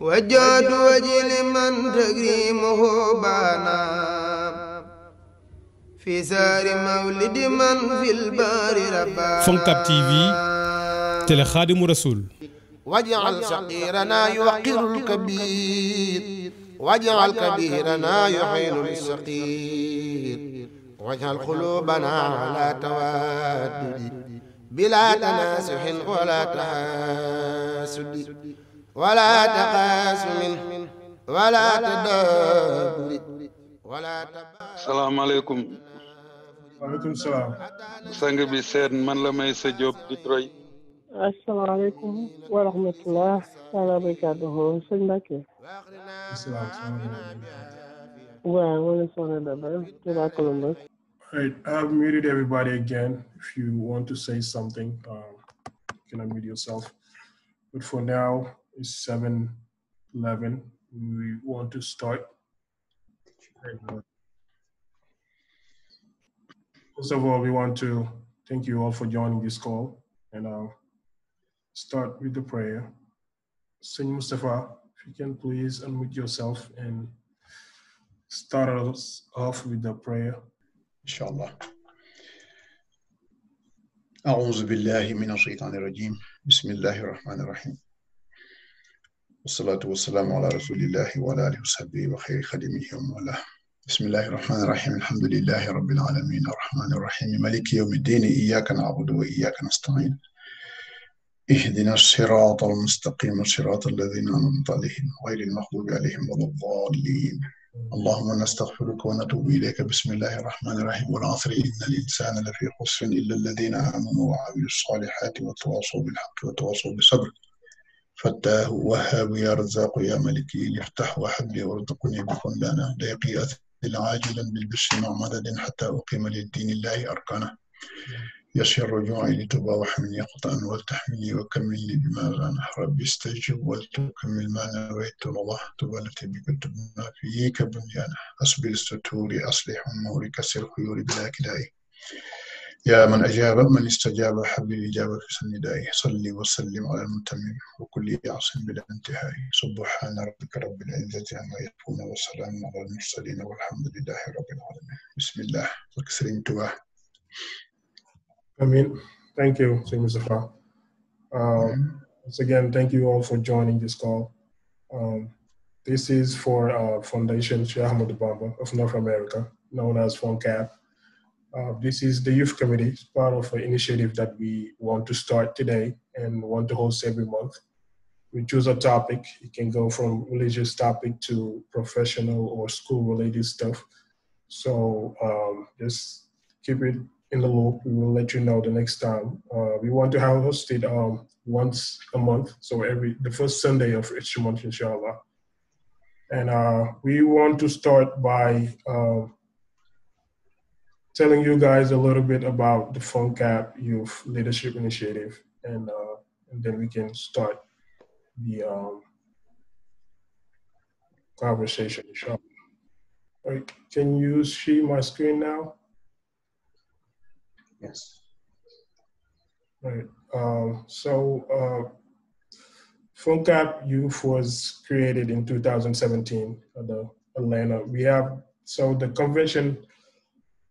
وجاد وجه لمن تكريمه بانا في سار مولد من في البار ربا فنكب تي في تل خادم رسول واجعل صغيرنا يوقر الكبير واجعل كبيرنا يحيل الصغير واجعل قلوبنا على توادد بلا تناسح ولا تحاسد ولا تقاسم ولا تدابر ولا تبا السلام عليكم وعليكم السلام سانغ بي سيد من لا ماي سا جوب دي تروي السلام عليكم ورحمة الله تعالى وبركاته سيد مكي السلام عليكم Wow, what is one of the best? Did I Columbus? All right, I've muted everybody again. If you want to say something, um, you can unmute yourself. But for now, 7 7.11. We want to start. First of all, we want to thank you all for joining this call and I'll uh, start with the prayer. Saint Mustafa, if you can please unmute yourself and start us off with the prayer. Inshallah. أعوذ بالله من الشيطان الرجيم بسم الله الرحمن الرحيم والصلاة والسلام على رسول الله وعلى آله وصحبه وخير خدمه وله بسم الله الرحمن الرحيم الحمد لله رب العالمين الرحمن الرحيم مالك يوم الدين إياك نعبد وإياك نستعين اهدنا الصراط المستقيم صراط الذين أنعمت عليهم غير المغضوب عليهم ولا الضالين اللهم نستغفرك ونتوب إليك بسم الله الرحمن الرحيم والعصر إن الإنسان لفي خسر إلا الذين آمنوا وعملوا الصالحات وتواصوا بالحق وتواصوا بالصبر فتاه وهاب يا رزاق يا ملكي افتح وحبي وارزقني بكم لنا أثل عاجلا بالبشر مع مدد حتى أقيم للدين الله أركانه يسر رجوعي لتباوح مني قطعا ولتحملني وكملني بما زانح ربي استجب ولتكمل ما نويت الله والتي بك تبنى فيك بنيانه أصبر الستور أصلح أموري كسر خيوري بلا كلائي يا من أجاب من استجاب حبي الإجابة في سندائه صلي وسلم على المتمم وكل يعص بلا انتهاء سبحان ربك رب العزة عما يصفون وسلام على المرسلين والحمد لله رب العالمين بسم الله وكسر انتباه أمين Thank you, Sayyid Mustafa. Um, once again, thank you all for joining this call. Um, this is for uh, Foundation Shia Ahmad Bamba of North America, known as FONCAP. Uh, this is the youth committee, it's part of an initiative that we want to start today and want to host every month. We choose a topic. It can go from religious topic to professional or school related stuff. So um, just keep it in the loop. We will let you know the next time. Uh, we want to have hosted um, once a month, so every the first Sunday of each month, inshallah. And uh, we want to start by uh, telling you guys a little bit about the FUNCAP Youth Leadership Initiative, and, uh, and then we can start the um, conversation. Right? can you see my screen now? Yes. Right. Um, so, uh, FUNCAP Youth was created in 2017 at the Atlanta. We have so the convention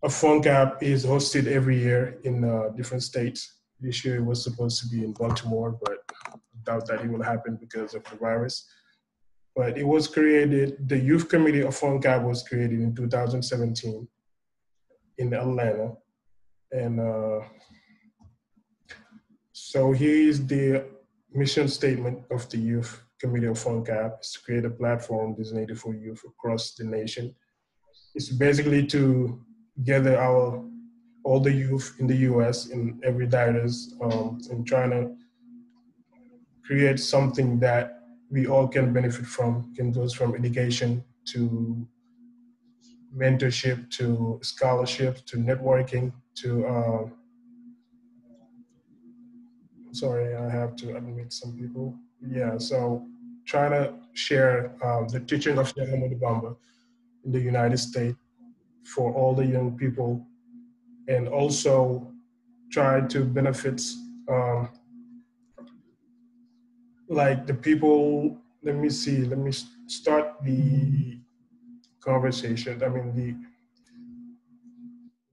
a phone gap is hosted every year in uh, different states. This year it was supposed to be in Baltimore, but I doubt that it will happen because of the virus. But it was created, the Youth Committee of phone gap was created in 2017 in Atlanta. And uh, so here is the mission statement of the Youth Committee of phone gap: is to create a platform designated for youth across the nation. It's basically to gather our all the youth in the U.S. in every diocese um, and trying to create something that we all can benefit from. Can goes from education to mentorship to scholarship to networking to. Uh, sorry, I have to admit some people. Yeah, so trying to share uh, the teaching of Sheikh Ahmed Bamba in the United States for all the young people and also try to benefit um, like the people let me see let me start the conversation i mean the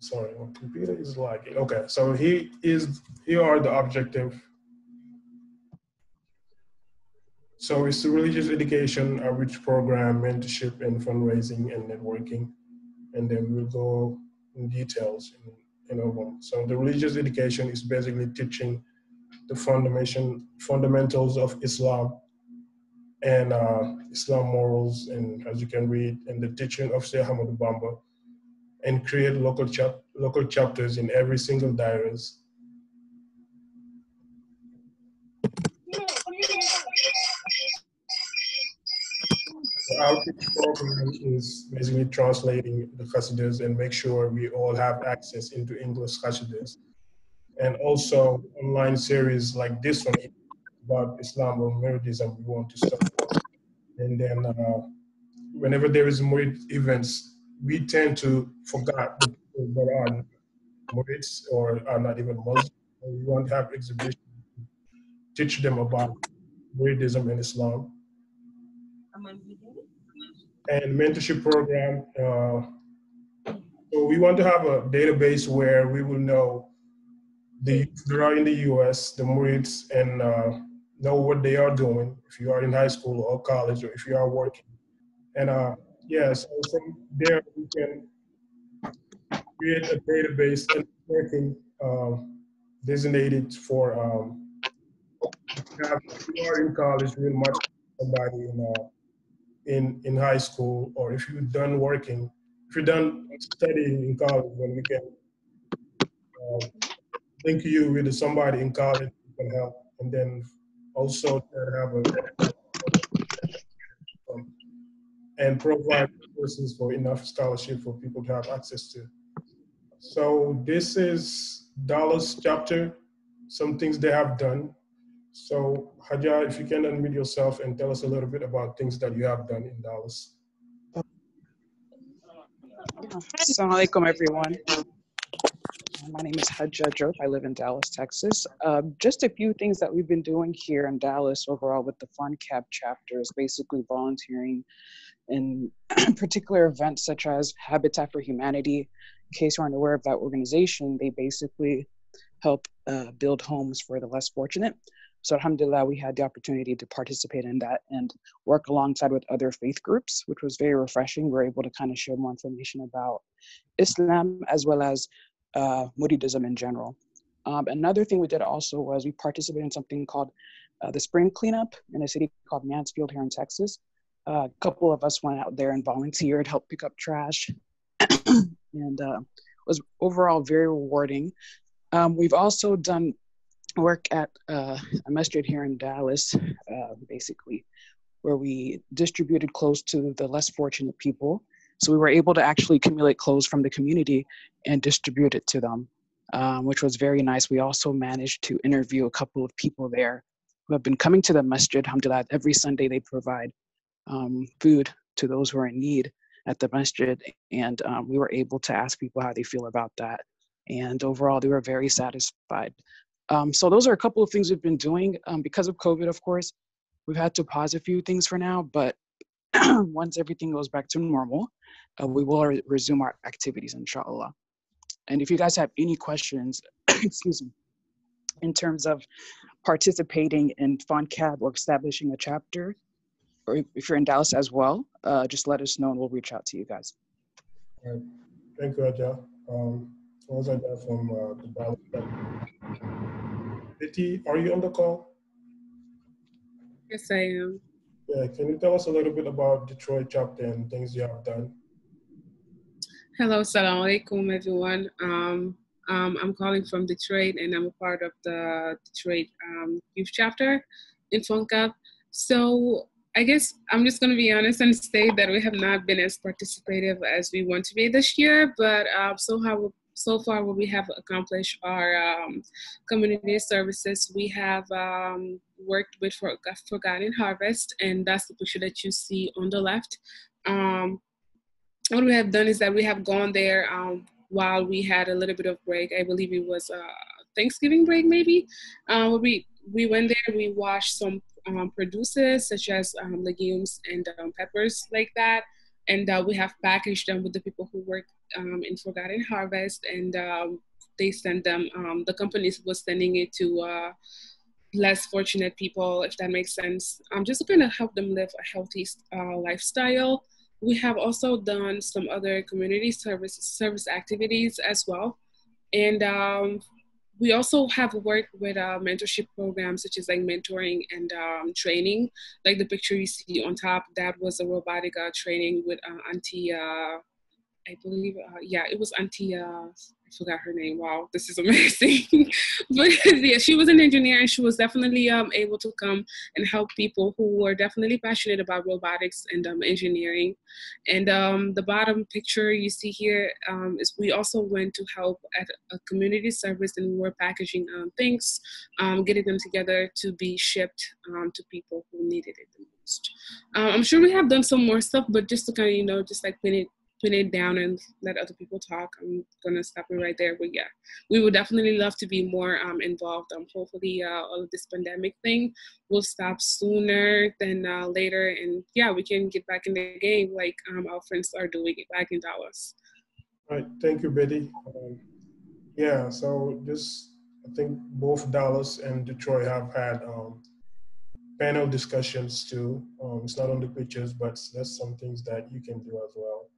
sorry my computer is lagging okay so he is here are the objective so it's religious education outreach program mentorship and fundraising and networking and then we'll go in details in, in moment. So the religious education is basically teaching the foundation, fundamentals of Islam and uh, Islam morals, and as you can read, and the teaching of Sheikh Hamad Bamba, and create local, chap local chapters in every single diocese our program is basically translating the Hasidus and make sure we all have access into English Hasidus. And also online series like this one about Islam or Muridism we want to support. And then uh, whenever there is Murid events, we tend to forget the people that are Murids or are not even Muslim. We want to have exhibitions teach them about Buddhism and Islam and mentorship program. Uh, so we want to have a database where we will know the youth that are in the U.S., the Marines, and uh, know what they are doing. If you are in high school or college, or if you are working, and uh, yeah, so from there we can create a database and working um, designated for. Um, if you are in college, we much somebody in. Uh, in, in high school or if you're done working, if you're done studying in college, then we can um, link you with somebody in college who can help. And then also have a um, and provide resources for enough scholarship for people to have access to. So this is Dallas chapter, some things they have done. So Hadja, if you can unmute yourself and tell us a little bit about things that you have done in Dallas. Assalamu alaikum, everyone. My name is Hadja Jope. I live in Dallas, Texas. Uh, just a few things that we've been doing here in Dallas overall with the Fun chapter is basically volunteering in particular events such as Habitat for Humanity. In case you aren't aware of that organization, they basically help uh, build homes for the less fortunate. So alhamdulillah, we had the opportunity to participate in that and work alongside with other faith groups, which was very refreshing. We were able to kind of share more information about Islam as well as uh, Muridism in general. Um, another thing we did also was we participated in something called uh, the spring cleanup in a city called Mansfield here in Texas. Uh, a couple of us went out there and volunteered, helped pick up trash, and uh, was overall very rewarding. Um, we've also done work at uh, a masjid here in Dallas, uh, basically, where we distributed clothes to the less fortunate people. So we were able to actually accumulate clothes from the community and distribute it to them, um, which was very nice. We also managed to interview a couple of people there who have been coming to the masjid, alhamdulillah, every Sunday they provide um, food to those who are in need at the masjid. And um, we were able to ask people how they feel about that. And overall, they were very satisfied. Um, so those are a couple of things we've been doing um, because of COVID, of course. We've had to pause a few things for now, but once everything goes back to normal, uh, we will re- resume our activities, inshallah. And if you guys have any questions, excuse me, in terms of participating in FONCAB or establishing a chapter, or if you're in Dallas as well, uh, just let us know and we'll reach out to you guys. All right. Thank you, Ajay. Um, Fawaz from uh, Dubai. Betty, are you on the call? Yes, I am. Yeah, can you tell us a little bit about Detroit chapter and things you have done? Hello, salam alaikum, everyone. Um, um, I'm calling from Detroit and I'm a part of the Detroit um, youth chapter in FUNCAP. So I guess I'm just going to be honest and say that we have not been as participative as we want to be this year, but uh, so how so far what we have accomplished are um, community services. We have um, worked with For- Forgotten Harvest, and that's the picture that you see on the left. Um, what we have done is that we have gone there um, while we had a little bit of break. I believe it was uh, Thanksgiving break, maybe. Uh, we we went there. We washed some um, produces such as um, legumes and peppers like that, and uh, we have packaged them with the people who work um, in Forgotten Harvest, and um, they sent them. Um, the companies was sending it to uh, less fortunate people, if that makes sense. I'm just going to help them live a healthy uh, lifestyle. We have also done some other community service service activities as well, and um, we also have worked with uh, mentorship programs such as like mentoring and um, training. Like the picture you see on top, that was a robotic uh, training with uh, Auntie uh, I believe, uh, yeah, it was Auntie, uh, I forgot her name. Wow, this is amazing. but yeah, she was an engineer and she was definitely um, able to come and help people who were definitely passionate about robotics and um, engineering. And um, the bottom picture you see here um, is we also went to help at a community service and we were packaging um, things, um, getting them together to be shipped to people who needed it the most. I'm sure we have done some more stuff, but just to kind of, you know, just like pin it pin it down and let other people talk. I'm gonna stop it right there. But yeah, we would definitely love to be more um, involved. Um, hopefully, uh, all of this pandemic thing will stop sooner than uh, later, and yeah, we can get back in the game like um, our friends are doing it back in Dallas. All right. Thank you, Betty. Um, yeah. So this, I think both Dallas and Detroit have had. Um, panel discussions too. Um, it's not on the pictures, but that's some things that you can do as well.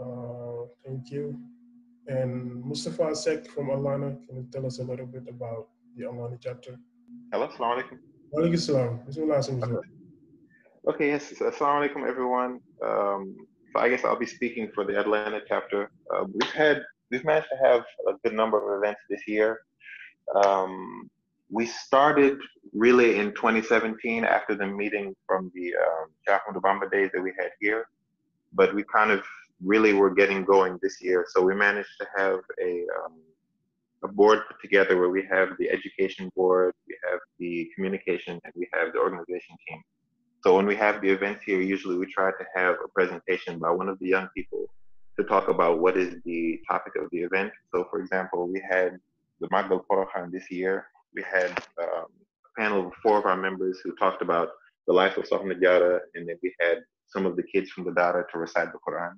Uh, thank you. And Mustafa Sek from Alana, can you tell us a little bit about the Alana chapter? Hello, assalamu alaikum. Wa alaikum assalam. Okay, yes, assalamu alaikum, everyone. Um, so I guess I'll be speaking for the Atlanta chapter. Uh, we've had, we've managed to have a good number of events this year. Um, we started really in 2017 after the meeting from the um, Jacques days that we had here, but we kind of really were getting going this year. So we managed to have a, um, a board put together where we have the education board, we have the communication, and we have the organization team. So when we have the events here, usually we try to have a presentation by one of the young people to talk about what is the topic of the event. So for example, we had the Magdal Korohan this year. We had um, a panel of four of our members who talked about the life of Sohna Diara, and then we had some of the kids from the Dara to recite the Quran.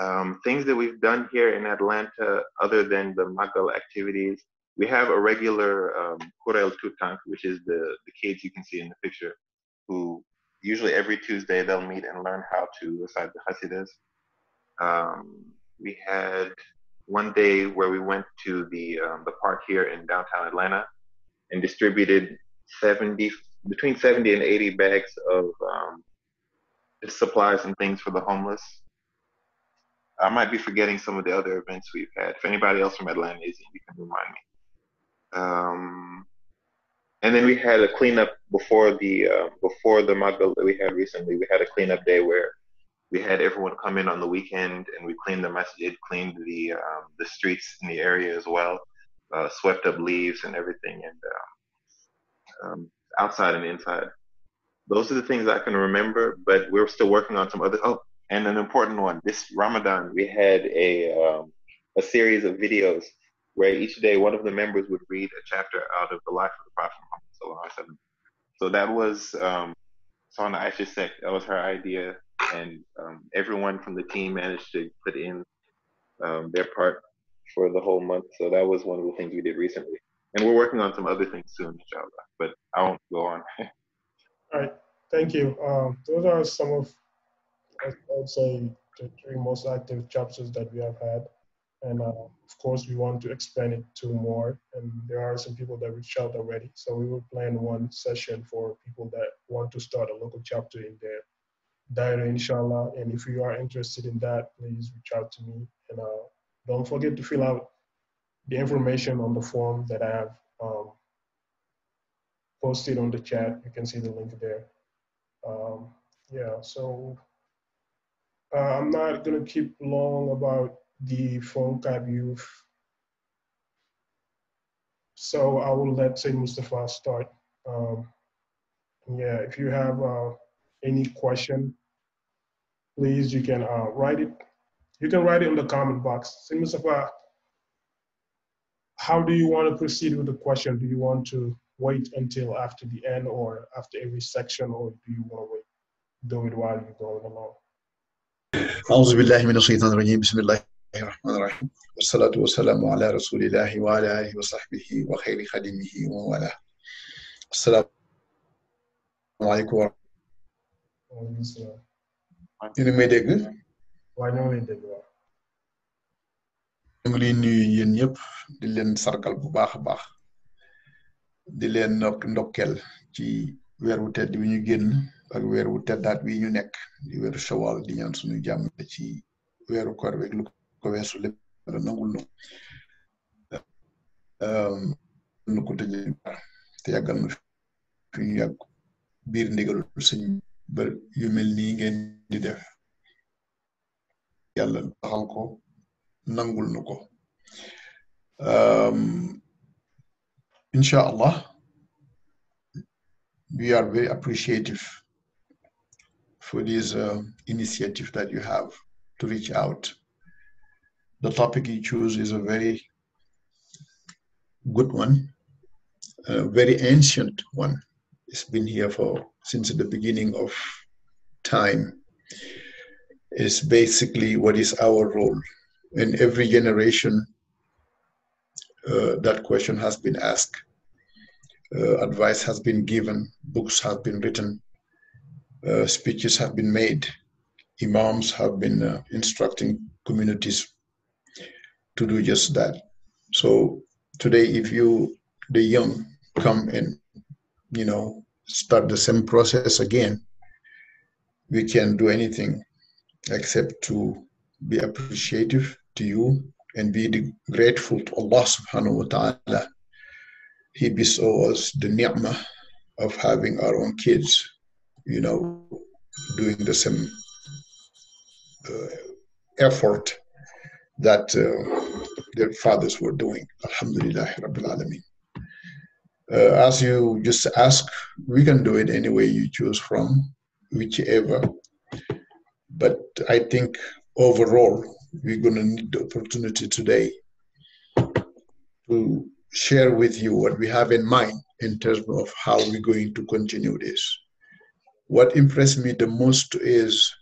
Um, things that we've done here in Atlanta, other than the Magal activities, we have a regular um, Kurel Tutank, which is the, the kids you can see in the picture, who usually every Tuesday they'll meet and learn how to recite the Hasidas. Um, we had one day where we went to the um, the park here in downtown Atlanta and distributed 70 between 70 and 80 bags of um, supplies and things for the homeless. I might be forgetting some of the other events we've had. If anybody else from Atlanta is in, you can remind me. Um, and then we had a cleanup before the uh, before the mud build that we had recently. We had a cleanup day where we had everyone come in on the weekend and we cleaned the masjid, cleaned the um, the streets in the area as well, uh, swept up leaves and everything, and um, um outside and inside. Those are the things I can remember, but we're still working on some other. Oh, and an important one. This Ramadan, we had a um, a series of videos where each day one of the members would read a chapter out of the life of the Prophet Muhammad So that was um, Sana Aisha sect. That was her idea, and um, everyone from the team managed to put in um, their part for the whole month. So that was one of the things we did recently, and we're working on some other things soon, inshallah. But I won't go on. All right, thank you. Um, those are some of also the three most active chapters that we have had. And uh, of course, we want to expand it to more. And there are some people that reached out already. So we will plan one session for people that want to start a local chapter in their daira, inshallah. And if you are interested in that, please reach out to me. And uh, don't forget to fill out the information on the form that I have um, posted on the chat. You can see the link there. Um, yeah, so uh, I'm not going to keep long about the phone PhoneCard youth. So I will let Said Mustafa start. Um, yeah, if you have uh, any question, please, you can uh, write it. You can write it in the comment box. Said Mustafa, how do you want to proceed with the question? Do you want to wait until after the end or after every section, or do you want to wait, do it while you're going along? أعوذ بالله من الشيطان الرجيم بسم الله الرحمن الرحيم والصلاة والسلام على رسول الله وعلى آله وصحبه وخير خدمه ووالاه السلام عليكم ورحمة الله yéen a may dégg waaw ñoo ngi lay dégg waaw ñu ngi leen nuyu yéen ñëpp di leen sargal bu baax a baax di leen ndokkel ci weeru tedd bi ñu génn ak weer wu teddaat wi ñu nekk di weeru shawal di ñaan suñu jàmm ci weeru koor beeg lu ko weesu lépp la nangul nu ko tëj ñu yàgg biir mel nii ngeen di def yàlla nu ko insha allah we are very appreciative for this uh, um, initiative that you have to reach out. The topic you choose is a very good one, a very ancient one. It's been here for since the beginning of time. It's basically what is our role. In every generation, uh, that question has been asked. Uh, advice has been given, books have been written, uh, speeches have been made. Imams have been uh, instructing communities to do just that. So today, if you, the young, come and, you know, start the same process again, we can do anything except to be appreciative to you and be grateful to Allah subhanahu wa ta'ala. He bestows us the ni'mah of having our own kids you know, doing the same uh, effort that uh, their fathers were doing. Alhamdulillah Rabbil Alameen. Uh, as you just ask, we can do it any way you choose from, whichever. But I think overall, we're going to need the opportunity today to share with you what we have in mind in terms of how we're going to continue this what impressed me the most is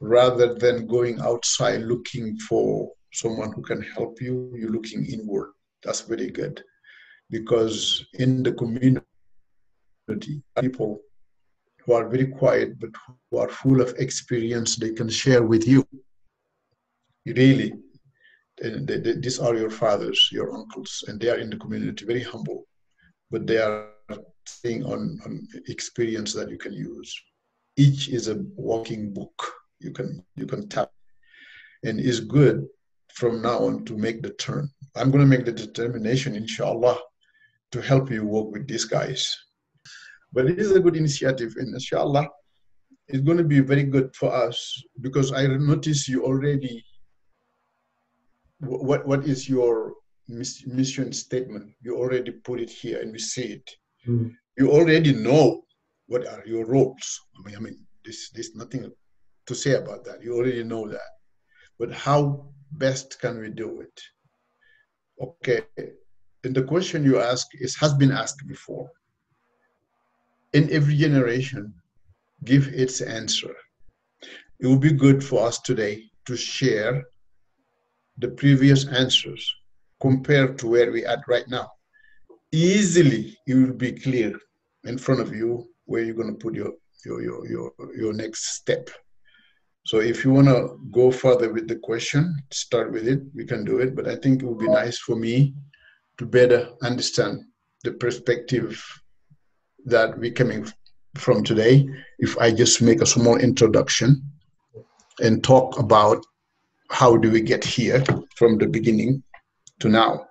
rather than going outside looking for someone who can help you, you're looking inward. That's very good. Because in the community, people who are very quiet but who are full of experience they can share with you. Really, these are your fathers, your uncles, and they are in the community very humble, but they are thing on, on experience that you can use. Each is a walking book. You can you can tap and is good from now on to make the turn. I'm going to make the determination, inshallah, to help you work with these guys. But it is a good initiative, and inshallah, it's going to be very good for us because I notice you already. What what is your mission statement? You already put it here, and we see it. Mm. You already know what are your roles. I mean, I mean, this there's nothing to say about that. You already know that. But how best can we do it? Okay. And the question you ask is has been asked before. In every generation, give its answer. It would be good for us today to share the previous answers compared to where we are right now easily it will be clear in front of you where you're going to put your your your your, your next step so if you want to go further with the question start with it we can do it but i think it would be nice for me to better understand the perspective that we're coming from today if i just make a small introduction and talk about how do we get here from the beginning to now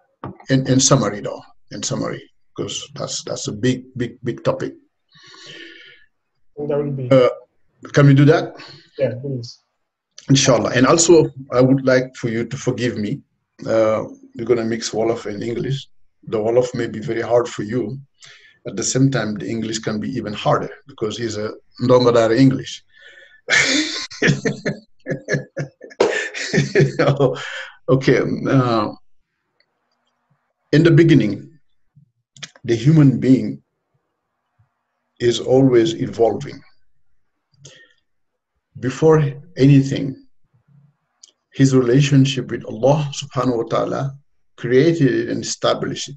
in, in summary though in summary, because that's that's a big, big, big topic. that will be. Uh, can we do that? Yeah, please. Inshallah. And also, I would like for you to forgive me. Uh, we're going to mix Wolof and English. The Wolof may be very hard for you. At the same time, the English can be even harder because he's a Ndongodara English. okay. Uh, in the beginning, the human being is always evolving. Before anything, his relationship with Allah subhanahu wa ta'ala created it and established it.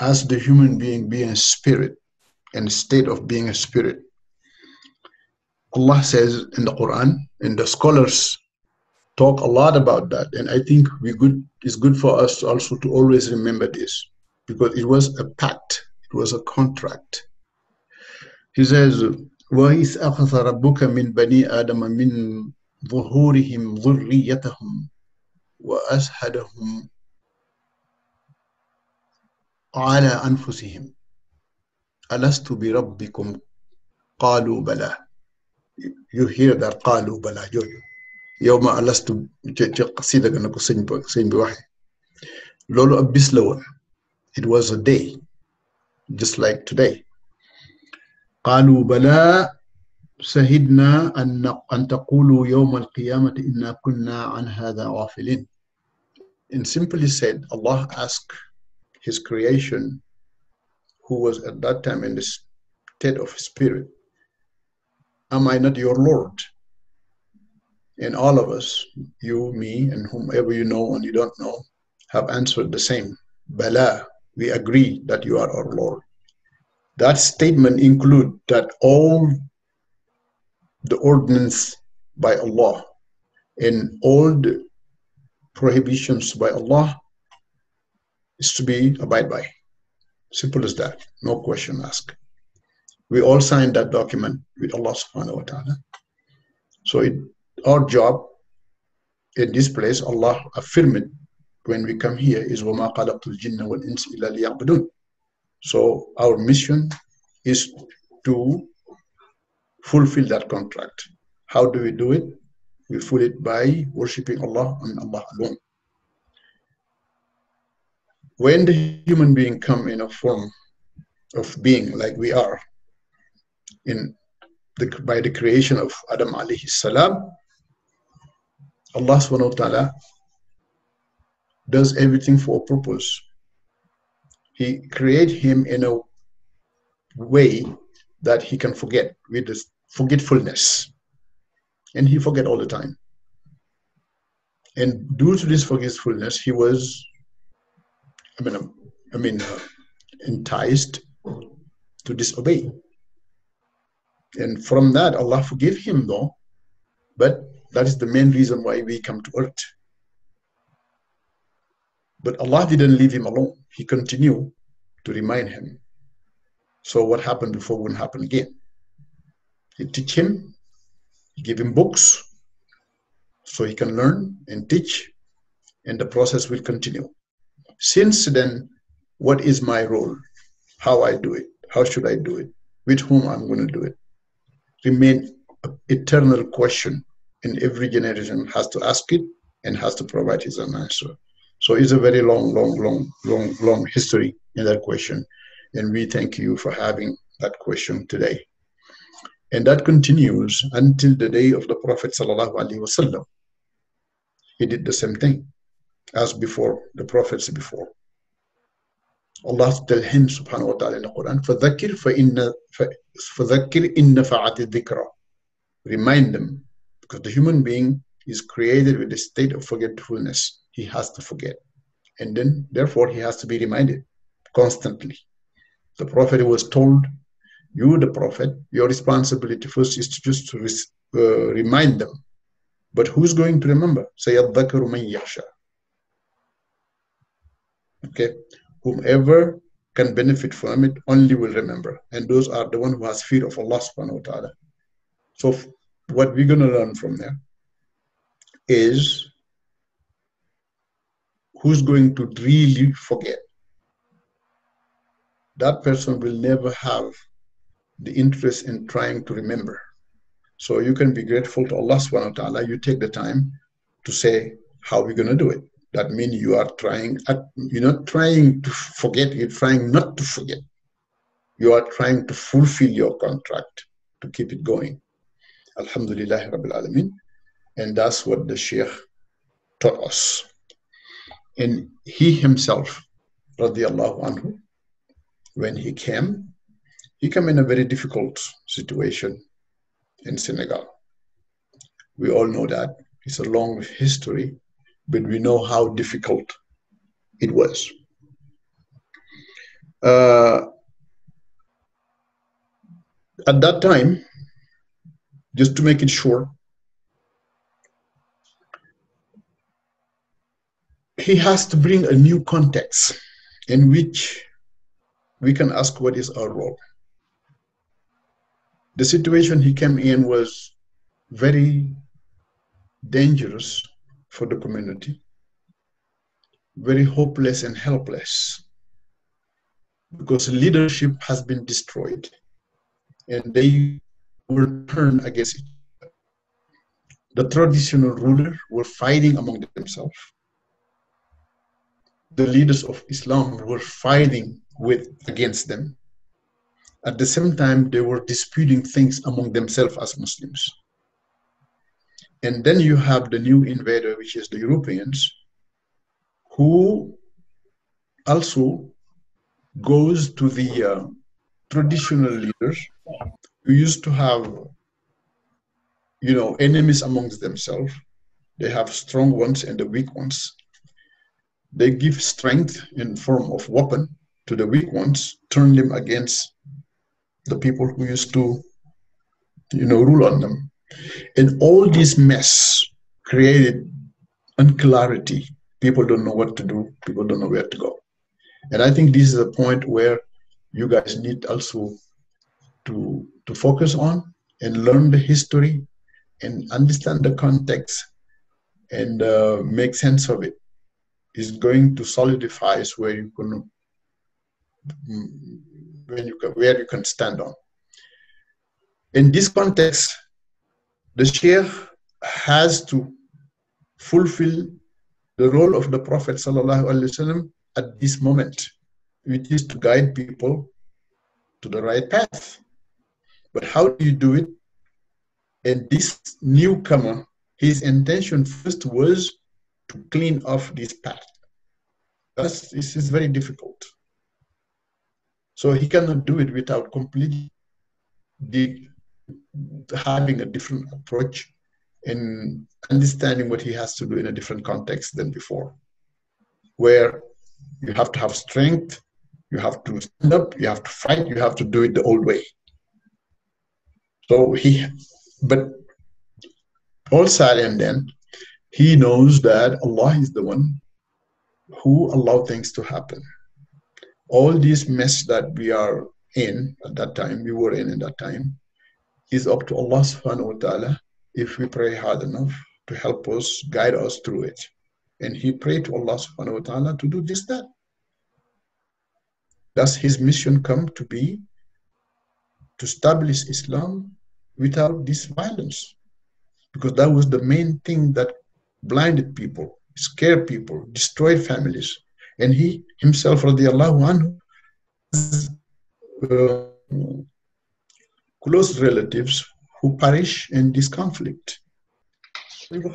As the human being being a spirit and state of being a spirit. Allah says in the Quran, and the scholars talk a lot about that. And I think we good it's good for us also to always remember this because it was a pact, it was a contract. He says, وَإِذْ أَخَذَ رَبُّكَ مِنْ بَنِي آدَمَ مِنْ ظُهُورِهِمْ ذُرِّيَّتَهُمْ وَأَشْهَدَهُمْ على أنفسهم ألست بربكم قالوا بلى you hear that قالوا بلى jooju yow ma alastu ci ci xasida ga na ko sëñ it was a day, just like today. قالوا بلى شهدنا أن أن تقولوا يوم القيامة إن كنا عن هذا غافلين. And simply said, Allah asked His creation, who was at that time in the state of spirit, Am I not your Lord? And all of us, you, me, and whomever you know and you don't know, have answered the same. Bala, we agree that you are our Lord. That statement include that all the ordinance by Allah and all the prohibitions by Allah is to be abide by. Simple as that. No question asked. We all signed that document with Allah subhanahu wa ta'ala. So it, our job in this place, Allah affirmed when we come here is وَمَا قَلَقْتُ الْجِنَّ وَالْإِنسِ إِلَّا لِيَعْبُدُونَ So our mission is to fulfill that contract. How do we do it? We fulfill it by worshipping Allah and Allah alone. When the human being come in a form of being like we are, in the, by the creation of Adam alayhi salam, Allah subhanahu wa ta'ala does everything for a purpose. He create him in a way that he can forget with this forgetfulness. And he forget all the time. And due to this forgetfulness, he was, I mean, um, I mean, uh, enticed to disobey. And from that, Allah forgive him though. But that is the main reason why we come to earth but Allah didn't leave him alone. He continued to remind him. So what happened before wouldn't happen again. He teach him, he give him books so he can learn and teach, and the process will continue. Since then, what is my role? How I do it? How should I do it? With whom I'm going to do it? Remain an eternal question, and every generation has to ask it and has to provide his own answer. So it's a very long, long, long, long, long history in that question. And we thank you for having that question today. And that continues until the day of the Prophet wasallam. He did the same thing as before, the prophets before. Allah tell him subhanahu wa ta'ala in the Quran, فَذَكِّرْ فَإِنَّ, فَذَكِّرْ إِنَّ فَعَتِ الذِّكْرَ Remind them, because the human being is created with a state of forgetfulness he has to forget. And then, therefore, he has to be reminded constantly. The Prophet was told, You, the Prophet, your responsibility first is to just to uh, remind them. But who's going to remember? Sayyadhakaru man yaksha. Okay? Whomever can benefit from it only will remember. And those are the one who has fear of Allah subhanahu wa ta'ala. So what we're gonna learn from there is who's going to really forget? That person will never have the interest in trying to remember. So you can be grateful to Allah subhanahu wa ta'ala. You take the time to say, how are we going to do it? That means you are trying, at, you're not trying to forget, you're trying not to forget. You are trying to fulfill your contract to keep it going. Alhamdulillah Rabbil Alameen. And that's what the Sheikh taught us. And he himself, radiallahu anhu, when he came, he came in a very difficult situation in Senegal. We all know that. It's a long history, but we know how difficult it was. Uh, at that time, just to make it sure, he has to bring a new context in which we can ask what is our role. The situation he came in was very dangerous for the community, very hopeless and helpless because leadership has been destroyed and they will turn against it. The traditional ruler were fighting among themselves the leaders of Islam were fighting with against them. At the same time, they were disputing things among themselves as Muslims. And then you have the new invader, which is the Europeans, who also goes to the uh, traditional leaders who used to have, you know, enemies amongst themselves. They have strong ones and the weak ones. They give strength in form of weapon to the weak ones, turn them against the people who used to, you know, rule on them. And all this mess created unclarity. People don't know what to do. People don't know where to go. And I think this is a point where you guys need also to, to focus on and learn the history and understand the context and uh, make sense of it is going to solidify is where you can when you where you can stand on. In this context, the Sheikh has to fulfill the role of the Prophet وسلم, at this moment, which is to guide people to the right path. But how do you do it? And this newcomer, his intention first was to clean off this path. That's, this is very difficult. So he cannot do it without completely the, having a different approach and understanding what he has to do in a different context than before, where you have to have strength, you have to stand up, you have to fight, you have to do it the old way. So he, but Paul Sarian then he knows that Allah is the one who allow things to happen. All this mess that we are in at that time, we were in at that time, is up to Allah subhanahu wa ta'ala if we pray hard enough to help us, guide us through it. And he prayed to Allah subhanahu wa ta'ala to do this, that. Does his mission come to be to establish Islam without this violence? Because that was the main thing that blinded people, scared people, destroyed families. And he himself, radiallahu anhu, has, uh, close relatives who perish in this conflict. in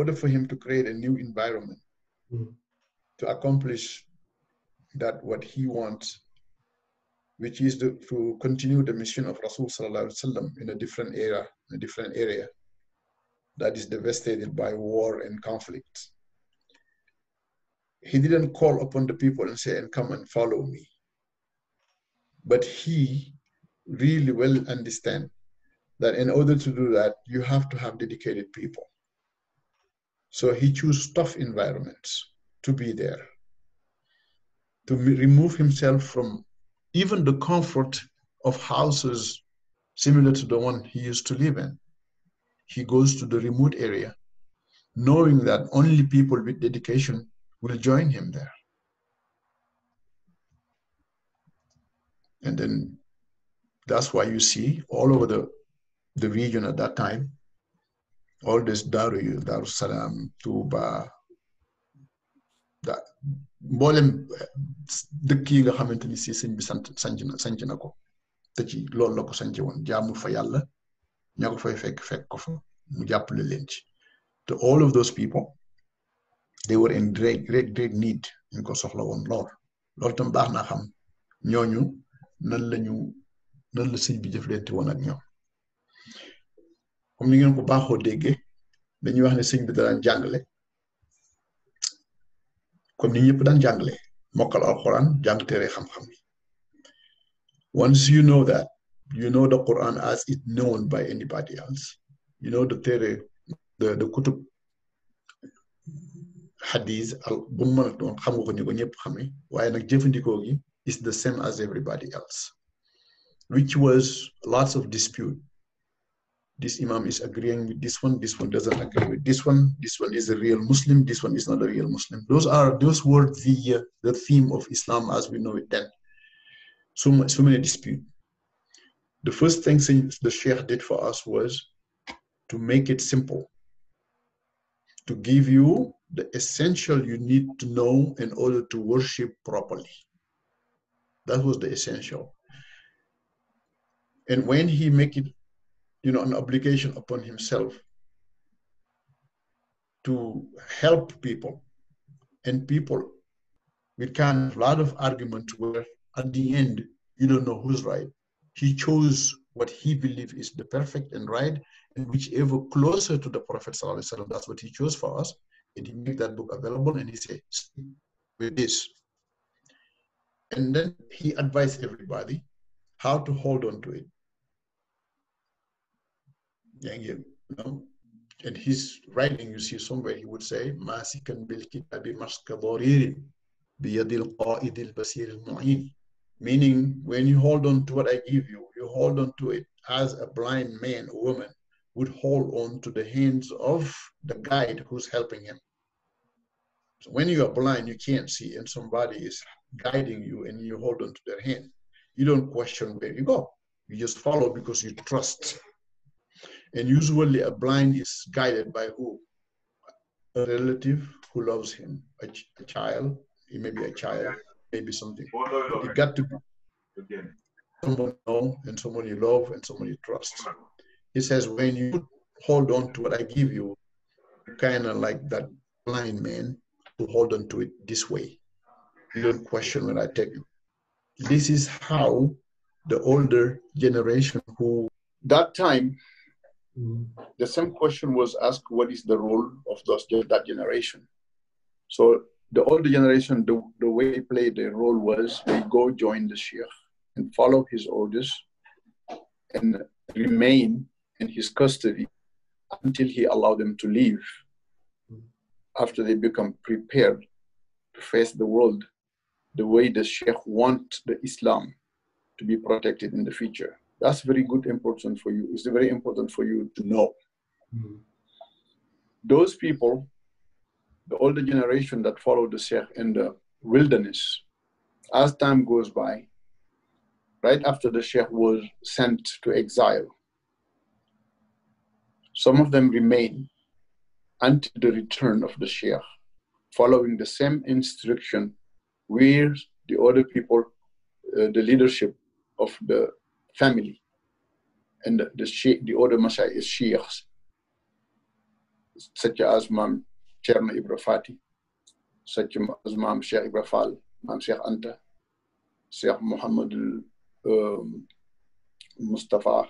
order for him to create a new environment hmm. to accomplish that what he wants which is to, to continue the mission of Rasul in a different era, a different area that is devastated by war and conflict. He didn't call upon the people and say, and come and follow me. But he really well understand that in order to do that, you have to have dedicated people. So he chose tough environments to be there, to remove himself from even the comfort of houses similar to the one he used to live in. He goes to the remote area, knowing that only people with dedication will join him there. And then that's why you see all over the, the region at that time, all this Daru Darussalam, Tuba, that mboolem eh, dëkk yi nga xamante ni si sëñ bi sant sanc na sanc na ko te ci loolu la ko sanc woon jaamu fa yàlla ña fay fekk fekk ko fa mu jàppale leen ci te all of those people they were in great great great need ñu ko soxla woon lool loolu tam baax naa xam ñooñu nan lañu nan la sëñ bi jëflante woon ak ñoom comme ni ngeen ko baaxoo déggee dañuy wax ne sëñ bi daan jàngale kon nit ñëpp daan jàngale mokkal alquran jàng téere xam-xam yi once you know that you know the Quran as it known by anybody else you know the téere the the kutub hadith al bu mu mën a doon xam nga ko ni ko ñëpp xamee waaye nag jëfandikoo gi is the same as everybody else which was lots of dispute this imam is agreeing with this one, this one doesn't agree with this one, this one is a real Muslim, this one is not a real Muslim. Those are those were the uh, the theme of Islam as we know it then. So much, so many disputes. The first thing the Sheikh did for us was to make it simple, to give you the essential you need to know in order to worship properly. That was the essential. And when he make it you know, an obligation upon himself to help people. And people, we can have a lot of arguments where at the end, you don't know who's right. He chose what he believes is the perfect and right, and whichever closer to the Prophet, ﷺ, that's what he chose for us. And he made that book available and he said, with this. And then he advised everybody how to hold on to it. And his writing, you see somewhere, he would say, "Masikan bil مَسْكَ ضَرِيرٍ بِيَدِ الْقَائِدِ الْبَصِيرِ الْمُعِينِ Meaning, when you hold on to what I give you, you hold on to it as a blind man or woman would hold on to the hands of the guide who's helping him. So when you are blind, you can't see, and somebody is guiding you, and you hold on to their hand. You don't question where you go. You just follow because you trust and usually a blind is guided by who? A relative who loves him, a, ch a child, he may be a child, maybe something. But you got to be someone you know and someone you love and someone you trust. He says, when you hold on to what I give you, kind of like that blind man to hold on to it this way. You don't question when I take you. This is how the older generation who that time Mm-hmm. The same question was asked: What is the role of those that generation? So the older generation, the, the way they played their role was they go join the sheikh and follow his orders and remain in his custody until he allowed them to leave. Mm-hmm. After they become prepared to face the world the way the sheikh want the Islam to be protected in the future that's very good important for you it's very important for you to know mm-hmm. those people the older generation that followed the sheikh in the wilderness as time goes by right after the sheikh was sent to exile some of them remain until the return of the sheikh following the same instruction where the other people uh, the leadership of the family. And the, the, the other Masai is sheikhs, such as Mam Cherna Ibrafati, such as Mam Sheikh Ibrafal, Mam Sheikh Anta, Sheikh Muhammad um, Mustafa,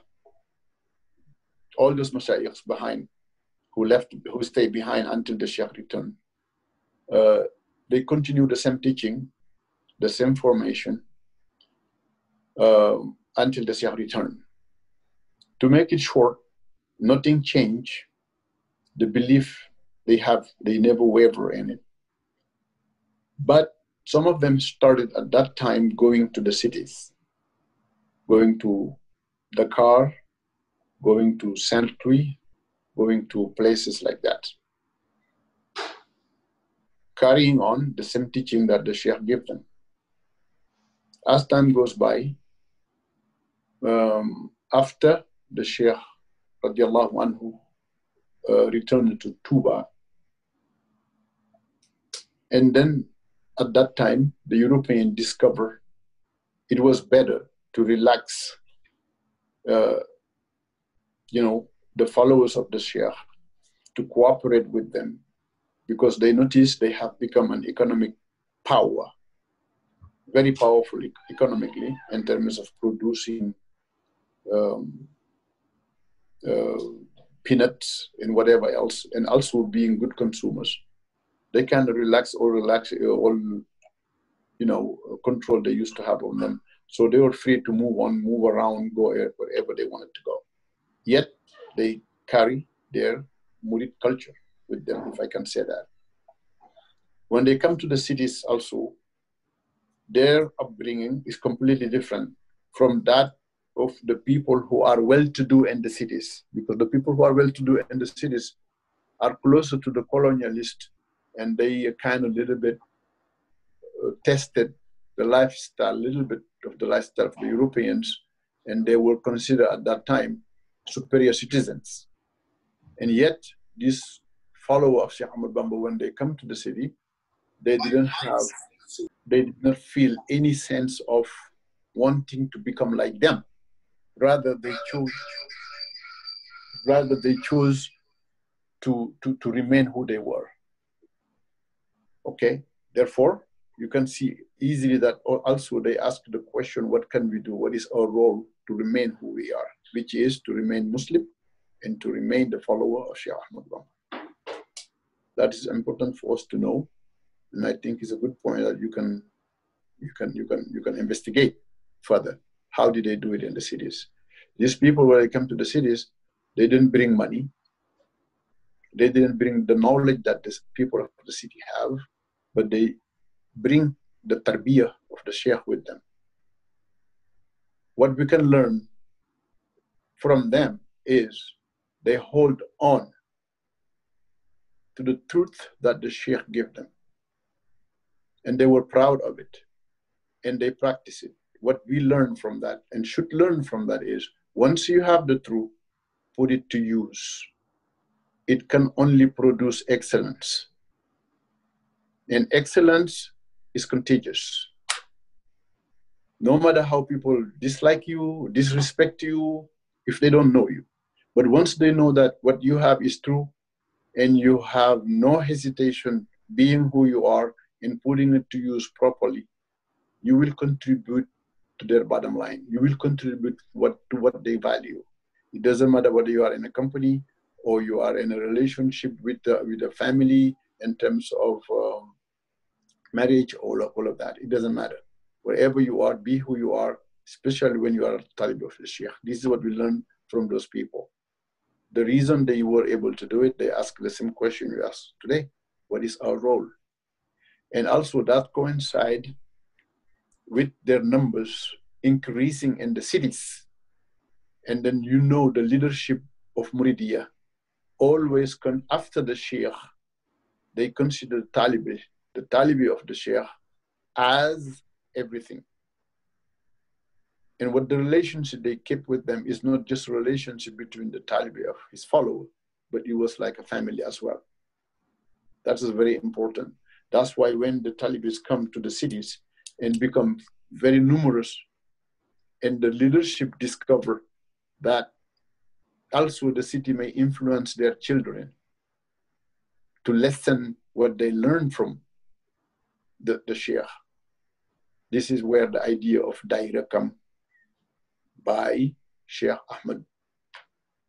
all those Mashayikh behind who left, who stayed behind until the Sheikh returned. Uh, they continue the same teaching, the same formation. Um, until the Shah returned. To make it short, nothing changed. The belief they have, they never waver in it. But some of them started at that time going to the cities, going to Dakar, going to Saint Louis, going to places like that. Carrying on the same teaching that the Sheikh gave them. As time goes by, um, after the Sheikh radiallahu anhu uh, returned to Tuba. And then at that time, the European discovered it was better to relax, uh, you know, the followers of the Sheikh, to cooperate with them, because they noticed they have become an economic power, very powerful economically in terms of producing um, uh, peanuts and whatever else, and also being good consumers. They can relax or relax uh, or you know control they used to have on them. So they were free to move on, move around, go wherever they wanted to go. Yet they carry their Murid culture with them, if I can say that. When they come to the cities also, their upbringing is completely different from that of the people who are well to do in the cities, because the people who are well to do in the cities are closer to the colonialists and they kind of little bit uh, tested the lifestyle, a little bit of the lifestyle of the Europeans, and they were considered at that time superior citizens. And yet, these followers of Sheikh Ahmed Bamba, when they come to the city, they didn't have, they did not feel any sense of wanting to become like them rather they choose rather they choose to, to, to remain who they were. Okay, therefore, you can see easily that also they ask the question, what can we do? What is our role to remain who we are? Which is to remain Muslim and to remain the follower of Shia Ahmad Bamba. That is important for us to know. And I think is a good point that you can you can you can you can investigate further. How did they do it in the cities? These people, when they come to the cities, they didn't bring money. They didn't bring the knowledge that the people of the city have, but they bring the tarbiyah of the sheikh with them. What we can learn from them is they hold on to the truth that the sheikh gave them. And they were proud of it. And they practice it what we learn from that and should learn from that is once you have the truth, put it to use. It can only produce excellence. And excellence is contagious. No matter how people dislike you, disrespect you, if they don't know you. But once they know that what you have is true and you have no hesitation being who you are and putting it to use properly, you will contribute to their bottom line. You will contribute what to what they value. It doesn't matter whether you are in a company or you are in a relationship with the, with a family in terms of um, marriage, all of, all of that. It doesn't matter. Wherever you are, be who you are, especially when you are a Talib of the This is what we learn from those people. The reason they were able to do it, they ask the same question you asked today. What is our role? And also that coincide with their numbers increasing in the cities. And then you know the leadership of Muridiya always come after the Sheikh. They consider the Taliban, the Taliban of the Sheikh, as everything. And what the relationship they keep with them is not just a relationship between the Taliban of his follower, but it was like a family as well. That is very important. That's why when the Talibis come to the cities, and become very numerous. And the leadership discover that also the city may influence their children to lessen what they learn from the, the Shia. This is where the idea of Daira come by Sheikh Ahmed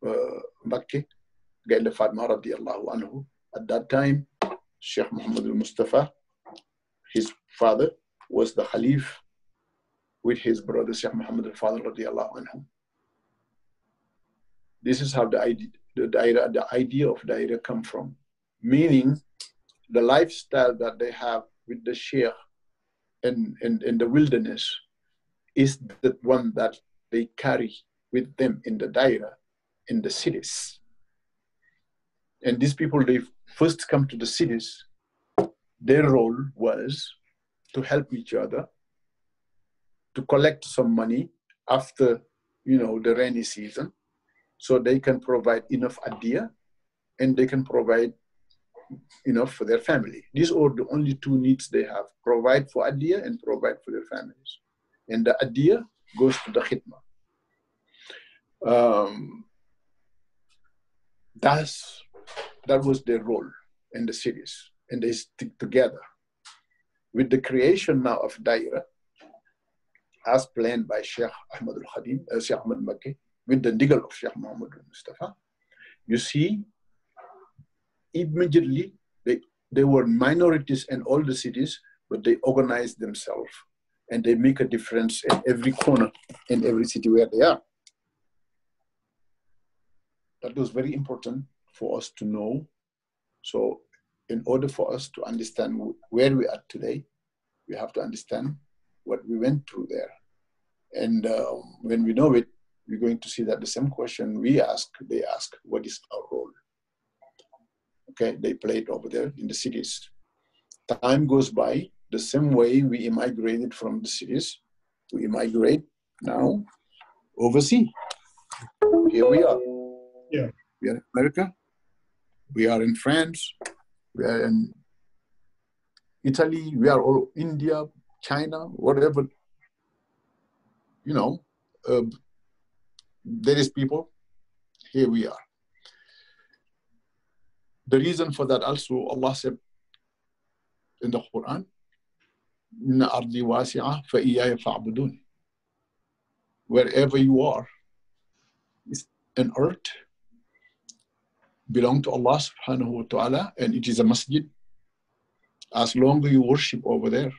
Bakke, Makke, Gayle Fatma radiallahu anhu. At that time, Sheikh Muhammad al-Mustafa, his father, was the Khalif with his brother Sheikh Muhammad al-Fadl radiallahu anhu. This is how the idea, the, daira, the idea of daira come from, meaning the lifestyle that they have with the sheikh in, in, in the wilderness is the one that they carry with them in the daira, in the cities. And these people, they first come to the cities, their role was to help each other, to collect some money after you know the rainy season, so they can provide enough adia, and they can provide enough for their family. These are the only two needs they have: provide for adia and provide for their families. And the adia goes to the khidmah. Um, that's that was their role in the series, and they stick together with the creation now of Daira, as planned by Sheikh Ahmad al Khadim, uh, Sheikh Ahmad Makki, with the digal of Sheikh Muhammad al Mustafa, you see, immediately they, they were minorities in all the cities, but they organized themselves and they make a difference in every corner, in every city where they are. That was very important for us to know. So in order for us to understand where we are today, we have to understand what we went through there. And uh, when we know it, we're going to see that the same question we ask, they ask, what is our role? Okay, they played over there in the cities. Time goes by the same way we immigrated from the cities, we immigrate now overseas. Here we are. Yeah. We are in America, we are in France, we are in Italy, we are all India, China, whatever. You know, uh, there is people, here we are. The reason for that also, Allah said in the Quran, Wherever you are, it's an earth belong to Allah subhanahu wa ta'ala and it is a masjid. As long as you worship over there,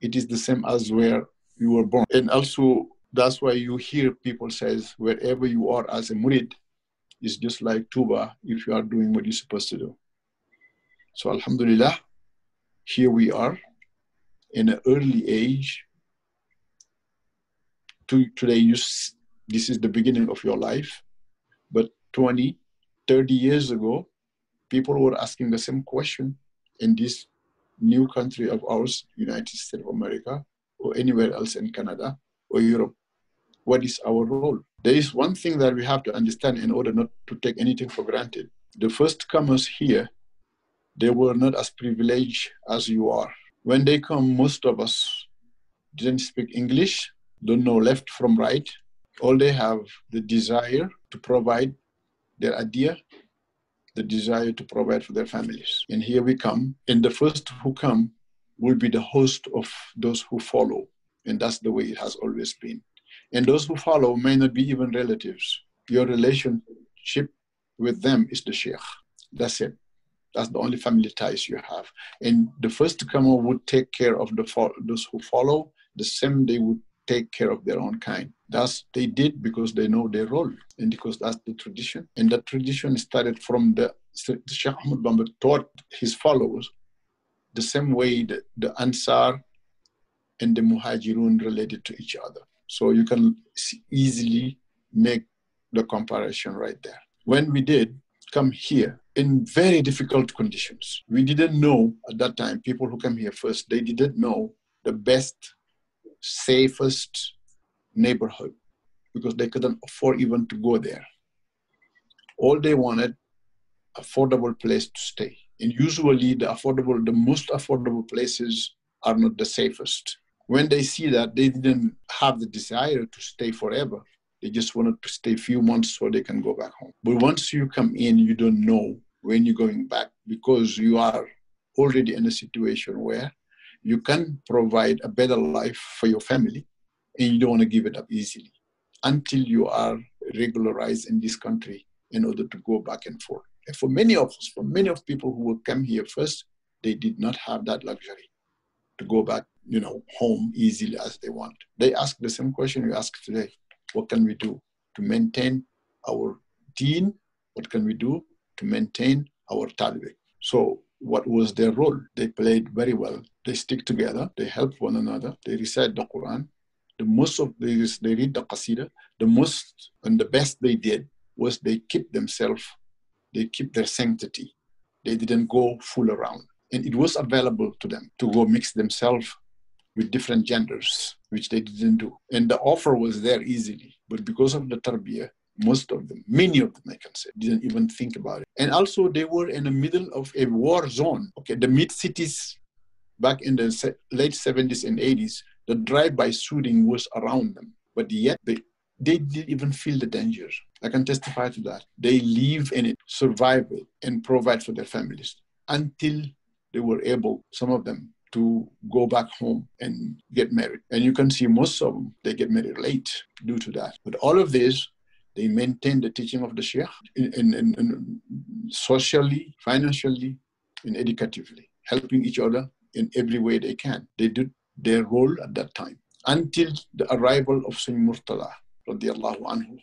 it is the same as where you were born. And also that's why you hear people says wherever you are as a murid is just like tuba if you are doing what you're supposed to do. So alhamdulillah, here we are in an early age. To, today you this is the beginning of your life, but 20, 30 years ago, people were asking the same question in this new country of ours, United States of America, or anywhere else in Canada or Europe. What is our role? There is one thing that we have to understand in order not to take anything for granted. The first comers here, they were not as privileged as you are. When they come, most of us didn't speak English, don't know left from right. All they have the desire to provide their idea, the desire to provide for their families. And here we come. And the first who come will be the host of those who follow. And that's the way it has always been. And those who follow may not be even relatives. Your relationship with them is the sheikh. That's it. That's the only family ties you have. And the first to come would take care of the fo- those who follow the same they would take care of their own kind. That's they did because they know their role and because that's the tradition. And that tradition started from the Sheikh Ahmed Bamba taught his followers the same way that the Ansar and the Muhajirun related to each other. So you can easily make the comparison right there. When we did come here in very difficult conditions, we didn't know at that time, people who came here first, they didn't know the best safest neighborhood because they couldn't afford even to go there. All they wanted affordable place to stay. And usually the affordable, the most affordable places are not the safest. When they see that, they didn't have the desire to stay forever. They just wanted to stay a few months so they can go back home. But once you come in, you don't know when you're going back because you are already in a situation where you can provide a better life for your family and you don't want to give it up easily until you are regularized in this country in order to go back and forth. And for many of us, for many of people who will come here first, they did not have that luxury to go back, you know, home easily as they want. They ask the same question you ask today. What can we do to maintain our deen? What can we do to maintain our talib? So what was their role. They played very well. They stick together. They help one another. They recite the Quran. The most of they, they read the Qasida. The most and the best they did was they keep themselves, they keep their sanctity. They didn't go fool around. And it was available to them to go mix themselves with different genders, which they didn't do. And the offer was there easily. But because of the tarbiyah, most of them, many of them, I can say, didn't even think about it. And also, they were in the middle of a war zone. Okay, the mid cities back in the late 70s and 80s, the drive by shooting was around them, but yet they, they didn't even feel the danger. I can testify to that. They live in it, survive it, and provide for their families until they were able, some of them, to go back home and get married. And you can see most of them, they get married late due to that. But all of this they maintain the teaching of the Sheikh in, in, in socially, financially, and educatively, helping each other in every way they can. They did their role at that time until the arrival of Sunni Murtala anhu,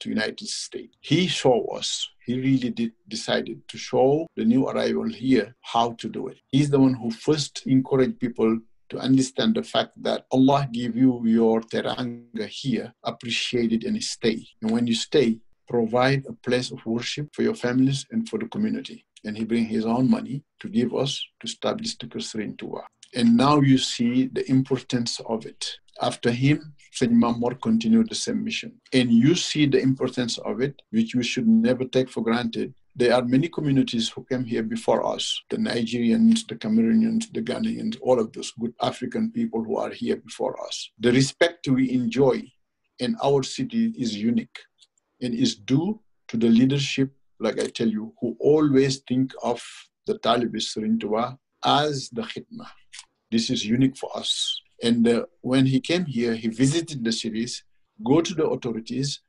to United States. He saw us. He really did decided to show the new arrival here how to do it. He's the one who first encouraged people to understand the fact that Allah give you your teranga here, appreciate it and stay. And when you stay, provide a place of worship for your families and for the community. And he bring his own money to give us to establish the Qasrin Tuwa. And now you see the importance of it. After him, Sayyid Mahmud continued the same mission. And you see the importance of it, which we should never take for granted there are many communities who came here before us the Nigerians, the Cameroonians, the Ghanaians, all of those good African people who are here before us. The respect we enjoy in our city is unique and is due to the leadership, like I tell you, who always think of the Talibis Rintua as the Khidma. This is unique for us. And uh, when he came here, he visited the cities, go to the authorities,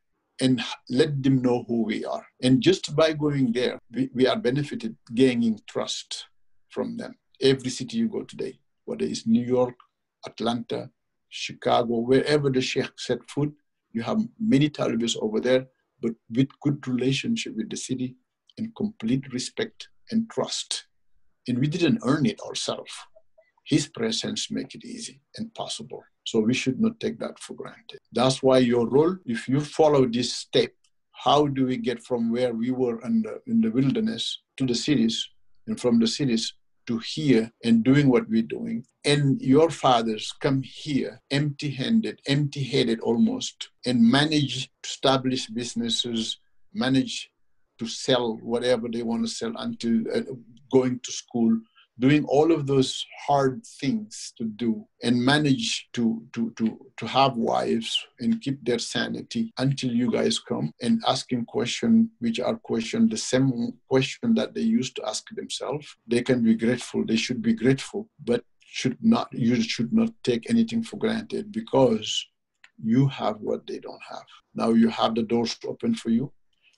and let them know who we are. And just by going there, we, we are benefited gaining trust from them. Every city you go today, whether it's New York, Atlanta, Chicago, wherever the Sheikh set foot, you have many Talibans over there, but with good relationship with the city and complete respect and trust. And we didn't earn it ourselves. His presence make it easy and possible. So we should not take that for granted. That's why your role, if you follow this step, how do we get from where we were in the, in the wilderness to the cities and from the cities to here and doing what we're doing. And your fathers come here empty handed, empty headed almost, and manage to establish businesses, manage to sell whatever they want to sell until uh, going to school, doing all of those hard things to do and manage to to to to have wives and keep their sanity until you guys come and asking questions which are question the same question that they used to ask themselves they can be grateful they should be grateful but should not you should not take anything for granted because you have what they don't have now you have the doors open for you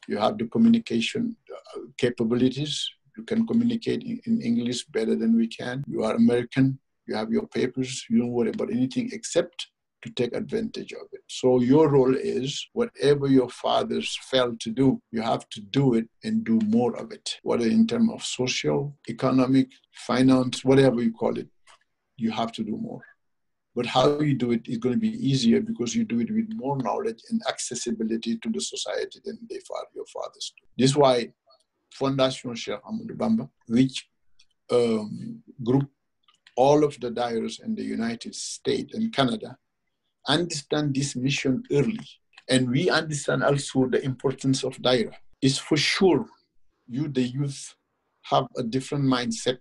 you have the communication uh, capabilities you can communicate in, in English better than we can. You are American. You have your papers. You don't worry about anything except to take advantage of it. So your role is whatever your fathers failed to do, you have to do it and do more of it, whether in terms of social, economic, finance, whatever you call it, you have to do more. But how you do it is going to be easier because you do it with more knowledge and accessibility to the society than they, your fathers do. This is why Fondation Sheikh Amadou Bamba, which um, group all of the diaries in the United States and Canada understand this mission early. And we understand also the importance of daira. It's for sure you, the youth, have a different mindset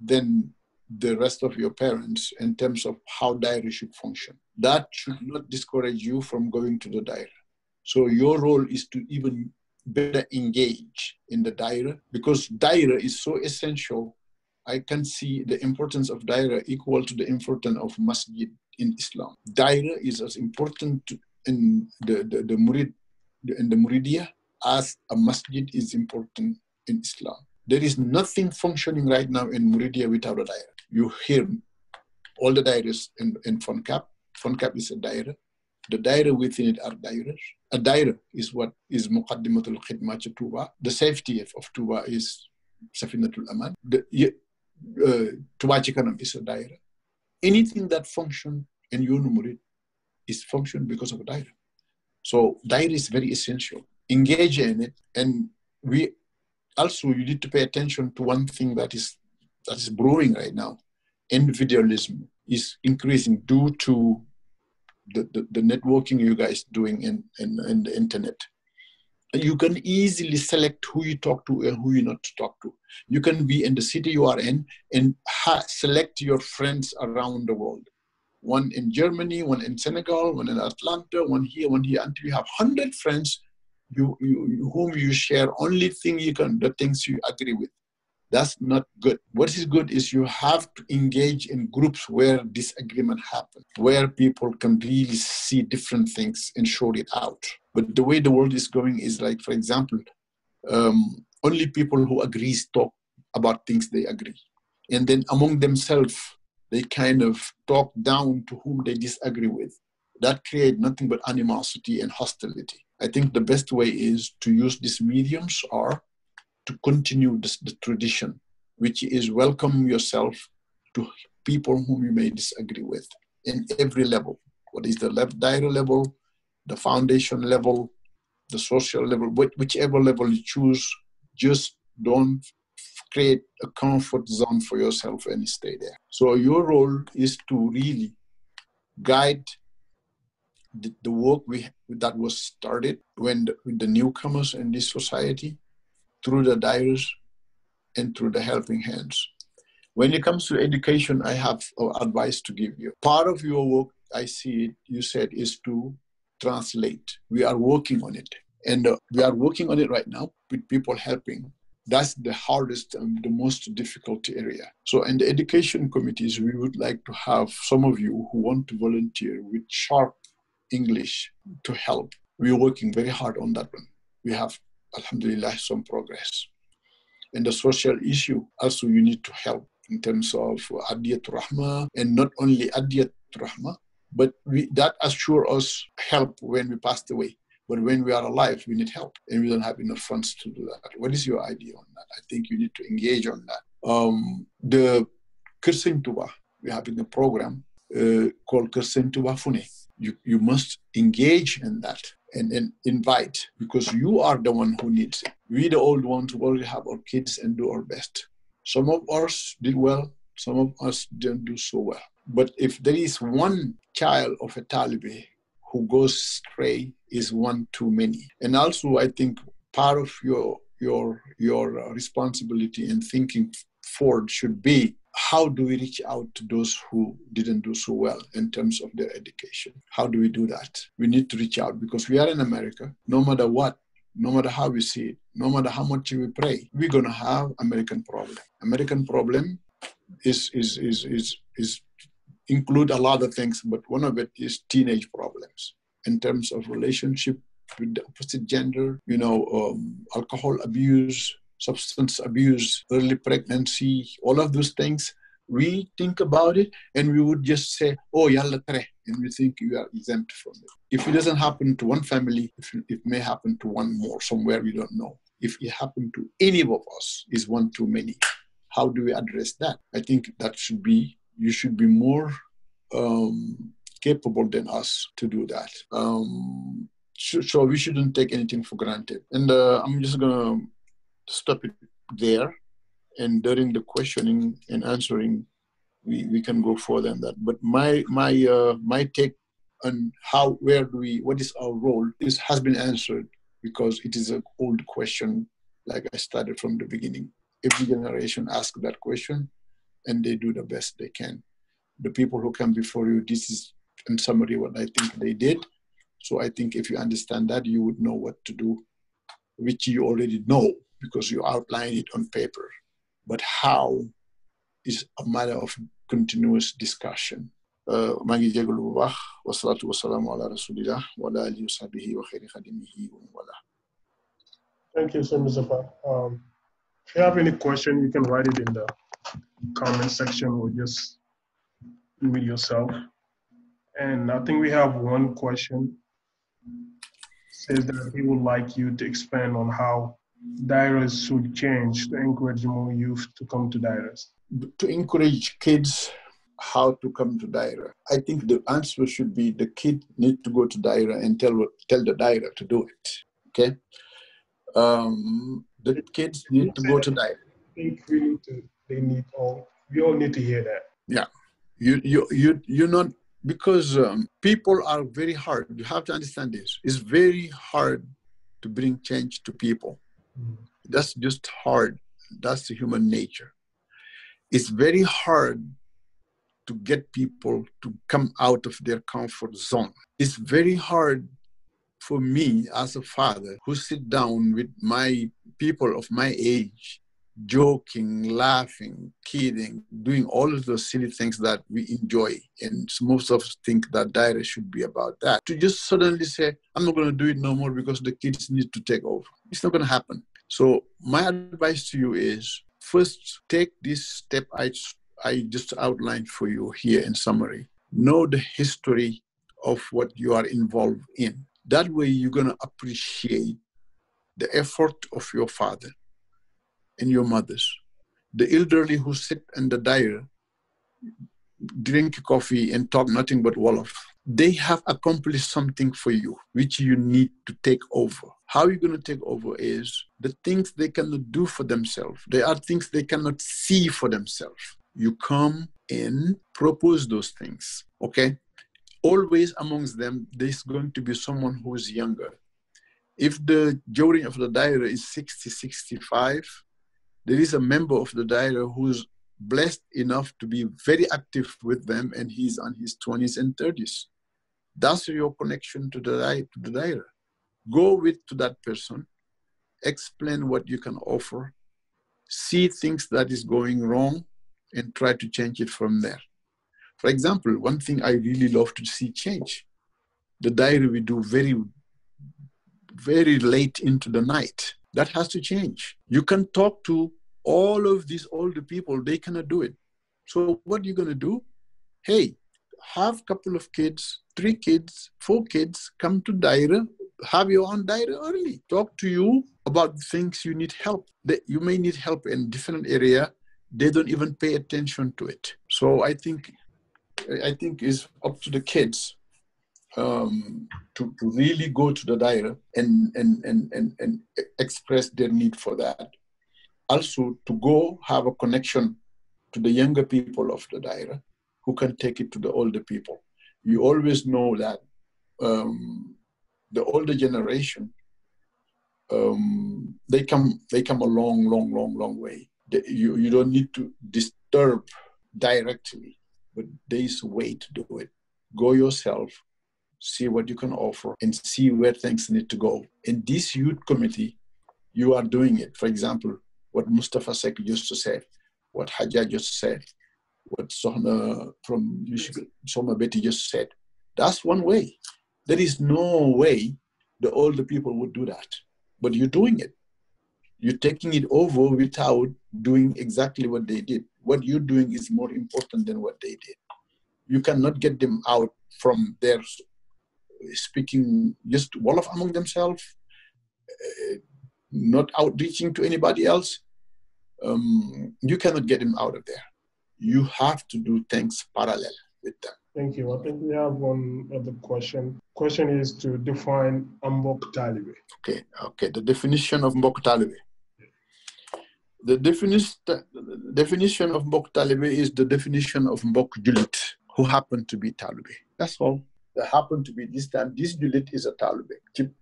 than the rest of your parents in terms of how diary should function. That should not discourage you from going to the diary. So your role is to even better engage in the daira because daira is so essential. I can see the importance of daira equal to the importance of masjid in Islam. Daira is as important in the, the, the murid in the muridia as a masjid is important in Islam. There is nothing functioning right now in muridia without a daira. You hear all the dairas in, in Foncap. Cap is a daira the daira within it are dairas. A daira is what is Muqaddimatul Khidmat Tuba. The safety of Tuba is Safinatul Aman. Tuba uh, Chikanam is a daira. Anything that function and you enumerate is function because of a daira. So daira is very essential. Engage in it and we also you need to pay attention to one thing that is that is brewing right now. Individualism is increasing due to the, the, networking you guys doing in, in, in the internet you can easily select who you talk to and who you not to talk to. You can be in the city you are in and select your friends around the world. One in Germany, one in Senegal, one in Atlanta, one here, one here, until you have hundred friends you, you, whom you share only thing you can the things you agree with. That's not good. What is good is you have to engage in groups where disagreement happens, where people can really see different things and sort it out. But the way the world is going is like, for example, um, only people who agree talk about things they agree. And then among themselves, they kind of talk down to whom they disagree with. That creates nothing but animosity and hostility. I think the best way is to use these mediums are to continue this, the tradition, which is welcome yourself to people whom you may disagree with in every level. What is the left diary level, the foundation level, the social level, whichever level you choose, just don't create a comfort zone for yourself and stay there. So your role is to really guide the, the work we, that was started when the, with the newcomers in this society through the diaries and through the helping hands. When it comes to education, I have uh, advice to give you. Part of your work, I see it, you said, is to translate. We are working on it. And uh, we are working on it right now with people helping. That's the hardest and the most difficult area. So, in the education committees, we would like to have some of you who want to volunteer with sharp English to help. We're working very hard on that one. We have alhamdulillah, some progress. And the social issue, also you need to help in terms of Adiyat Rahma, and not only Adiyat Rahma, but we, that assure us help when we passed away. But when we are alive, we need help, and we don't have enough funds to do that. What is your idea on that? I think you need to engage on that. Um, the Kirsen Tuba, we have in the program uh, called Kirsen Tuba Fune. You, you must engage in that and, and invite because you are the one who needs it. We, the old ones, who already have our kids and do our best. Some of us did well, some of us didn't do so well. But if there is one child of a Taliban who goes stray, is one too many. And also, I think part of your your your responsibility in thinking forward should be how do we reach out to those who didn't do so well in terms of their education? How do we do that? We need to reach out because we are in America. No matter what, no matter how we see it, no matter how much we pray, we're gonna have American problem. American problem is is is is is include a lot of things, but one of it is teenage problems in terms of relationship with the opposite gender, you know, um, alcohol abuse, substance abuse, early pregnancy, all of those things, we think about it and we would just say, oh, yalla tre, and we think you are exempt from it. If it doesn't happen to one family, it may happen to one more somewhere we don't know. If it happened to any of us, is one too many. How do we address that? I think that should be, you should be more um, capable than us to do that. Um, so, so we shouldn't take anything for granted. And uh, I'm just going to stop it there. And during the questioning and answering, we, we can go further than that. But my my uh, my take on how where do we what is our role This has been answered because it is an old question. Like I started from the beginning, every generation asks that question, and they do the best they can. The people who come before you, this is in summary what I think they did. So I think if you understand that, you would know what to do, which you already know because you outline it on paper. But how is a matter of continuous discussion. jégalu bu baax ala rasulillah alihi wa sahbihi wa wa wala. Thank you, Sir Mustapha. Um, if you have any question, you can write it in the comment section or just email yourself. And I think we have one question. It says that he would like you to expand on how DIRAs should change to encourage more youth to come to DIRAs? To encourage kids how to come to DIRA. I think the answer should be the kid need to go to DIRA and tell, tell the DIRA to do it. Okay? Um, the kids need to go to DIRA. I think we need to, they need all, we all need to hear that. Yeah. You, you, you, you're not because um, people are very hard. You have to understand this. It's very hard to bring change to people. That's just hard. That's the human nature. It's very hard to get people to come out of their comfort zone. It's very hard for me as a father who sit down with my people of my age joking, laughing, kidding, doing all of those silly things that we enjoy. And most of us think that diet should be about that. To just suddenly say, I'm not going to do it no more because the kids need to take over. It's not going to happen. So my advice to you is first take this step I, I just outlined for you here in summary. Know the history of what you are involved in. That way you're going to appreciate the effort of your father and your mothers, the elderly who sit in the dire, drink coffee and talk nothing but Wolof. They have accomplished something for you, which you need to take over. How you're going to take over is the things they cannot do for themselves. There are things they cannot see for themselves. You come and propose those things, okay? Always amongst them, there's going to be someone who is younger. If the jury of the diary is 60, 65, there is a member of the diary who's blessed enough to be very active with them, and he's on his 20s and 30s. That's your connection to the, to the Go with to that person, explain what you can offer, see things that is going wrong, and try to change it from there. For example, one thing I really love to see change. The diary we do very, very late into the night that has to change. You can talk to all of these older people, they cannot do it. So what are you going to do? Hey, have a couple of kids, three kids, four kids, come to Daira, have your own Daira early. Talk to you about things you need help. That you may need help in different area. They don't even pay attention to it. So I think, I think is up to the kids um, to, to really go to the daira and, and, and, and, and express their need for that. Also, to go have a connection to the younger people of the daira who can take it to the older people. You always know that um, the older generation, um, they come they come a long, long, long, long way. They, you, you don't need to disturb directly, but there is a way to do it. Go yourself, see what you can offer, and see where things need to go. In this youth committee, you are doing it. For example, what Mustafa Sek used to say, what Haja just said, what Sohna from Soma Betty just said. That's one way. There is no way the older people would do that. But you're doing it. You're taking it over without doing exactly what they did. What you're doing is more important than what they did. You cannot get them out from their speaking just wall of among themselves, uh, not outreaching to anybody else, um, you cannot get them out of there. You have to do things parallel with them. Thank you. I think we have one other question. Question is to define Mbok Talibe. Okay, okay. The definition of Mbok Talibe. The defini- definition of Mbok Talibe is the definition of Mbok Julit, who happened to be Talibe. That's all. Uh, happen to be this time, this Julit is a talib. You,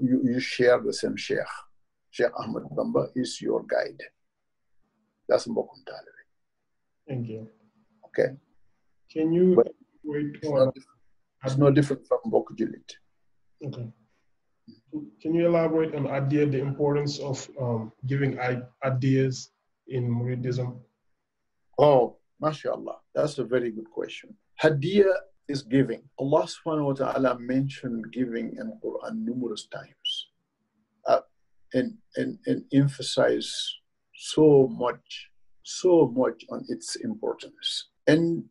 you, you share the same Sheikh. Sheikh Ahmed Bamba is your guide. That's Mbokum Talibek. Thank you. Okay. Can you but wait it's it's no different from Boku Julit. Okay. Can you elaborate on idea, the importance of um, giving ideas in Muridism? Oh, mashallah, that's a very good question. Hadia is giving. Allah subhanahu wa ta'ala mentioned giving in Quran numerous times uh, and, and, and emphasize so much, so much on its importance. And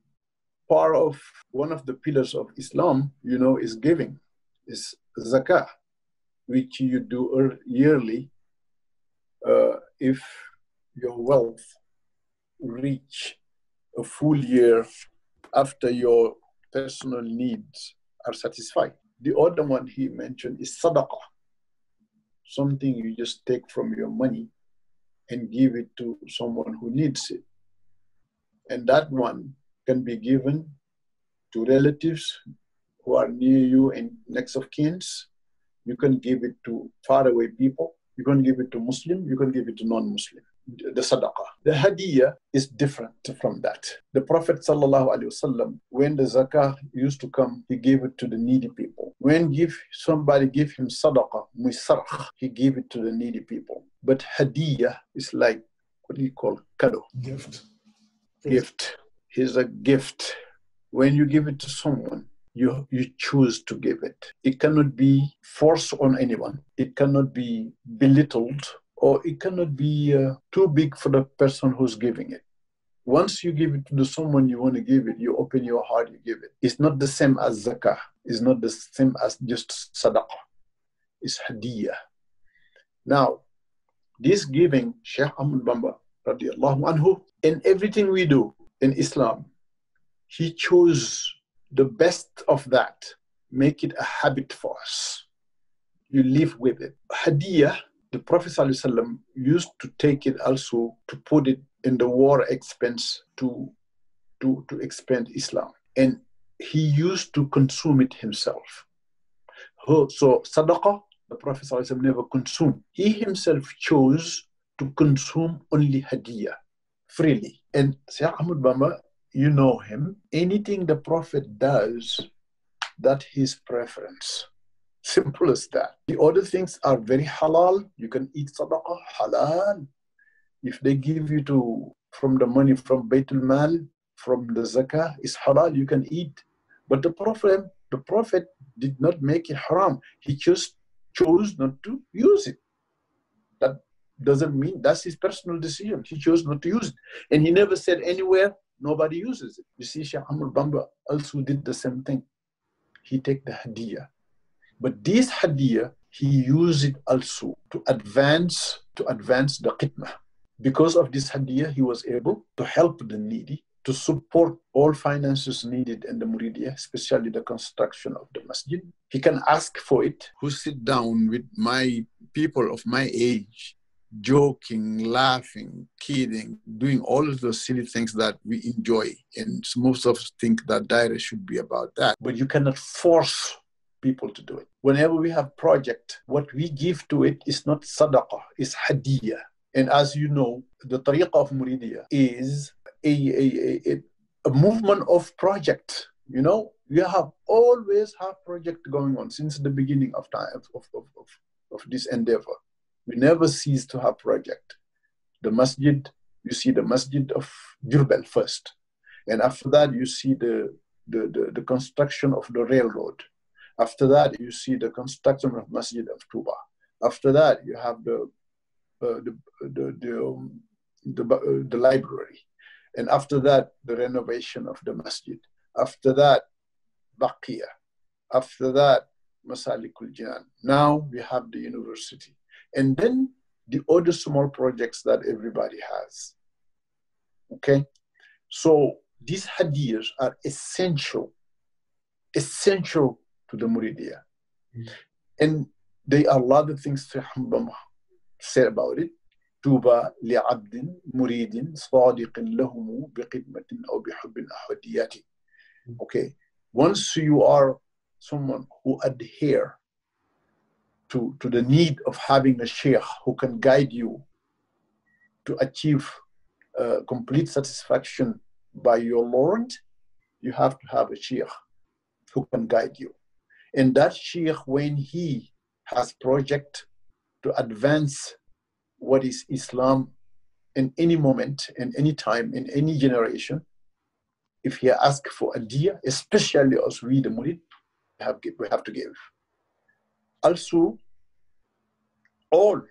part of one of the pillars of Islam, you know, is giving, is zakah, which you do yearly uh, if your wealth reach a full year after your personal needs are satisfied. The other one he mentioned is sadaqah, something you just take from your money and give it to someone who needs it. And that one can be given to relatives who are near you and next of kin. You can give it to faraway people. You can give it to Muslim. You can give it to non-Muslim the sadaqah. The hadiyah is different from that. The Prophet وسلم, when the zakah used to come, he gave it to the needy people. When give, somebody gave him sadaqah, misarh, he gave it to the needy people. But hadiyah is like what do you call kado? Gift. Gift. He's a gift. When you give it to someone, you, you choose to give it. It cannot be forced on anyone. It cannot be belittled or it cannot be uh, too big for the person who's giving it. Once you give it to someone you want to give it, you open your heart, you give it. It's not the same as zakah. It's not the same as just sadaqah. It's hadiyah. Now, this giving, Sheikh Ahmad Bamba, radiallahu anhu, in everything we do in Islam, he chose the best of that. Make it a habit for us. You live with it. Hadiyah the Prophet ﷺ used to take it also to put it in the war expense to, to, to expand Islam. And he used to consume it himself. So, sadaqah, the Prophet ﷺ never consumed. He himself chose to consume only hadiyah freely. And Sayyid Ahmad Baba, you know him, anything the Prophet does, that his preference. Simple as that. The other things are very halal. You can eat sadaqah halal. If they give you to from the money from Baitul Mal, from the zakah, it's halal. You can eat. But the Prophet, the Prophet did not make it haram. He just chose not to use it. That doesn't mean that's his personal decision. He chose not to use it. And he never said anywhere, nobody uses it. You see, Sheikh Amr Bamba also did the same thing. He take the hadiyah but this hadith, he used it also to advance, to advance the khidmah. Because of this hadith, he was able to help the needy, to support all finances needed in the Muridiyah, especially the construction of the masjid. He can ask for it. Who sit down with my people of my age, joking, laughing, kidding, doing all of those silly things that we enjoy. And most of us think that diet should be about that. But you cannot force people to do it. Whenever we have project, what we give to it is not sadaqah, it's hadiyah. And as you know, the tariqah of Muridiyah is a, a, a, a movement of project. You know, we have always have project going on since the beginning of time of, of, of, of this endeavor. We never cease to have project. The masjid, you see the masjid of Jurbel first. And after that, you see the, the, the, the construction of the railroad after that, you see the construction of Masjid of Tuba. After that, you have the uh, the, the, the, um, the, uh, the, library. And after that, the renovation of the masjid. After that, Baqiya. After that, Masalikul Jan. Now we have the university. And then the other small projects that everybody has. Okay? So these hadiths are essential, essential to the Muridiyah. Mm. And there are a lot of things Syahbam said about it. طوبى لعبد مريد صادق له بخدمة أو بحب أحديات. Okay, once you are someone who adhere to, to the need of having a sheikh who can guide you to achieve uh, complete satisfaction by your Lord, you have to have a sheikh who can guide you. And that sheikh, when he has project to advance what is Islam in any moment, in any time, in any generation, if he asks for a deer, especially as we the murid, we have, we have to give. Also, all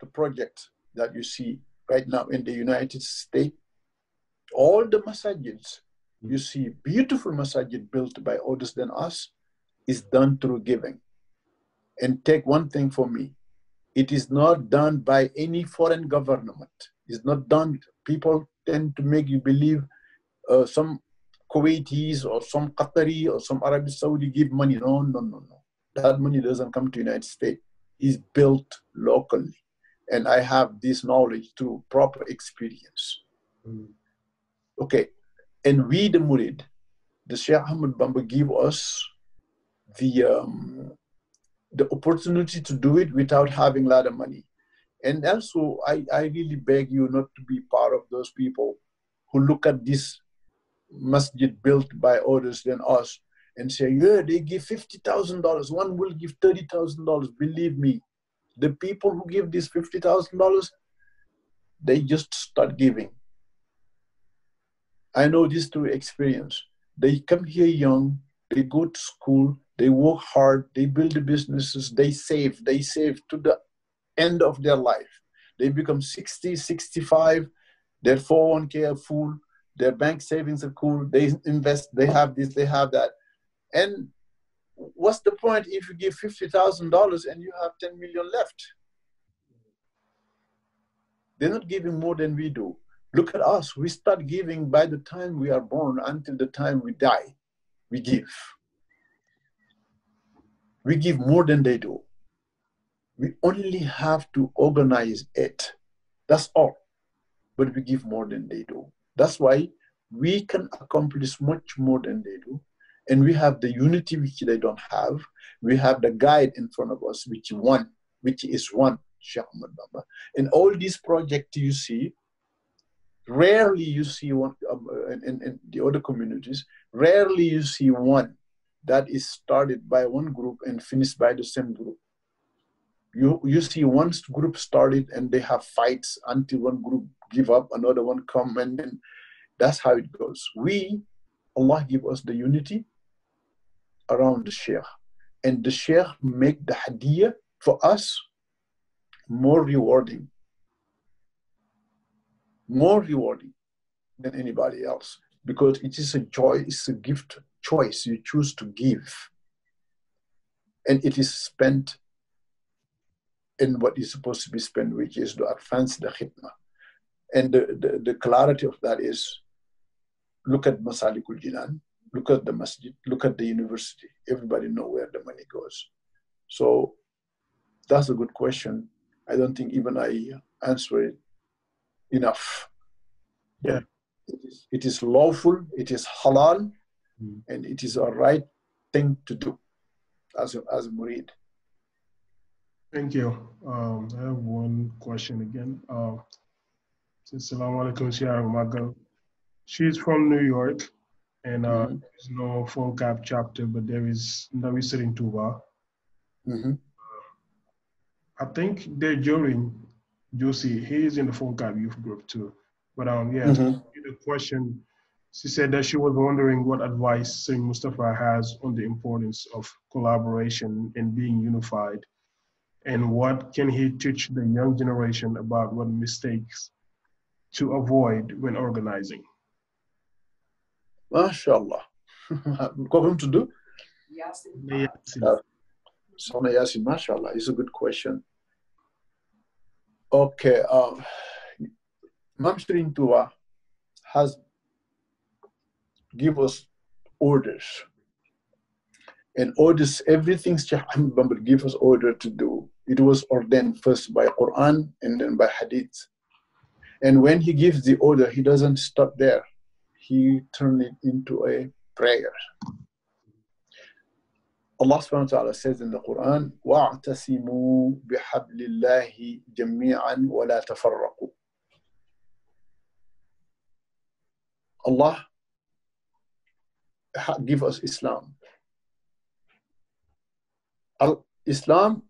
the projects that you see right now in the United States, all the masajids, you see beautiful masajid built by others than us, is done through giving. And take one thing for me it is not done by any foreign government. It's not done. People tend to make you believe uh, some Kuwaitis or some Qatari or some Arab Saudi give money. No, no, no, no. That money doesn't come to United States. It's built locally. And I have this knowledge through proper experience. Mm. Okay. And we, the Murid, the Sheikh Ahmed Bamba give us the um, the opportunity to do it without having a lot of money. And also, I, I really beg you not to be part of those people who look at this masjid built by others than us and say, yeah, they give $50,000. One will give $30,000. Believe me, the people who give this $50,000, they just start giving. I know this through experience. They come here young, they go to school, they work hard, they build businesses, they save, they save to the end of their life. They become 60, 65, their 401k are full, their bank savings are cool, they invest, they have this, they have that. And what's the point if you give $50,000 and you have 10 million left? They're not giving more than we do. Look at us, we start giving by the time we are born until the time we die we give. We give more than they do. We only have to organize it. That's all. But we give more than they do. That's why we can accomplish much more than they do. And we have the unity which they don't have. We have the guide in front of us, which one, which is one, Sheikh Ahmad Baba, And all these projects you see Rarely you see one um, uh, in, in the other communities. Rarely you see one that is started by one group and finished by the same group. You you see one group started and they have fights until one group give up, another one come, and then that's how it goes. We, Allah give us the unity around the Sheikh, and the Sheikh make the Hadith for us more rewarding more rewarding than anybody else because it is a joy, it's a gift choice you choose to give. And it is spent in what is supposed to be spent, which is to advance the khidmah. And the, the, the clarity of that is look at Masalikul Jinan, look at the masjid, look at the university. Everybody know where the money goes. So that's a good question. I don't think even I answer it enough. Yeah. It is, it is lawful, it is halal, mm. and it is a right thing to do as a, as a murid. Thank you. Um, I have one question again. Uh, Assalamu alaikum, She's from New York, and uh, mm-hmm. there's no full cap chapter, but there is Nawisar in Tuba. Mm-hmm. I think they're during Josie, he's in the phone call Youth Group too. But um, yeah, mm-hmm. the question, she said that she was wondering what advice Singh Mustafa has on the importance of collaboration and being unified, and what can he teach the young generation about what mistakes to avoid when organizing. MashaAllah. Got him to do? Yes. ask, Yasin, uh, mashallah. It's a good question. Okay. Um, Mam has give us orders. And orders, everything Sheikh Ahmed Bambal gave us order to do. It was ordained first by Quran and then by Hadith. And when he gives the order, he doesn't stop there. He turned it into a prayer. Allah subhanahu wa ta'ala says in the Quran, وَاعْتَسِمُوا بِحَبْلِ اللَّهِ جَمِيعًا وَلَا تَفَرَّقُوا Allah give us Islam. Islam,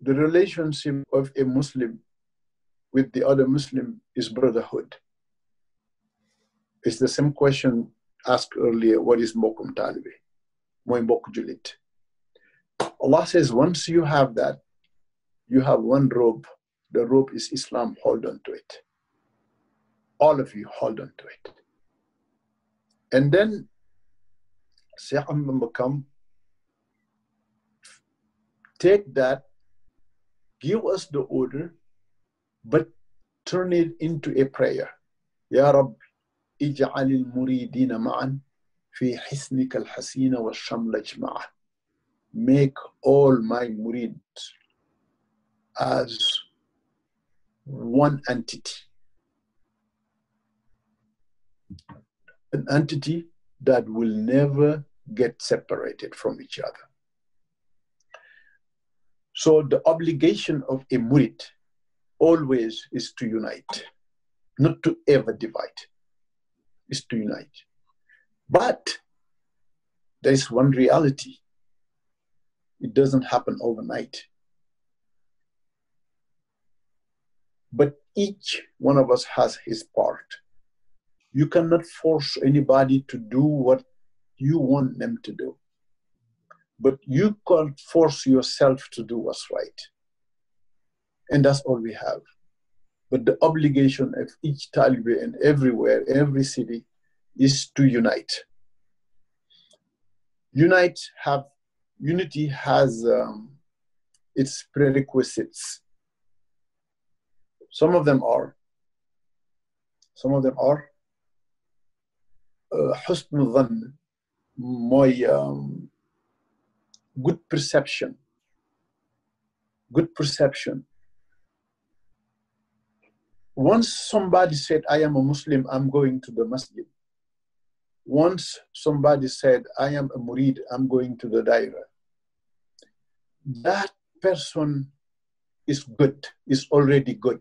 the relationship of a Muslim with the other Muslim is brotherhood. It's the same question asked earlier, what is Mokum Talibi? Moin Bok Julit. Allah says, once you have that, you have one rope. The rope is Islam. Hold on to it. All of you, hold on to it. And then Shaykh take that, give us the order, but turn it into a prayer. Ya Rab, اجعل المريدين معا في حسنك الحسين والشمل اجمعا make all my murid as one entity. An entity that will never get separated from each other. So the obligation of a murid always is to unite, not to ever divide, is to unite. But there's one reality it doesn't happen overnight. But each one of us has his part. You cannot force anybody to do what you want them to do. But you can't force yourself to do what's right. And that's all we have. But the obligation of each Taliban and everywhere, every city, is to unite. Unite, have unity has um, its prerequisites. Some of them are, some of them are حسن uh, my um, good perception, good perception. Once somebody said, I am a Muslim, I'm going to the masjid. Once somebody said, I am a murid, I'm going to the daira, that person is good, is already good.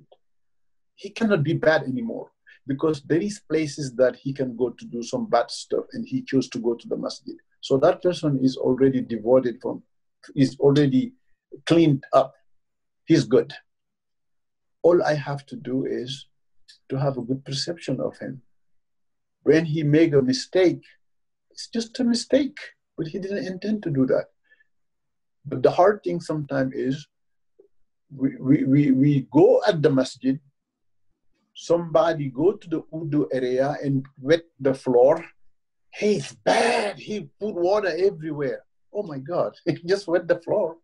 He cannot be bad anymore because there is places that he can go to do some bad stuff and he chose to go to the masjid. So that person is already devoted from, is already cleaned up. He's good. All I have to do is to have a good perception of him when he make a mistake, it's just a mistake, but he didn't intend to do that. But the hard thing sometimes is we, we, we, we go at the masjid, somebody go to the udu area and wet the floor. He's bad, he put water everywhere. Oh my God, he just wet the floor.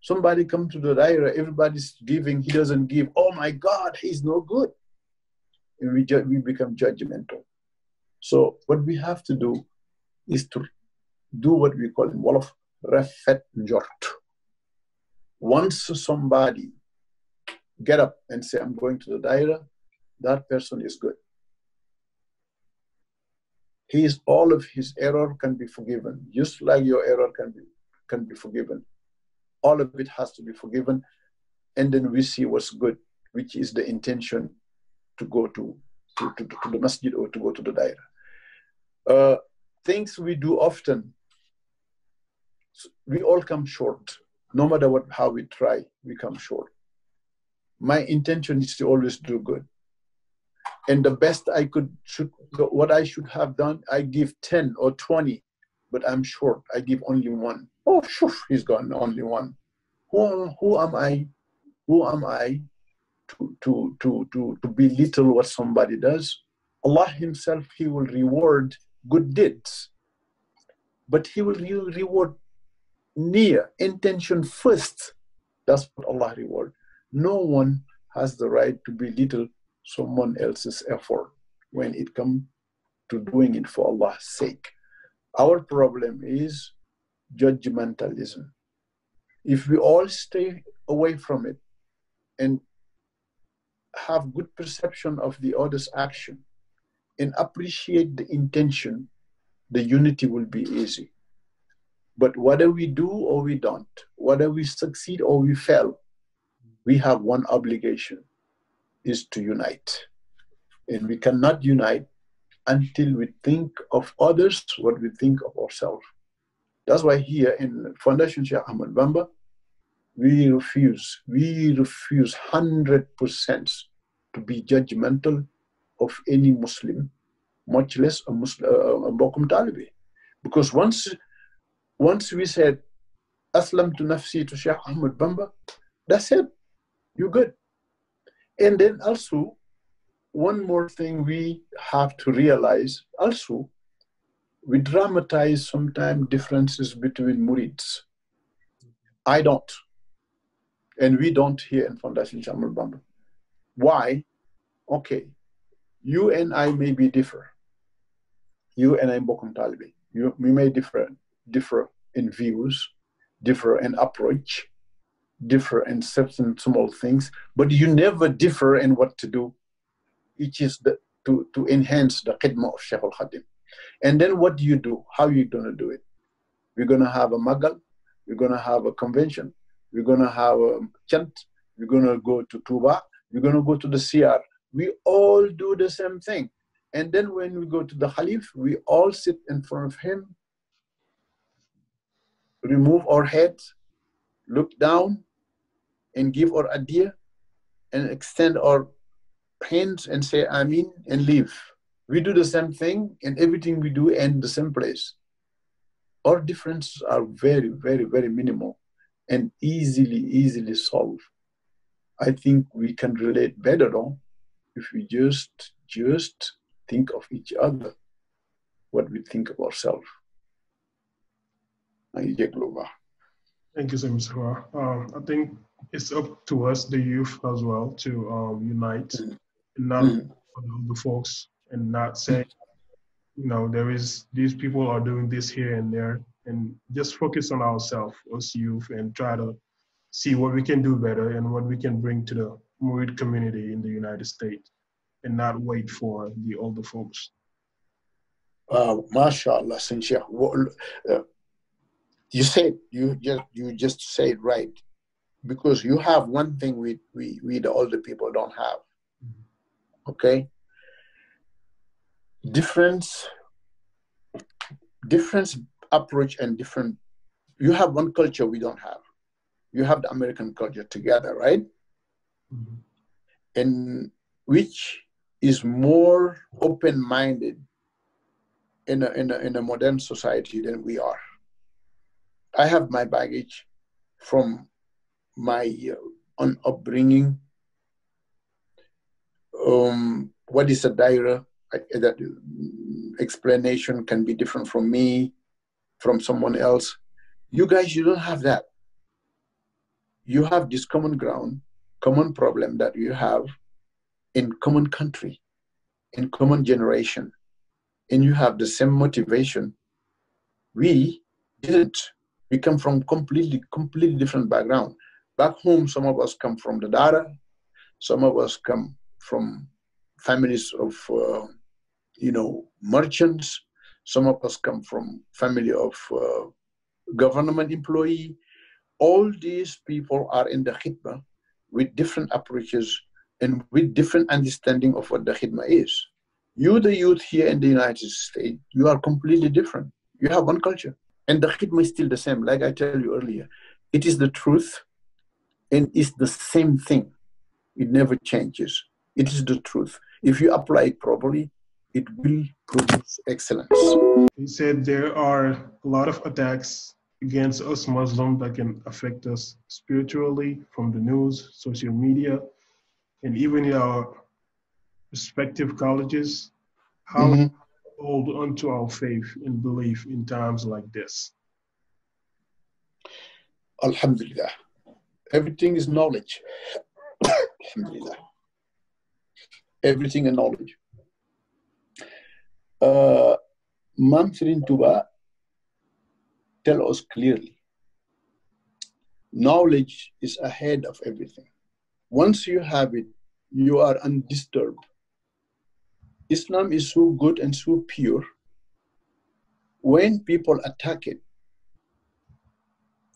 Somebody come to the daira, everybody's giving, he doesn't give. Oh my God, he's no good. And we, ju- we become judgmental. So what we have to do is to do what we call in Wolof refet jort. Once somebody get up and say, I'm going to the daira, that person is good. His all of his error can be forgiven, just like your error can be can be forgiven. All of it has to be forgiven, and then we see what's good, which is the intention to go to to, to, to the masjid or to go to the daira. Uh, things we do often, we all come short. No matter what, how we try, we come short. My intention is to always do good. And the best I could, should, what I should have done, I give 10 or 20, but I'm short. I give only one. Oh, shoof, he's gone, only one. Who, who am I? Who am I to, to, to, to, to belittle what somebody does? Allah Himself, He will reward good deeds, but He will reward near intention first. That's what Allah reward. No one has the right to belittle someone else's effort when it comes to doing it for Allah's sake. Our problem is judgmentalism. If we all stay away from it and have good perception of the other's action, and appreciate the intention, the unity will be easy. But whether we do or we don't, whether we succeed or we fail, we have one obligation is to unite. And we cannot unite until we think of others what we think of ourselves. That's why here in Foundation Sheikh Ahmed Bamba, we refuse, we refuse 100% to be judgmental of any Muslim, much less a, Muslim, uh, uh, a Bokum Talibi. Because once, once we said, Aslam to Nafsi to Sheikh Ahmed Bamba, that's it. You're good. And then also, one more thing we have to realize also, we dramatize sometimes differences between murids. I don't. And we don't here in Foundation Shamal Bamba. Why? Okay, you and I may be differ. You and I, Bokum Talibi, you, we may differ, differ in views, differ in approach, differ in certain small things, but you never differ in what to do, It is the, to, to enhance the khidmah of Sheikh al-Khadim. And then what do you do? How are you going to do it? We're going to have a magal, we're going to have a convention, we're going to have a chant, we're going to go to Tuba, we're going to go to the CR, we all do the same thing. And then when we go to the Khalif, we all sit in front of him, remove our head, look down, and give our idea, and extend our hands and say Amin and leave. We do the same thing, and everything we do end the same place. Our differences are very, very, very minimal and easily, easily solved. I think we can relate better though if we just just think of each other what we think of ourselves. Thank you so much. Um, I think it's up to us, the youth as well, to um, unite and mm. not mm. the folks and not say, you know, there is these people are doing this here and there, and just focus on ourselves, us youth, and try to see what we can do better and what we can bring to the Muid community in the United States and not wait for the older folks. Uh, mashallah, sincere. Well, uh, you said you just you just said right because you have one thing we we, we the older people don't have. Mm-hmm. Okay. Difference. Difference approach and different. You have one culture we don't have. You have the American culture together, right? mm-hmm. and which is more open-minded in a, in, a, in a modern society than we are. I have my baggage from my uh, upbringing. Um, what is a daira? I, that explanation can be different from me, from someone else. You guys, you don't have that. You have this common ground common problem that you have in common country, in common generation, and you have the same motivation. We didn't. We come from completely, completely different background. Back home, some of us come from the Dara, some of us come from families of, uh, you know, merchants. Some of us come from family of uh, government employee. All these people are in the khidmah with different approaches and with different understanding of what the is. You, the youth here in the United States, you are completely different. You have one culture. And the is still the same, like I tell you earlier. It is the truth and it's the same thing. It never changes. It is the truth. If you apply it properly, it will produce excellence. You said there are a lot of attacks against us Muslims that can affect us spiritually from the news, social media, and even in our respective colleges, how mm-hmm. hold onto our faith and belief in times like this? Alhamdulillah. Everything is knowledge. Alhamdulillah. Everything is knowledge. Uh, month in tell us clearly. Knowledge is ahead of everything. Once you have it, you are undisturbed. Islam is so good and so pure. When people attack it,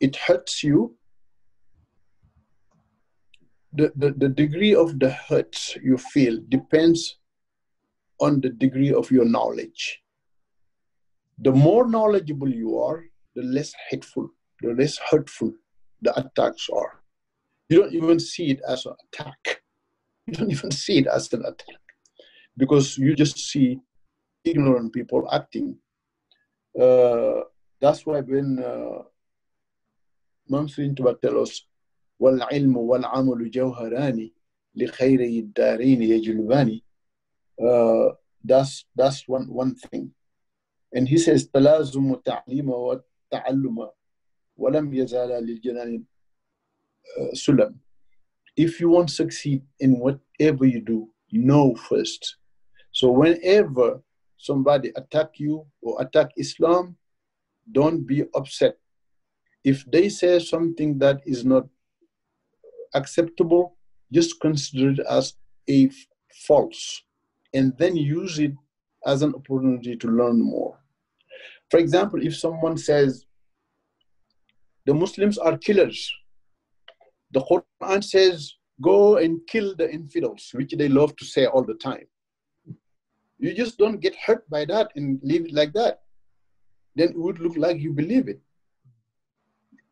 it hurts you. The, the, the degree of the hurts you feel depends on the degree of your knowledge. The more knowledgeable you are, the less hateful, the less hurtful the attacks are. You don't even see it as an attack. You don't even see it as an attack because you just see ignorant people acting. Uh, that's why when uh, Mamsin Tuba tells وَالْعِلْمُ وَالْعَمَلُ جَوْهَرَانِ لِخَيْرِ الدَّارِينِ يَجْلُبَانِ uh, that's that's one one thing. And he says, ولم يزال للجنان سلم if you want to succeed in whatever you do know first so whenever somebody attack you or attack islam don't be upset if they say something that is not acceptable just consider it as a false and then use it as an opportunity to learn more for example, if someone says, the Muslims are killers, the Quran says, go and kill the infidels, which they love to say all the time. You just don't get hurt by that and leave it like that. Then it would look like you believe it.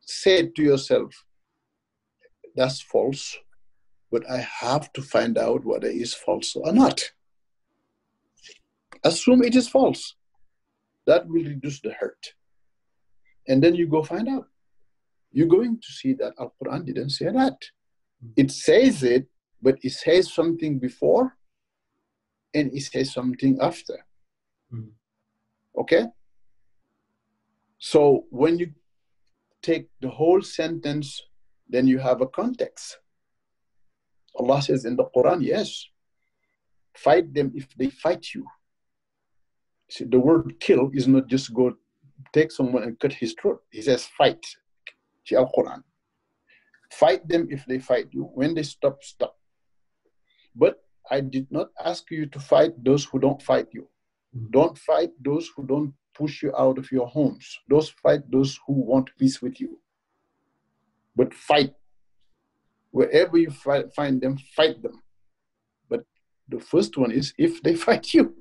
Say to yourself, that's false, but I have to find out whether it is false or not. Assume it is false that will reduce the hurt. And then you go find out. You're going to see that Al Quran didn't say that. Hmm. It says it, but it says something before and it says something after. Hmm. Okay? So when you take the whole sentence, then you have a context. Allah says in the Quran, yes, fight them if they fight you. See, the word kill is not just go take someone and cut his throat. He says fight. Quran. Fight them if they fight you. When they stop, stop. But I did not ask you to fight those who don't fight you. Hmm. Don't fight those who don't push you out of your homes. Those fight those who want peace with you. But fight. Wherever you find them, fight them. But the first one is if they fight you.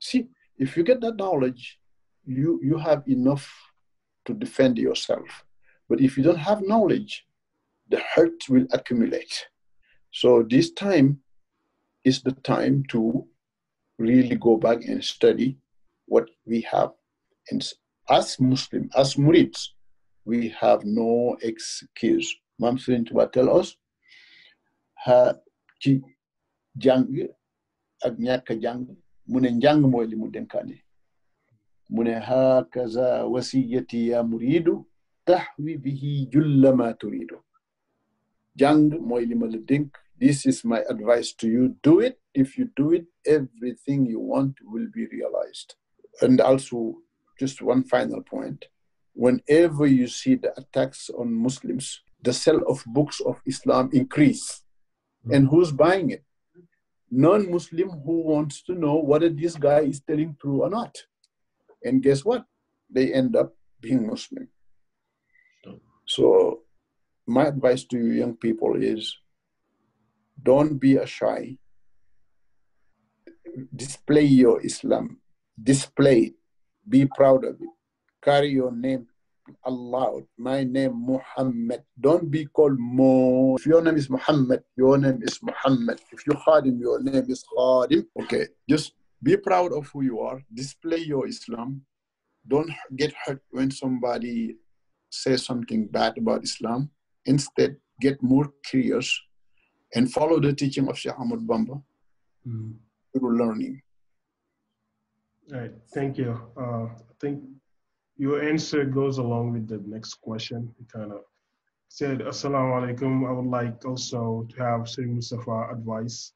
See, if you get that knowledge, you, you have enough to defend yourself. But if you don't have knowledge, the hurt will accumulate. So this time is the time to really go back and study what we have. And as Muslim, as Murids, we have no excuse. Mam Sirin Tuba tell us, ha, ci jang ak ñàkk jang mune njanga moyli mudden kane mune hakaza wasiyati ya muridu tahwi bihi julla ma turidu jang denk this is my advice to you do it if you do it everything you want will be realized and also just one final point whenever you see the attacks on muslims the sale of books of islam increase and who's buying it non-Muslim who wants to know whether this guy is telling true or not. And guess what? They end up being Muslim. So my advice to you young people is don't be a shy. Display your Islam. Display it. Be proud of it. Carry your name allowed. my name Muhammad. Don't be called Mo. If your name is Muhammad, your name is Muhammad. If you Khadim, your name is Khadim. Okay, just be proud of who you are. Display your Islam. Don't get hurt when somebody says something bad about Islam. Instead, get more curious and follow the teaching of Sheikh Ahmad Bamba mm. through learning. All right, thank you. Uh, I think your answer goes along with the next question. It kind of said, Assalamu alaikum. I would like also to have Sayyid Mustafa advice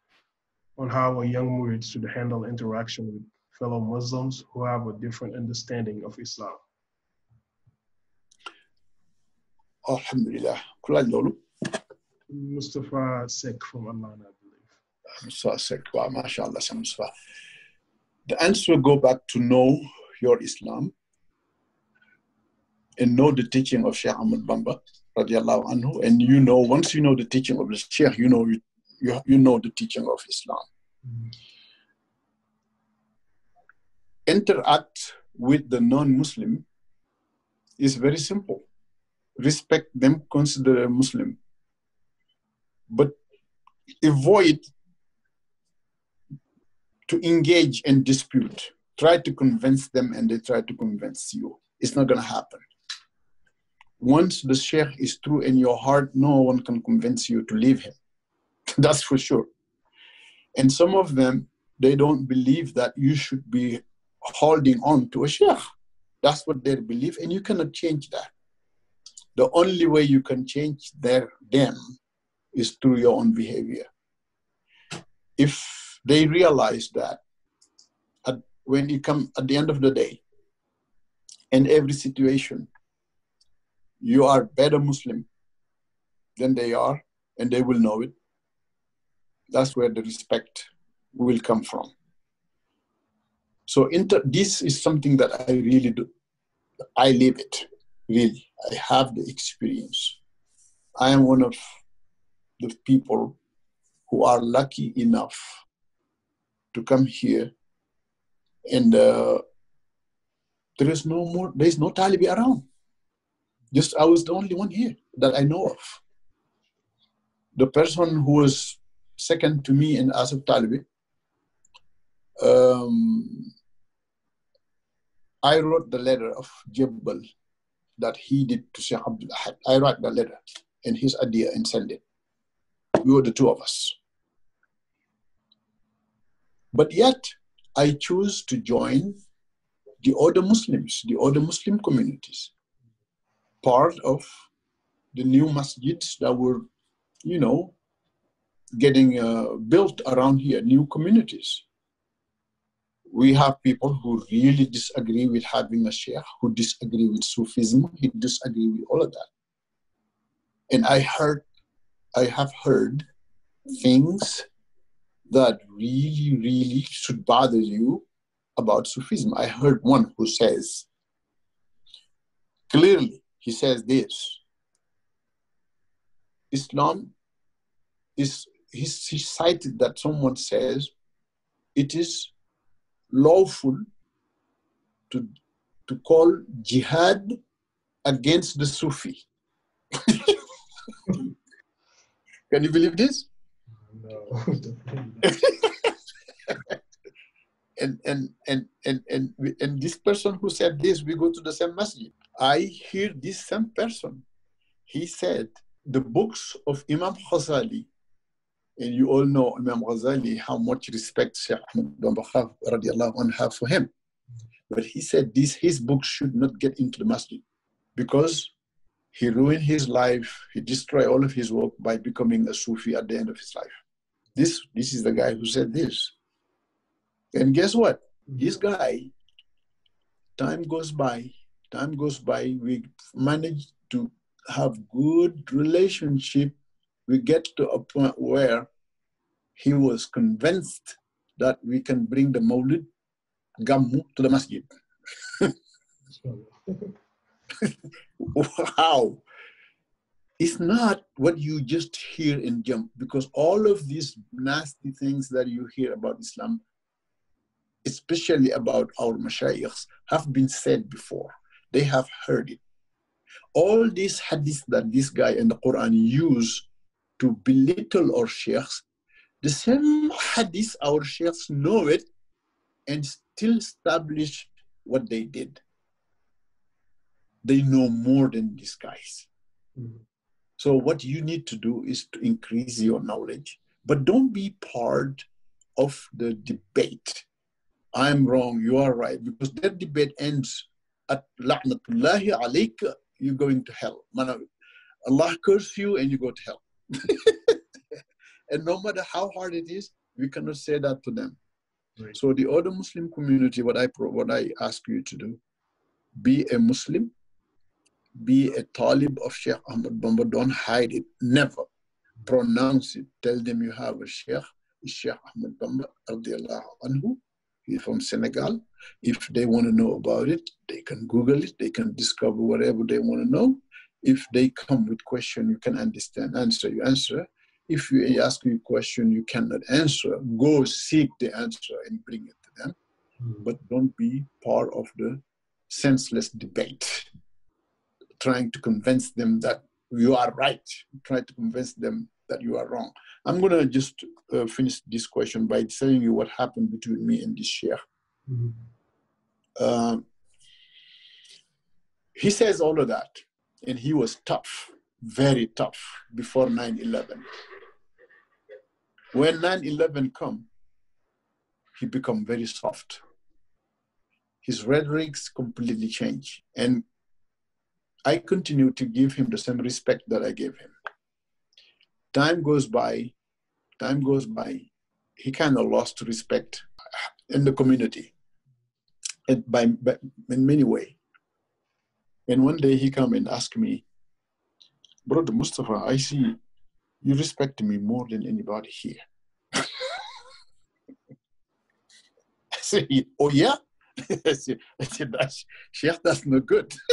on how a young murid should handle interaction with fellow Muslims who have a different understanding of Islam. Alhamdulillah. Mustafa Sek from Amman, I believe. Mustafa Sek, wow, mashallah, Mustafa. The answer go back to know your Islam and know the teaching of Sheikh Ahmed Bamba, radiallahu anhu, and you know, once you know the teaching of the Sheikh, you know, you, you, you know the teaching of Islam. Mm-hmm. Interact with the non-Muslim is very simple. Respect them, consider a Muslim. But avoid to engage and dispute. Try to convince them and they try to convince you. It's not going to happen once the sheikh is true in your heart, no one can convince you to leave him. That's for sure. And some of them, they don't believe that you should be holding on to a sheikh. That's what they believe, and you cannot change that. The only way you can change their them is through your own behavior. If they realize that at, when you come at the end of the day, in every situation, you are better Muslim than they are, and they will know it. That's where the respect will come from. So inter- this is something that I really do. I live it, really. I have the experience. I am one of the people who are lucky enough to come here and uh, there is no more, there is no Taliban around. Just I was the only one here that I know of. The person who was second to me in Asif Talibi, um, I wrote the letter of Jebel that he did to Sheikh Abdul Ahad. I wrote the letter and his idea and sent it. We were the two of us. But yet, I chose to join the other Muslims, the other Muslim communities part of the new masjids that were, you know, getting uh, built around here, new communities. We have people who really disagree with having a sheikh, who disagree with Sufism, who disagree with all of that. And I heard, I have heard things that really, really should bother you about Sufism. I heard one who says clearly he says this Islam is, he, he cited that someone says, it is lawful to, to call jihad against the Sufi. Can you believe this? No. and, and, and, and, and, and this person who said this, we go to the same masjid. I hear this same person. He said, the books of Imam Ghazali, and you all know Imam Ghazali, how much respect Sheikh Ahmed bin Bakhaf have for him. But he said this, his books should not get into the masjid because he ruined his life, he destroyed all of his work by becoming a Sufi at the end of his life. This, this is the guy who said this. And guess what? This guy, time goes by, time goes by, we manage to have good relationship. We get to a point where he was convinced that we can bring the molded Gammu to the masjid. wow. It's not what you just hear and jump because all of these nasty things that you hear about Islam, especially about our mashayikh, have been said before. They have heard it. All these hadiths that this guy in the Quran use to belittle our sheikhs, the same hadith our sheikhs know it and still establish what they did. They know more than these guys. Mm-hmm. So what you need to do is to increase your knowledge, but don't be part of the debate. I'm wrong, you are right, because that debate ends at la'natullahi alayka, you're going to hell. Allah curse you and you go to hell. and no matter how hard it is, we cannot say that to them. Right. So the other Muslim community, what I what I ask you to do, be a Muslim, be a Talib of Sheikh Ahmad Bamba. Don't hide it. Never pronounce it. Tell them you have a Sheikh, Sheikh Ahmad Bamba, anhu, He's from Senegal. If they want to know about it, they can Google it. They can discover whatever they want to know. If they come with question, you can understand, answer, you answer. If you ask me a question you cannot answer, go seek the answer and bring it to them. Mm. But don't be part of the senseless debate, trying to convince them that you are right. Try to convince them that you are wrong. I'm going to just uh, finish this question by telling you what happened between me and this sheikh. Mm -hmm. uh, he says all of that, and he was tough, very tough before 9 11. When 9 11 come, he become very soft. His rhetorics completely change, and I continue to give him the same respect that I gave him time goes by, time goes by, he kind of lost respect in the community and by, by, in many way. And one day he come and ask me, Brother Mustafa, I see you respect me more than anybody here. I said, oh yeah? I said, I said that's, Sheikh, that's not good.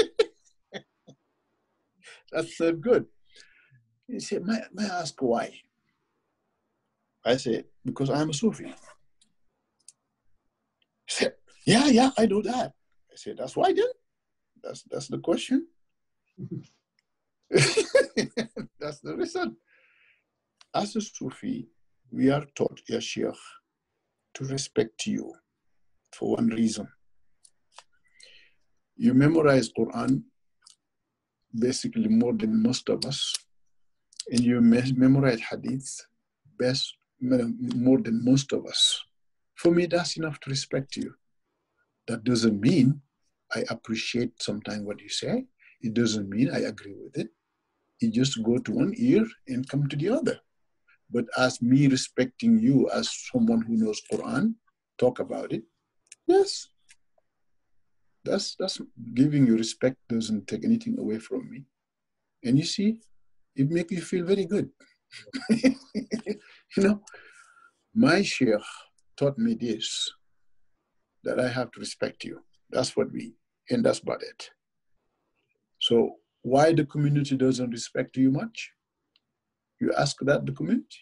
that's not good. He said, may, may I ask why? I said, because I'm a Sufi. He said, yeah, yeah, I know that. I said, that's why then? That's, that's the question. that's the reason. As a Sufi, we are taught, Ya Sheikh, to respect you for one reason. You memorize Quran basically more than most of us and you memorize hadiths best more than most of us. For me, that's enough to respect you. That doesn't mean I appreciate sometimes what you say. It doesn't mean I agree with it. You just go to one ear and come to the other. But as me respecting you as someone who knows Quran, talk about it. Yes. That's that's giving you respect doesn't take anything away from me. And you see, it makes you feel very good. you know, my sheikh taught me this, that I have to respect you. That's what we, and that's about it. So why the community doesn't respect you much? You ask that the community.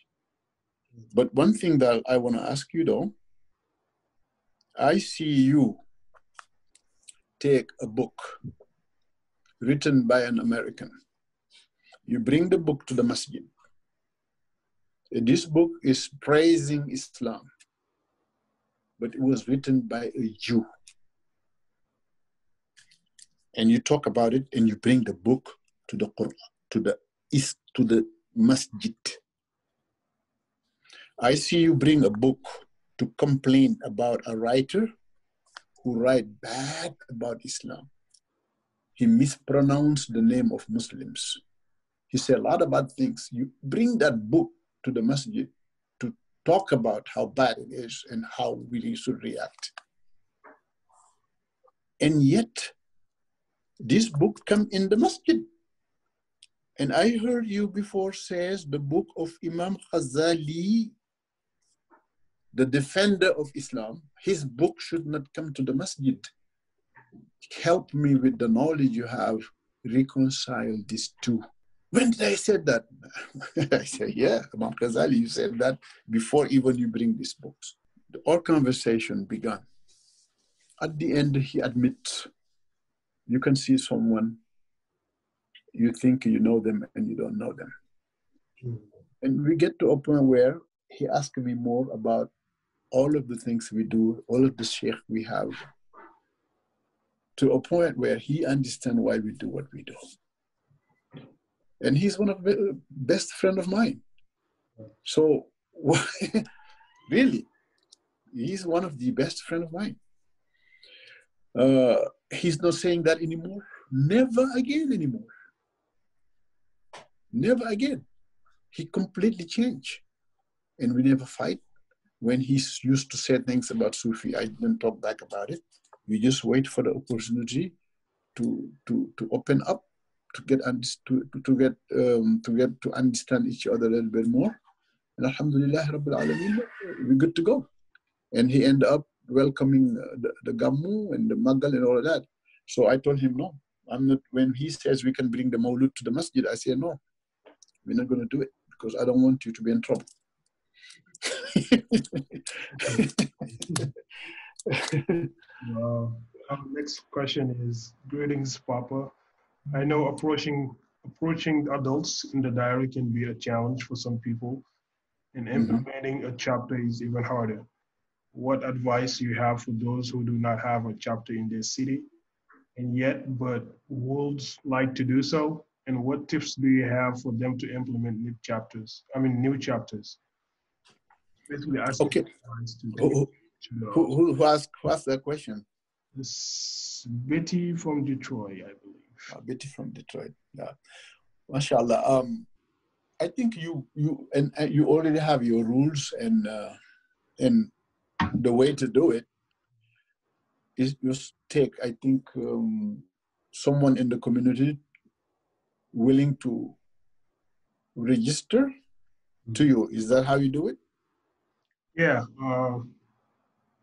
But one thing that I want to ask you though, I see you take a book written by an American you bring the book to the masjid. This book is praising Islam, but it was written by a Jew. And you talk about it and you bring the book to the Quran, to the east, to the masjid. I see you bring a book to complain about a writer who write bad about Islam. He mispronounced the name of Muslims. He said a lot of bad things. You bring that book to the mosque to talk about how bad it is and how we should react. And yet, this book come in the masjid. And I heard you before says the book of Imam Ghazali, the defender of Islam, his book should not come to the masjid. Help me with the knowledge you have, reconcile these two. When did I say that? I say, yeah, Imam Ghazali, you said that before even you bring this book." Our conversation began. At the end, he admits you can see someone, you think you know them and you don't know them. Mm -hmm. And we get to a point where he asked me more about all of the things we do, all of the sheikh we have, to a point where he understands why we do what we do and he's one of the best friend of mine so really he's one of the best friend of mine uh, he's not saying that anymore never again anymore never again he completely changed and we never fight when he used to say things about sufi i didn't talk back about it we just wait for the opportunity to to to open up to get to, to get um, to get to understand each other a little bit more. And Alhamdulillah, Rabbil Alameen, we're good to go. And he ended up welcoming the, the Gammu and the Magal and all of that. So I told him, no, I'm not. When he says we can bring the Maulud to the masjid, I say, no, we're not going to do it because I don't want you to be in trouble. wow. Our next question is Greetings, Papa. I know approaching approaching adults in the diary can be a challenge for some people, and mm-hmm. implementing mm-hmm. a chapter is even harder. What advice you have for those who do not have a chapter in their city, and yet but would like to do so? And what tips do you have for them to implement new chapters? I mean, new chapters. Basically, asking okay. To, who, who, who, asked, who asked that question? This Betty from Detroit, I believe. Betty from Detroit. Yeah, mashallah. Um, I think you you and, you already have your rules and uh, and the way to do it is just take I think um, someone in the community willing to register to you. Is that how you do it? Yeah, uh,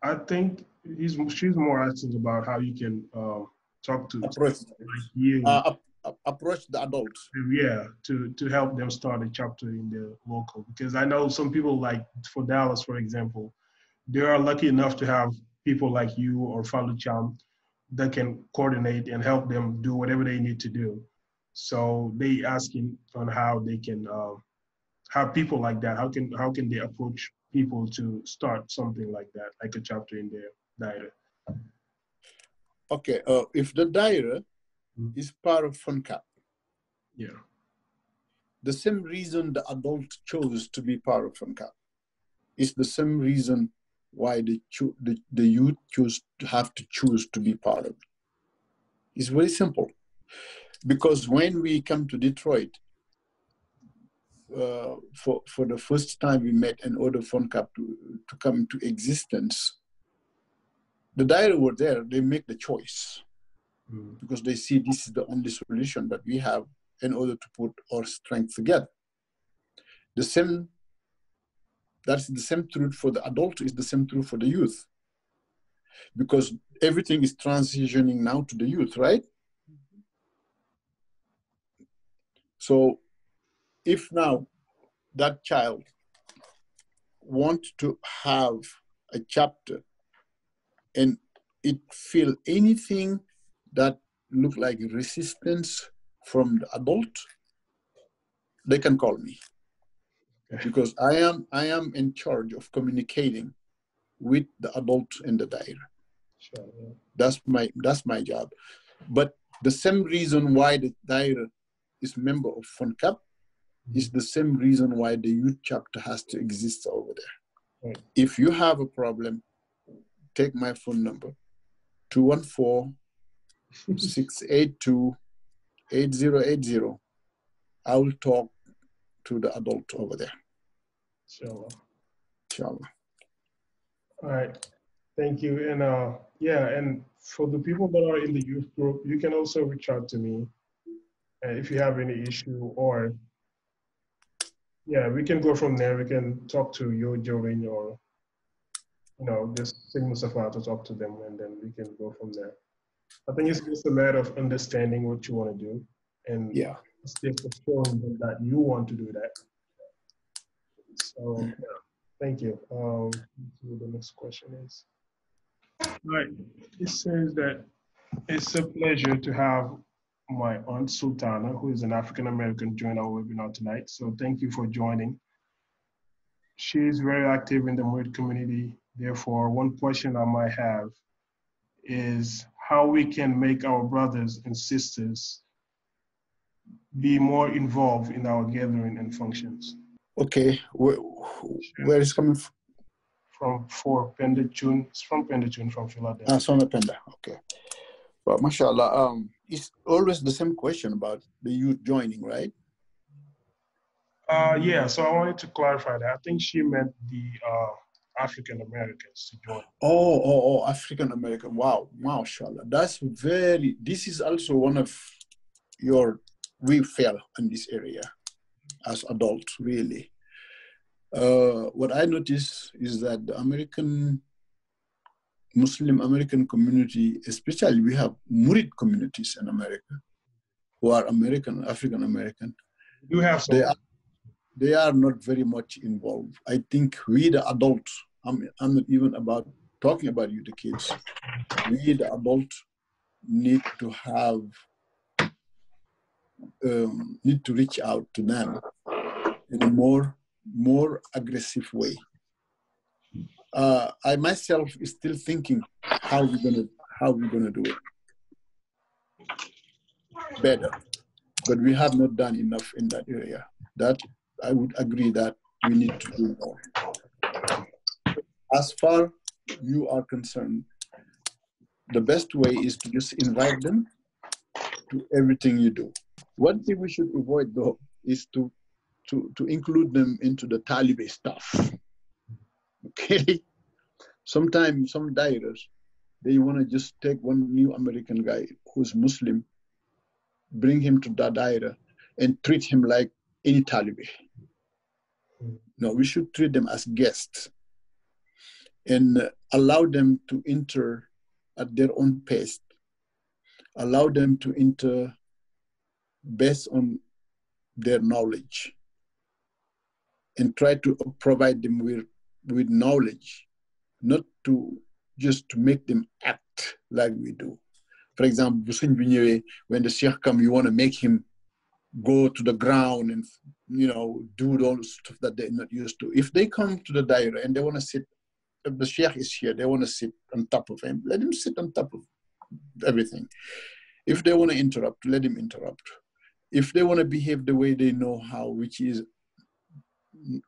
I think he's she's more asking about how you can uh, talk to approach, like you. Uh, approach the adult. Yeah, to to help them start a chapter in the local because I know some people like for Dallas, for example, they are lucky enough to have people like you or Falu Cham that can coordinate and help them do whatever they need to do. So they asking on how they can uh, have people like that. How can how can they approach people to start something like that, like a chapter in their diet? okay, uh, if the diary mm. is part of FUNCAP, yeah. The same reason the adult chose to be part of FUNCAP is the same reason why the, the, the youth choose to have to choose to be part of it. It's very simple. Because when we come to Detroit, uh, for, for the first time, we met an order FUNCAP to, to come into existence the diary were there, they make the choice mm. because they see this is the only solution that we have in order to put our strength together. The same, that's the same truth for the adult, is the same truth for the youth. Because everything is transitioning now to the youth, right? Mm-hmm. So if now that child wants to have a chapter and it feel anything that look like resistance from the adult, they can call me because I am I am in charge of communicating with the adult and the dire. That's my that's my job. But the same reason why the dire is member of FunCap mm-hmm. is the same reason why the youth chapter has to exist over there. Right. If you have a problem, take my phone number 214 682 8080. I will talk to the adult over there. Inshallah. Inshallah. All right. Thank you. And uh, yeah, and for the people that are in the youth group, you can also reach out to me uh, if you have any issue or yeah, we can go from there. We can talk to you during or you know, just signal stuff out, talk to them, and then we can go from there. I think it's just a matter of understanding what you want to do, and yeah, just showing them that you want to do that. So, yeah. thank you. Um, the next question is. All right. It says that it's a pleasure to have my aunt Sultana, who is an African American, join our webinar tonight. So thank you for joining. She is very active in the Murid community Therefore, one question I might have is how we can make our brothers and sisters be more involved in our gathering and functions. Okay, where, where is coming from? From for June, it's from June, from Philadelphia. Ah, from Penda. Okay. Well, mashallah, um, it's always the same question about the youth joining, right? Uh, yeah. So I wanted to clarify that. I think she meant the uh, African Americans to join. Oh, oh, oh, African American. Wow, mashallah. That's very, this is also one of your, we fail in this area as adults, really. Uh, what I notice is that the American, Muslim American community, especially we have Murid communities in America who are American, African American. You have some. They are they are not very much involved. I think we, the adults, I'm, I'm not even about talking about you, the kids, we, the adults, need to have, um, need to reach out to them in a more, more aggressive way. Uh, I myself is still thinking how we're gonna, how we're gonna do it better, but we have not done enough in that area. That I would agree that we need to do more. As far you are concerned, the best way is to just invite them to everything you do. One thing we should avoid though is to to, to include them into the Taliban stuff. Okay. Sometimes some dairahs, they want to just take one new American guy who's Muslim, bring him to that daira, and treat him like any Taliban. No, we should treat them as guests and allow them to enter at their own pace, allow them to enter based on their knowledge, and try to provide them with, with knowledge, not to just to make them act like we do. For example, when the Sheikh comes, you want to make him go to the ground and you know, do those stuff that they're not used to. If they come to the daira and they want to sit, uh, the sheikh is here, they want to sit on top of him, let him sit on top of everything. If they want to interrupt, let him interrupt. If they want to behave the way they know how, which is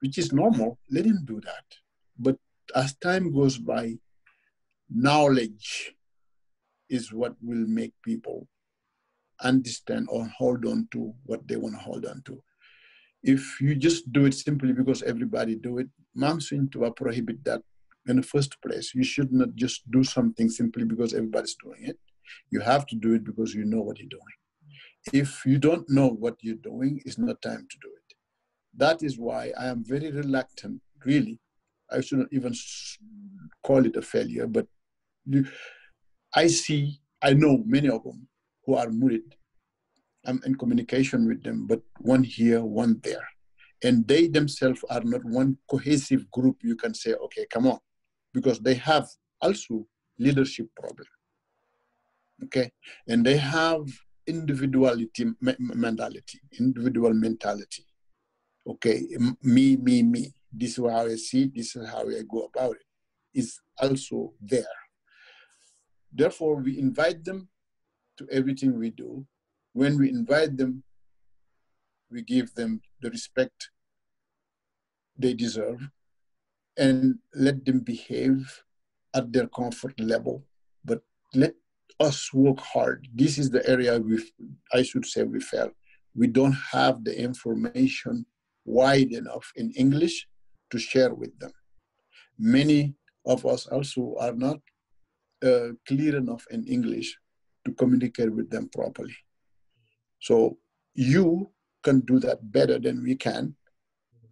which is normal, let him do that. But as time goes by, knowledge is what will make people understand or hold on to what they want to hold on to if you just do it simply because everybody do it, Imam to prohibit that in the first place. You should not just do something simply because everybody's doing it. You have to do it because you know what you're doing. If you don't know what you're doing, it's not time to do it. That is why I am very reluctant, really. I shouldn't even call it a failure, but I see, I know many of them who are murid I'm in communication with them, but one here, one there. And they themselves are not one cohesive group you can say, okay, come on, because they have also leadership problem. Okay? And they have individuality mentality, individual mentality. Okay, me, me, me. This is how I see, this is how I go about it. Is also there. Therefore, we invite them to everything we do when we invite them, we give them the respect they deserve and let them behave at their comfort level. But let us work hard. This is the area we, I should say, we fail. We don't have the information wide enough in English to share with them. Many of us also are not uh, clear enough in English to communicate with them properly. So you can do that better than we can,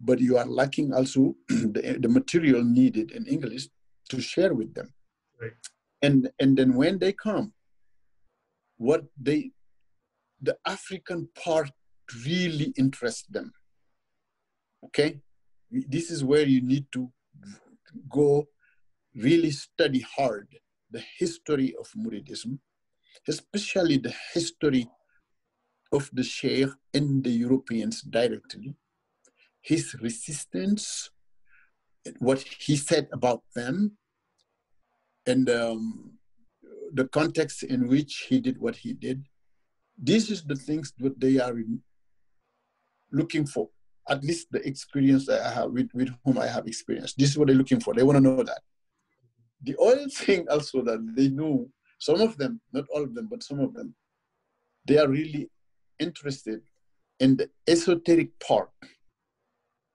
but you are lacking also the, the material needed in English to share with them. Right. And, and then when they come, what they, the African part really interests them. Okay? This is where you need to go really study hard the history of Muridism, especially the history of the Sheikh and the Europeans directly, his resistance, what he said about them, and um, the context in which he did what he did. This is the things that they are looking for. At least the experience that I have with, with whom I have experienced. This is what they're looking for. They want to know that. The only thing also that they know, some of them, not all of them, but some of them, they are really interested in the esoteric part,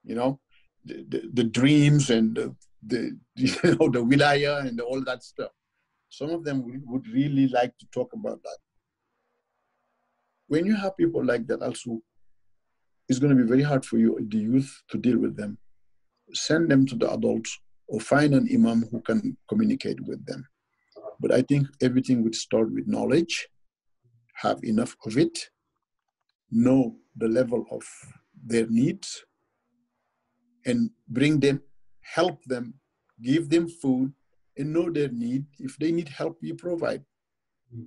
you know, the, the, the dreams and the, the, you know, the wilaya and all that stuff. Some of them would really like to talk about that. When you have people like that also, it's going to be very hard for you, the youth, to deal with them. Send them to the adults or find an imam who can communicate with them. But I think everything would start with knowledge, have enough of it, know the level of their needs and bring them, help them, give them food, and know their need. If they need help, you provide. Hmm.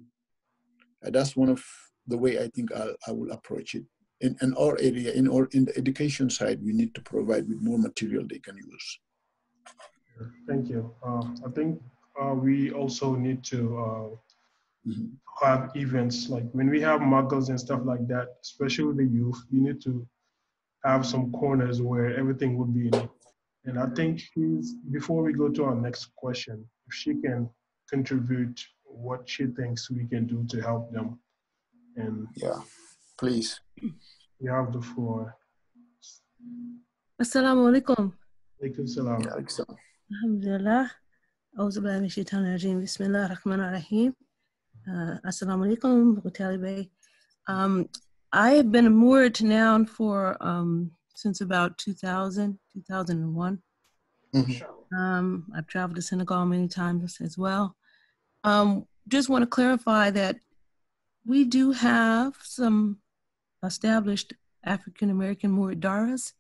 And that's one of the way I think I'll, I will approach it. In, in our area, in our in the education side, we need to provide with more material they can use. Thank you. Uh, I think uh, we also need to uh, mm-hmm. have events like when we have muggles and stuff like that, especially with the youth, you need to have some corners where everything would be in it. And I think she's before we go to our next question, if she can contribute what she thinks we can do to help them. And yeah, please. You have the floor. Assalamu alaikum. Alaikum salam. Alhamdulillah. أعوذ بالله من الشيطان الرجيم بسم الله الرحمن الرحيم uh, Assalamu alaikum, Ghutali um, I have been a Moor to Noun for um, since about 2000, 2001. Mm-hmm. Um, I've traveled to Senegal many times as well. Um, just want to clarify that we do have some established African American Mooridaras.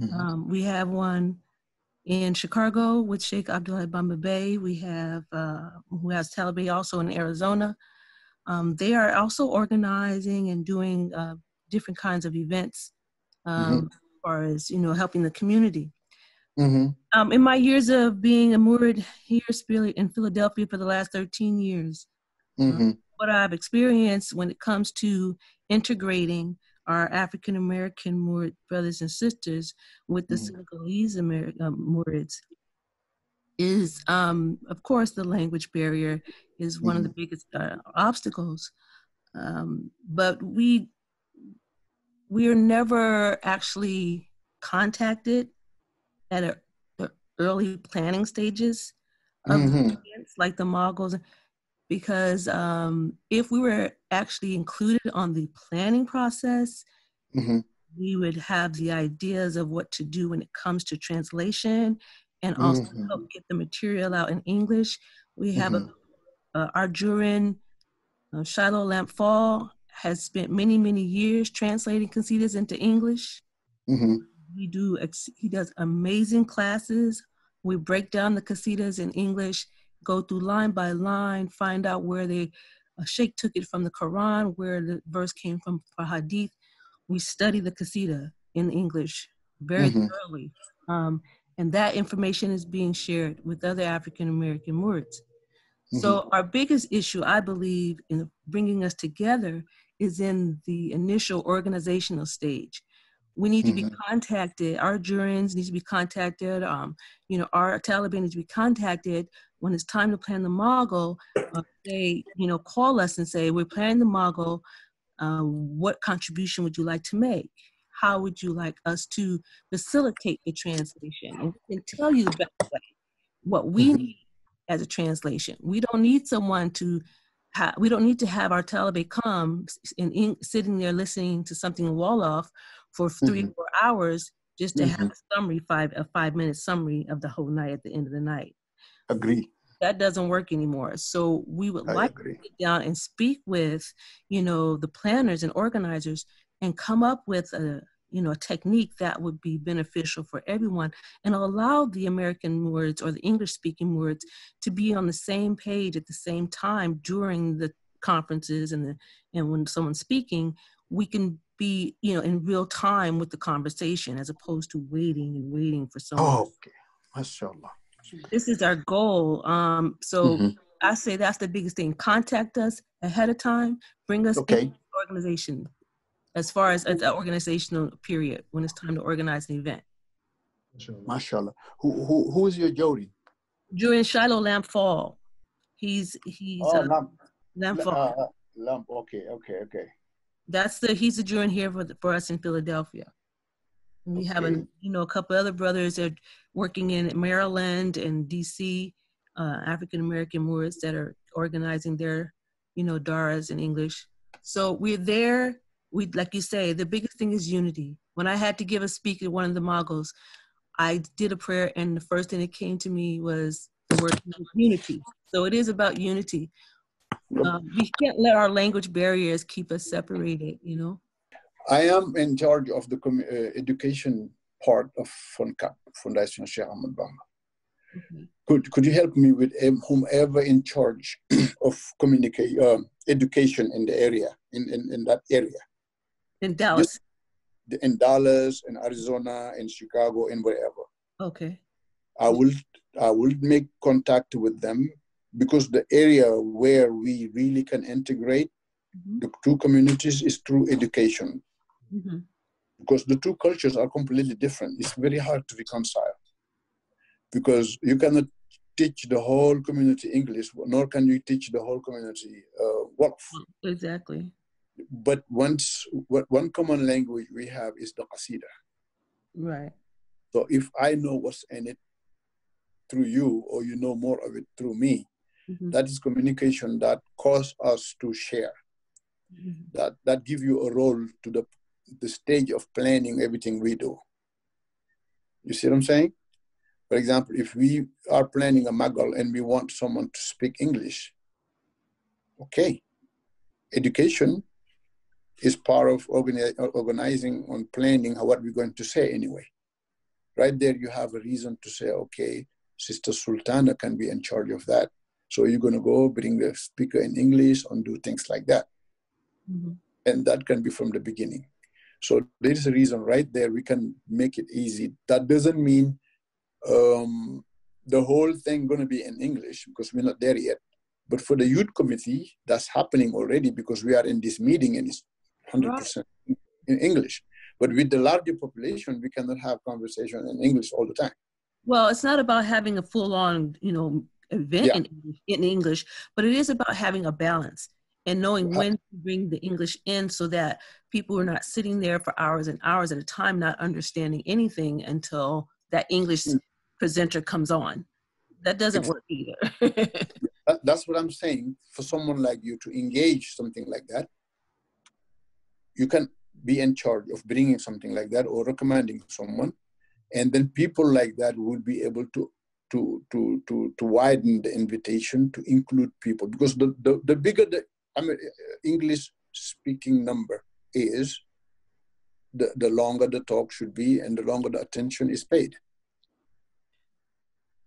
Mm-hmm. Um, we have one in Chicago with Sheikh Abdullah Bamba Bay. We have uh, who has Talibay also in Arizona. Um, they are also organizing and doing uh, different kinds of events um, mm-hmm. as far as you know helping the community. Mm-hmm. Um, in my years of being immured here in Philadelphia for the last 13 years, um, mm-hmm. what I've experienced when it comes to integrating our African American Murid brothers and sisters with the mm. Senegalese American uh, Murids is, um, of course, the language barrier is one mm. of the mm-hmm. biggest uh, obstacles. Um, but we we are never actually contacted at a, the early planning stages of mm-hmm. the events, like the Moguls because um, if we were actually included on the planning process, mm-hmm. we would have the ideas of what to do when it comes to translation and also mm-hmm. help get the material out in English. We have mm-hmm. a, uh, our jurin, uh, Shiloh Lampfall has spent many, many years translating Conceitas into English. We mm-hmm. do, he does amazing classes. We break down the Casitas in English go through line by line, find out where the Sheikh took it from the Quran, where the verse came from for Hadith. We study the Qasida in English very mm-hmm. thoroughly. Um, and that information is being shared with other African American Murids. Mm-hmm. So, our biggest issue, I believe, in bringing us together is in the initial organizational stage. We need mm-hmm. to be mm-hmm. contacted. Our jurors need to be contacted. Um, you know, our Taliban needs to be contacted when it's time to plan the mogul, uh, they you know call us and say, "We're planning the mogul. Um, what contribution would you like to make? How would you like us to facilitate the translation?" And we can tell you the best way what we mm-hmm. need as a translation. We don't need someone to. Ha- we don't need to have our Talibé come and in- sitting there listening to something wall off for 3 mm-hmm. or four hours just to mm-hmm. have a summary five a five minute summary of the whole night at the end of the night agree that doesn't work anymore so we would I like agree. to sit down and speak with you know the planners and organizers and come up with a you know a technique that would be beneficial for everyone and allow the american words or the english speaking words to be on the same page at the same time during the conferences and the, and when someone's speaking we can be you know in real time with the conversation as opposed to waiting and waiting for someone oh, okay mashallah this is our goal. Um, so mm-hmm. I say that's the biggest thing. Contact us ahead of time. Bring us okay. organization as far as an organizational period when it's time to organize an event. Mashallah. Who, who, who is your Jody? Julian Shiloh Lampfall. He's, he's oh, uh, Lamp, Lampfall. Uh, Lamp, okay, okay, okay. That's the, he's the Julian here for, the, for us in Philadelphia. We okay. have a you know a couple other brothers that are working in Maryland and D.C. Uh, African American Moors that are organizing their you know daras in English. So we're there. We like you say the biggest thing is unity. When I had to give a speak at one of the Moguls, I did a prayer, and the first thing that came to me was the word unity. So it is about unity. Um, we can't let our language barriers keep us separated, you know? I am in charge of the uh, education part of FONCAP, Foundation Sheikh Ahmed Bamba. Mm -hmm. Could, could you help me with um, whomever in charge of communicate, uh, um, education in the area, in, in, in that area? In Dallas? in Dallas, in Arizona, in Chicago, in wherever. Okay. I will, I will make contact with them because the area where we really can integrate mm -hmm. the two communities is through education mm-hmm. because the two cultures are completely different. It's very hard to reconcile because you cannot teach the whole community English, nor can you teach the whole community uh, Wolof. Exactly. But once, what one common language we have is the Qasida. Right. So if I know what's in it through you, or you know more of it through me, mm-hmm. that is communication that cause us to share. Mm-hmm. That that give you a role to the the stage of planning everything we do. You see what I'm saying? For example, if we are planning a magal and we want someone to speak English, okay, education is part of organi organizing and planning what we're going to say anyway. Right there, you have a reason to say, okay, Sister Sultana can be in charge of that. So you're going to go bring the speaker in English and do things like that. Mm -hmm. And that can be from the beginning. So there is a reason right there we can make it easy. That doesn't mean um, the whole thing going to be in English because we're not there yet. But for the youth committee, that's happening already because we are in this meeting and it's 100% in English. But with the larger population, we cannot have conversation in English all the time. Well, it's not about having a full-on, you know, event yeah. in, in English, but it is about having a balance and knowing when to bring the English in so that people are not sitting there for hours and hours at a time not understanding anything until that English mm. presenter comes on. That doesn't work either. that, that's what I'm saying. For someone like you to engage something like that, you can be in charge of bringing something like that or recommending someone, and then people like that will be able to to to to to widen the invitation to include people because the the, the bigger the I mean, English speaking number is, the, the longer the talk should be and the longer the attention is paid.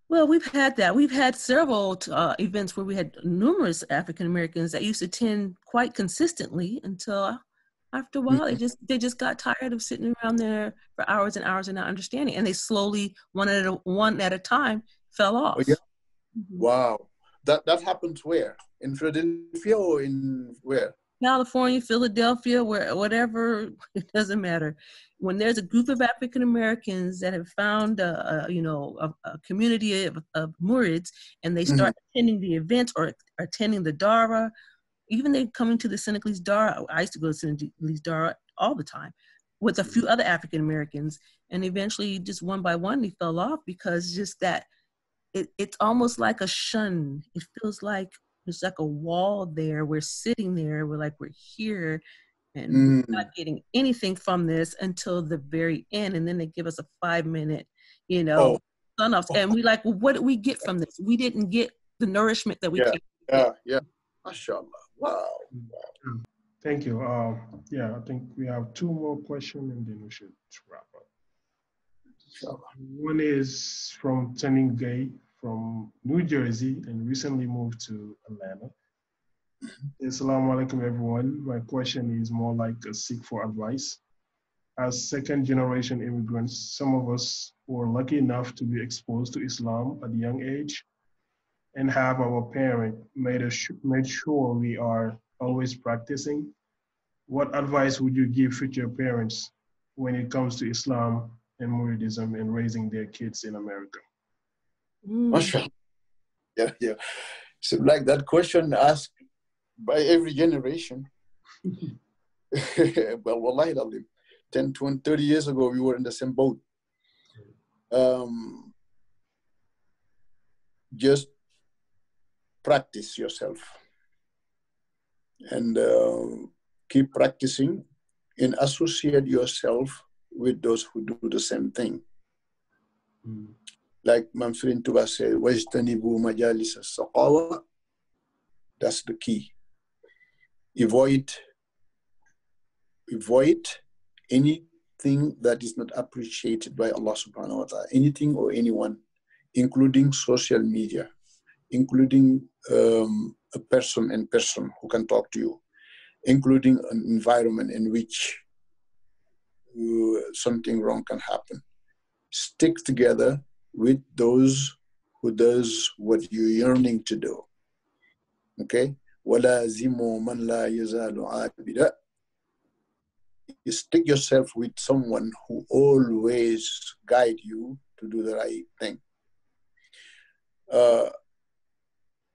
Well, we've had that. We've had several uh, events where we had numerous African Americans that used to attend quite consistently until after a while mm-hmm. they just they just got tired of sitting around there for hours and hours and not understanding, and they slowly one at a one at a time fell oh, off. Oh, yeah. Mm-hmm. Wow, that that happens where in Philadelphia or in where? California, Philadelphia, where whatever it doesn't matter. When there's a group of African Americans that have found a, a you know a, a community of, of, murids and they start mm-hmm. attending the events or, attending the Dara, even they coming to the Senegalese Dara. I used to go to Senegalese Dara all the time with a few other African Americans, and eventually just one by one they fell off because just that it, it's almost like a shun. It feels like there's like a wall there. We're sitting there. We're like, we're here and mm. we're not mm. getting anything from this until the very end. And then they give us a five minute, you know, oh. off. Oh. And we like, well, what did we get from this? We didn't get the nourishment that we yeah. yeah, get. yeah. MashaAllah. Wow. wow. Thank you. Uh, yeah, I think we have two more questions and then we should wrap up. So One is from Tanning Gay from New Jersey and recently moved to Atlanta. Assalamu alaikum, everyone. My question is more like a seek for advice. As second generation immigrants, some of us were lucky enough to be exposed to Islam at a young age and have our parent made, us made sure we are always practicing. What advice would you give future parents when it comes to Islam and Muridism and raising their kids in America? Mm. Yeah, yeah. So like that question asked by every generation. well, wallahi, 10, 20, 30 years ago, we were in the same boat. Um, just practice yourself and uh, keep practicing and associate yourself with those who do the same thing. Mm like Manfred Tuba said, Wajtanibu Majalis al That's the key. Avoid, avoid anything that is not appreciated by Allah subhanahu wa ta'ala, anything or anyone, including social media, including um, a person and person who can talk to you, including an environment in which uh, something wrong can happen. Stick together with those who does what you're yearning to do. Okay? وَلَازِمُوا مَنْ لَا يَزَالُ عَابِدًا you stick yourself with someone who always guide you to do the right thing. Uh,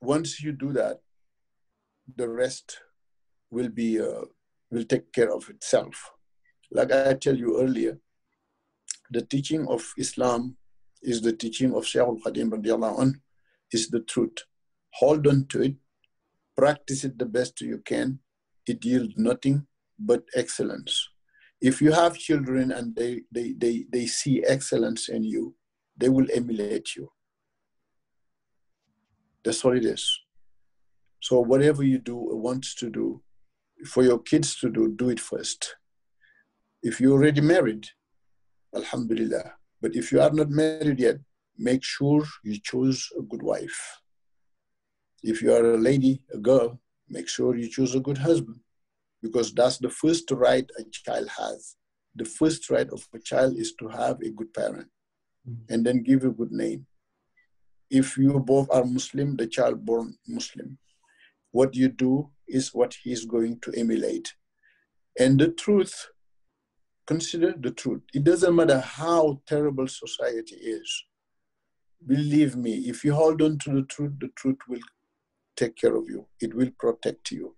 once you do that, the rest will be uh, will take care of itself. Like I tell you earlier, the teaching of Islam is the teaching of Shaykh al-Qadim is the truth. Hold on to it, practice it the best you can. It yields nothing but excellence. If you have children and they, they, they, they see excellence in you, they will emulate you. That's what it is. So whatever you do, wants to do, for your kids to do, do it first. If you're already married, Alhamdulillah, but if you are not married yet, make sure you choose a good wife. If you are a lady, a girl, make sure you choose a good husband because that's the first right a child has. The first right of a child is to have a good parent mm-hmm. and then give a good name. If you both are Muslim, the child born Muslim. What you do is what he's going to emulate. And the truth Consider the truth. It doesn't matter how terrible society is. Believe me, if you hold on to the truth, the truth will take care of you, it will protect you.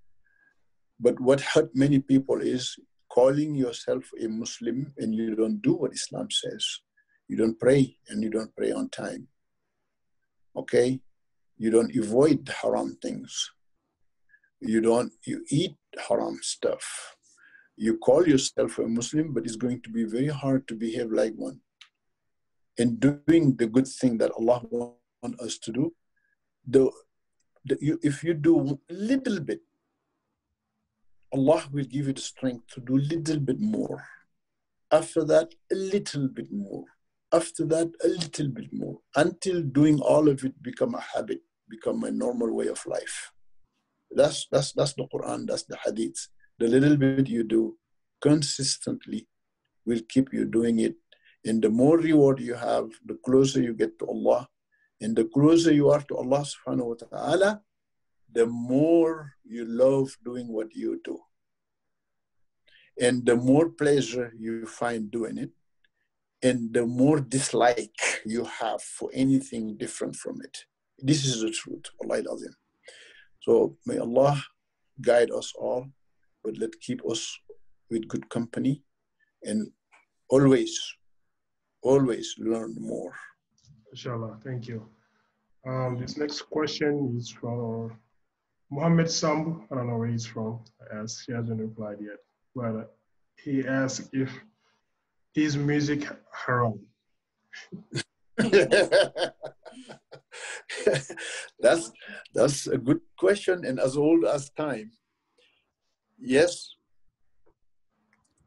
But what hurt many people is calling yourself a Muslim and you don't do what Islam says. You don't pray and you don't pray on time. Okay? You don't avoid haram things. You don't, you eat haram stuff you call yourself a Muslim, but it's going to be very hard to behave like one. In doing the good thing that Allah wants us to do, the, the, you, if you do a little bit, Allah will give you the strength to do a little bit more. After that, a little bit more. After that, a little bit more. Until doing all of it become a habit, become a normal way of life. That's, that's, that's the Quran, that's the Hadith the little bit you do consistently will keep you doing it. And the more reward you have, the closer you get to Allah. And the closer you are to Allah subhanahu wa ta'ala, the more you love doing what you do. And the more pleasure you find doing it, and the more dislike you have for anything different from it. This is the truth, Allah So may Allah guide us all but let keep us with good company and always, always learn more. Inshallah, thank you. Um, this next question is from Mohammed Sambu. I don't know where he's from, as he hasn't replied yet. But he asked if is music haram. that's that's a good question, and as old as time yes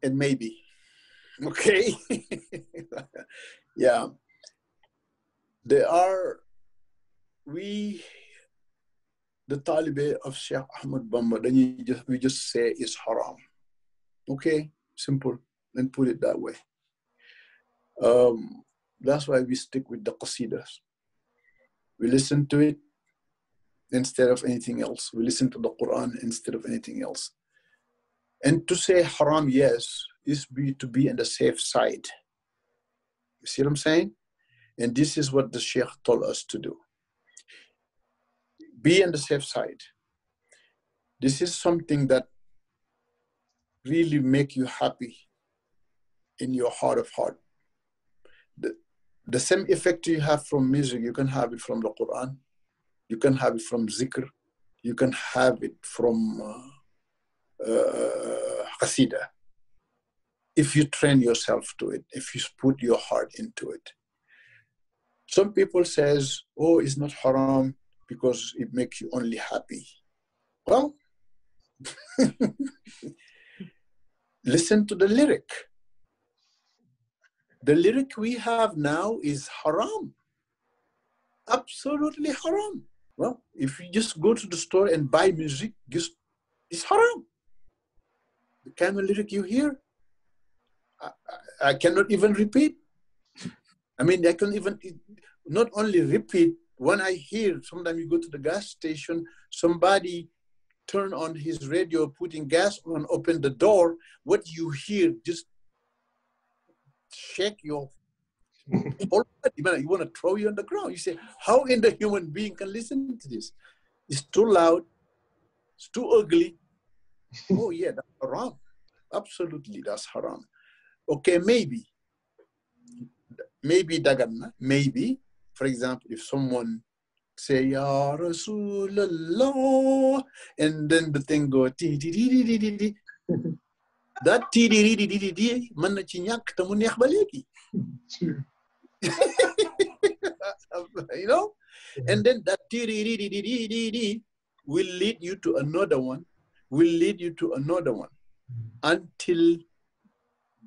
and maybe okay yeah there are we the taliban of Sheikh Ahmed Bamba then you just we just say it's haram okay simple and put it that way um, that's why we stick with the qasidas we listen to it instead of anything else we listen to the Quran instead of anything else and to say haram, yes, is be, to be on the safe side. You see what I'm saying? And this is what the Sheikh told us to do. Be on the safe side. This is something that really make you happy in your heart of heart. The, the same effect you have from music, you can have it from the Quran, you can have it from zikr, you can have it from uh, uh, if you train yourself to it, if you put your heart into it. Some people says, oh, it's not haram because it makes you only happy. Well, listen to the lyric. The lyric we have now is haram. Absolutely haram. Well, if you just go to the store and buy music, just it's haram the kind of lyric you hear, I, I, I cannot even repeat. I mean, I can even not only repeat. When I hear, sometimes you go to the gas station, somebody turn on his radio, putting gas on, open the door. What you hear just shake your whole body. You want to throw you on the ground. You say, how in the human being can listen to this? It's too loud. It's too ugly oh yeah, that's haram. Absolutely, that's haram. Okay, maybe. Maybe dagana, maybe. For example, if someone say Ya Rasulallah, and then the thing go ti ti ti ti ti ti. That ti ti ti ti ti ti mana cinyak tamun yak baliki. You know, and then that ti ti ti ti ti ti will lead you to another one will lead you to another one hmm. until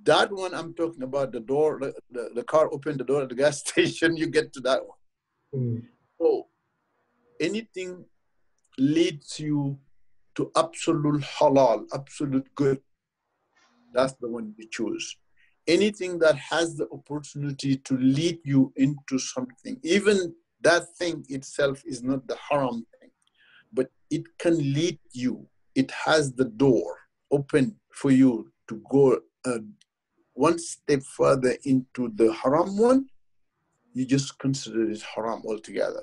that one I'm talking about, the door, the, the, the car opened the door at the gas station, you get to that one. Mm. So anything leads you to absolute halal, absolute good. That's the one you choose. Anything that has the opportunity to lead you into something, even that thing itself is not the haram thing, but it can lead you it has the door open for you to go uh, one step further into the haram one, you just consider it haram altogether.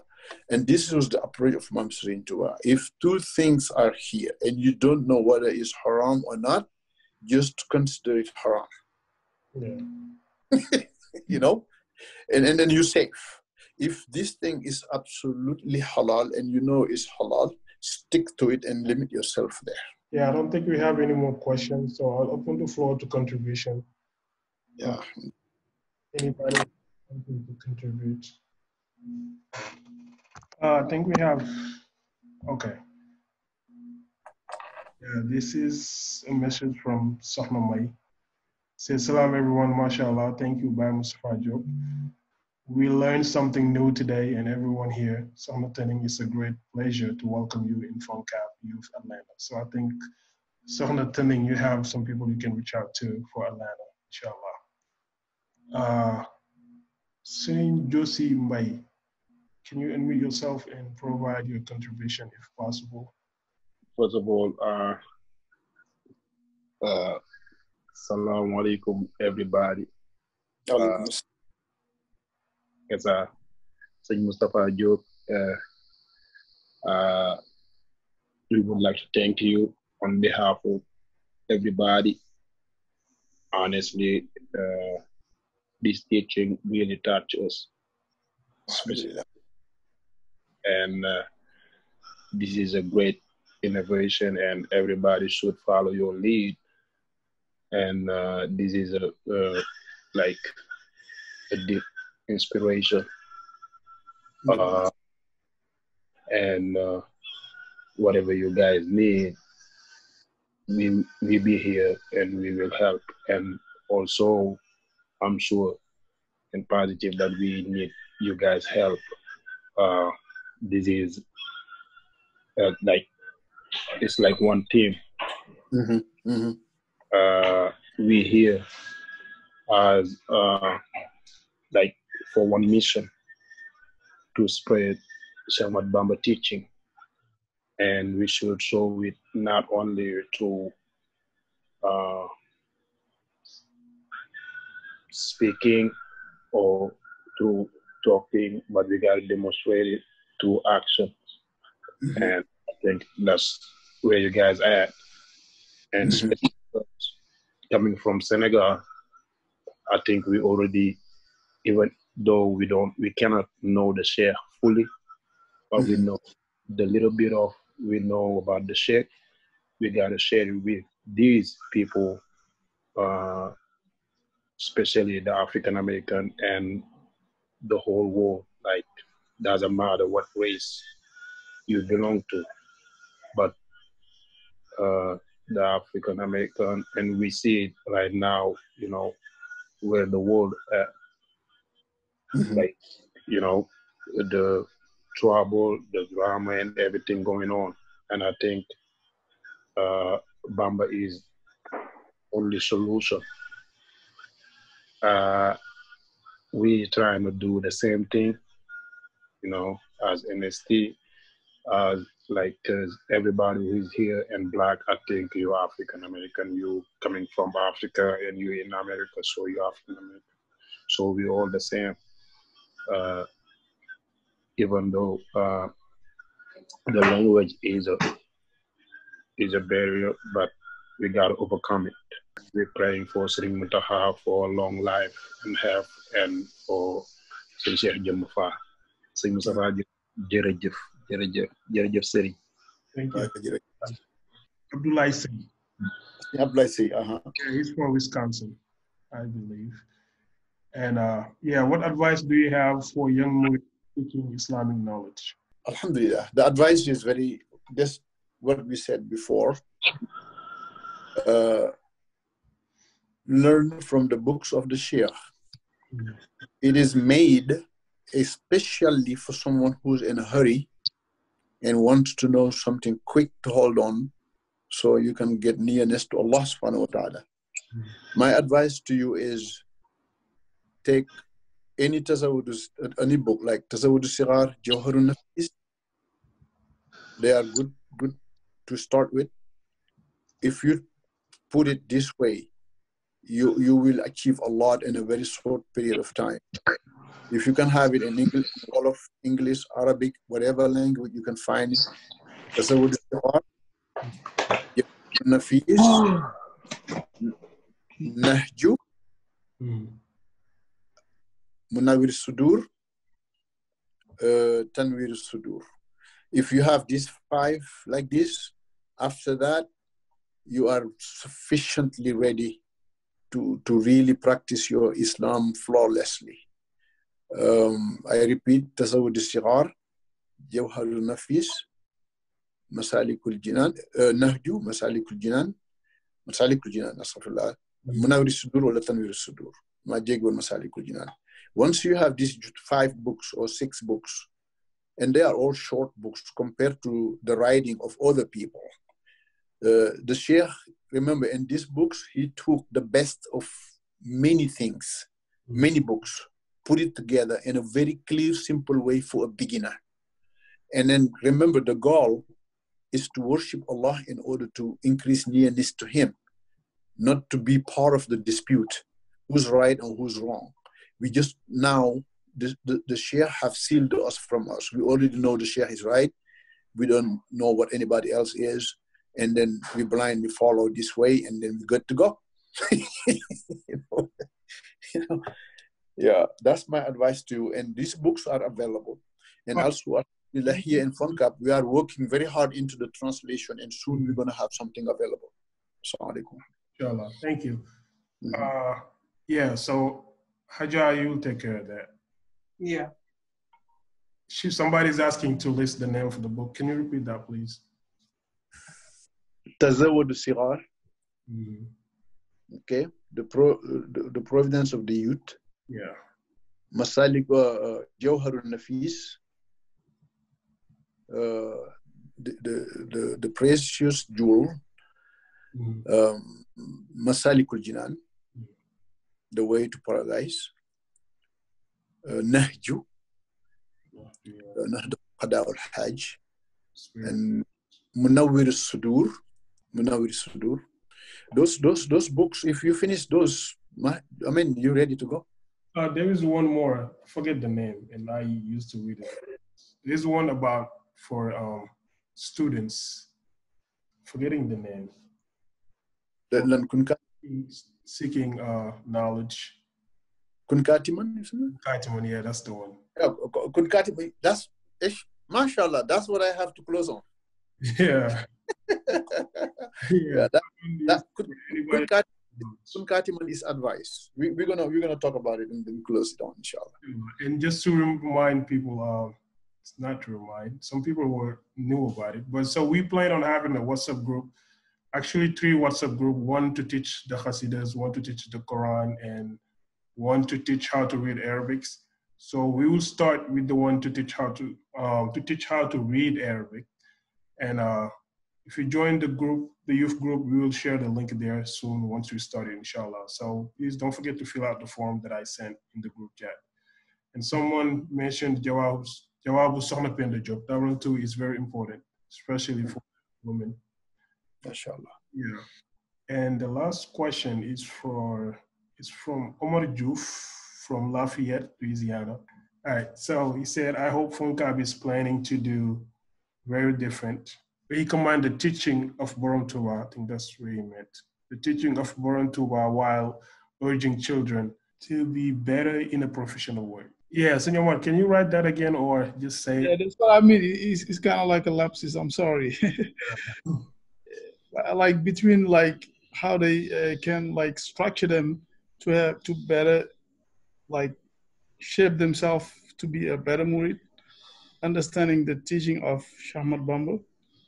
And this was the approach of to Sirintua. Uh, if two things are here and you don't know whether it's haram or not, just consider it haram. Yeah. you know? And, and then you're safe. If this thing is absolutely halal and you know it's halal, stick to it and limit yourself there. Yeah, I don't think we have any more questions, so I'll open the floor to contribution. Yeah. Anybody wanting to contribute? Uh, I think we have, okay. Yeah, this is a message from Sahna Mai. Say salam everyone, mashallah. Thank you, by Mustafa Job. We learned something new today, and everyone here, so I'm attending, it's a great pleasure to welcome you in FunCap Youth Atlanta. So I think, so I'm attending, you have some people you can reach out to for Atlanta, inshallah. Uh, Saint Josie Mbai, can you unmute yourself and provide your contribution if possible? First of all, uh, uh, Salam alaikum, everybody. Uh, as a Sëñ Mustafa Diop. Uh, eh, ah, we would like to thank you on behalf of everybody. Honestly, uh, this teaching really touched us. And uh, this is a great innovation, and everybody should follow your lead. And this is a like a deep inspiration. Mm-hmm. Uh, ah, and uh, whatever you guys need, we we be here and we will help. And also, I'm sure and positive that we need you guys help. Uh, this is uh, like it's like one team. Mm-hmm. Mm-hmm. Uh, we here as uh, like for one mission to spread Shermat Bamba teaching. And we should show it not only to uh, speaking or through talking, but we got to demonstrate it through action. Mm-hmm. And I think that's where you guys are at. And mm-hmm. coming from Senegal, I think we already, even though we don't we cannot know the share fully, but we mm-hmm. know the little bit of we know about the share. We gotta share it with these people, uh, especially the African American and the whole world. Like doesn't matter what race you belong to, but uh, the African American, and we see it right now. You know, where the world uh, mm-hmm. like you know the trouble, the drama, and everything going on. And I think uh, Bamba is only solution. Uh, we trying to do the same thing, you know, as NST, uh, like cause everybody who's here and black. I think you African American, you coming from Africa, and you in America, so you African American. So we all the same uh, even though uh, the language is a is a barrier, but we gotta overcome it. We're praying for Sri Mutaha for long life and health, and for Sri Cheikh Jamufa. Sri Mustafa jërëjëf jërëjëf jërëjëf Thank you. Abdullah Singh. Abdullah Singh. Uh-huh. Okay, he's from Wisconsin, I believe. And uh, yeah, what advice do you have for young Muslims seeking Islamic knowledge? Alhamdulillah, the advice is very just what we said before. Uh, learn from the books of the Shia. Mm-hmm. It is made especially for someone who's in a hurry and wants to know something quick to hold on so you can get nearness to Allah subhanahu wa ta'ala. Mm-hmm. My advice to you is take any tasawudus, any book like Tasawudu Sirar, Johorun Nafis. They are good, good to start with. If you put it this way, you you will achieve a lot in a very short period of time. If you can have it in English, all of English, Arabic, whatever language you can find it, Tasawudu Sirar, Nafis, Nahju. Mm. Munawir Sudur, uh, Tanwir Sudur. If you have these five like this, after that, you are sufficiently ready to, to really practice your Islam flawlessly. Um, I repeat, Tasawwud al-Sighar, Jawhar al-Nafis, Masalik al-Jinan, uh, Nahju, Masalik al-Jinan, Masalik al-Jinan, Asafullah, Munawir al-Sudur wala Tanwir al-Sudur, Majeg wal Masalik al-Jinan. Once you have these five books or six books, and they are all short books compared to the writing of other people. Uh, the Sheikh, remember, in these books, he took the best of many things, many books, put it together in a very clear, simple way for a beginner. And then remember, the goal is to worship Allah in order to increase nearness to Him, not to be part of the dispute who's right or who's wrong. We just now, the, the, the Sheikh have sealed us from us. We already know the Sheikh is right. We don't know what anybody else is. And then we blindly follow this way and then we're good to go. you know? Yeah, that's my advice to you. And these books are available. And oh. also here in Funcap, we are working very hard into the translation and soon we're gonna have something available. So Thank you. Mm -hmm. uh, yeah, so Hajar, you'll take care of that. Yeah. She, somebody's asking to list the name for the book. Can you repeat that, please? تزود الصغار. Mm-hmm. Okay. The, pro, the, the, providence of the youth. Yeah. Masalik uh, uh Jawhar Nafis. Uh, the, the, the, precious jewel. Mm. Um, Masalik Jinan the way to paradise. Uh, Nahju, Nahdu Qada al-Hajj, and Munawir sudur Munawir sudur Those, those, those books, if you finish those, I mean, you ready to go? Uh, there is one more. forget the name, and I used to read it. There's one about for um, students. Forgetting the name seeking uh, knowledge. Kunkatiman, Kunkatiman, yeah, that's the one. Yeah, Kunkatiman, that's, mashallah, that's what I have to close on. Yeah. yeah, that, that could, Kunkatiman is advice. We, are gonna we're gonna talk about it and then close it on, inshallah. And just to remind people, uh, it's not to remind some people were new about it, but so we plan on having a WhatsApp group actually three WhatsApp group, one to teach the Hasidas, one to teach the Quran, and one to teach how to read Arabics. So we will start with the one to teach how to um, to teach how to read Arabic. And uh, if you join the group, the youth group, we will share the link there soon once we start it, inshallah. So please don't forget to fill out the form that I sent in the group chat. And someone mentioned Jawab Jawab Sohnapinda job. That one too is very important, especially for women inshallah. Yeah. And the last question is for is from Omar Juf from Lafayette, Louisiana. All right. So he said, I hope Funkab is planning to do very different. He commanded the teaching of Borom I think that's what he meant. The teaching of Borom while urging children to be better in a professional way. Yeah, Senor Mark, can you write that again or just say? Yeah, that's what I mean. It's, it's kind of like a lapsus. I'm sorry. Uh, like between like how they uh, can like structure them to have to better like shape themselves to be a better murid understanding the teaching of Shahmat Bambo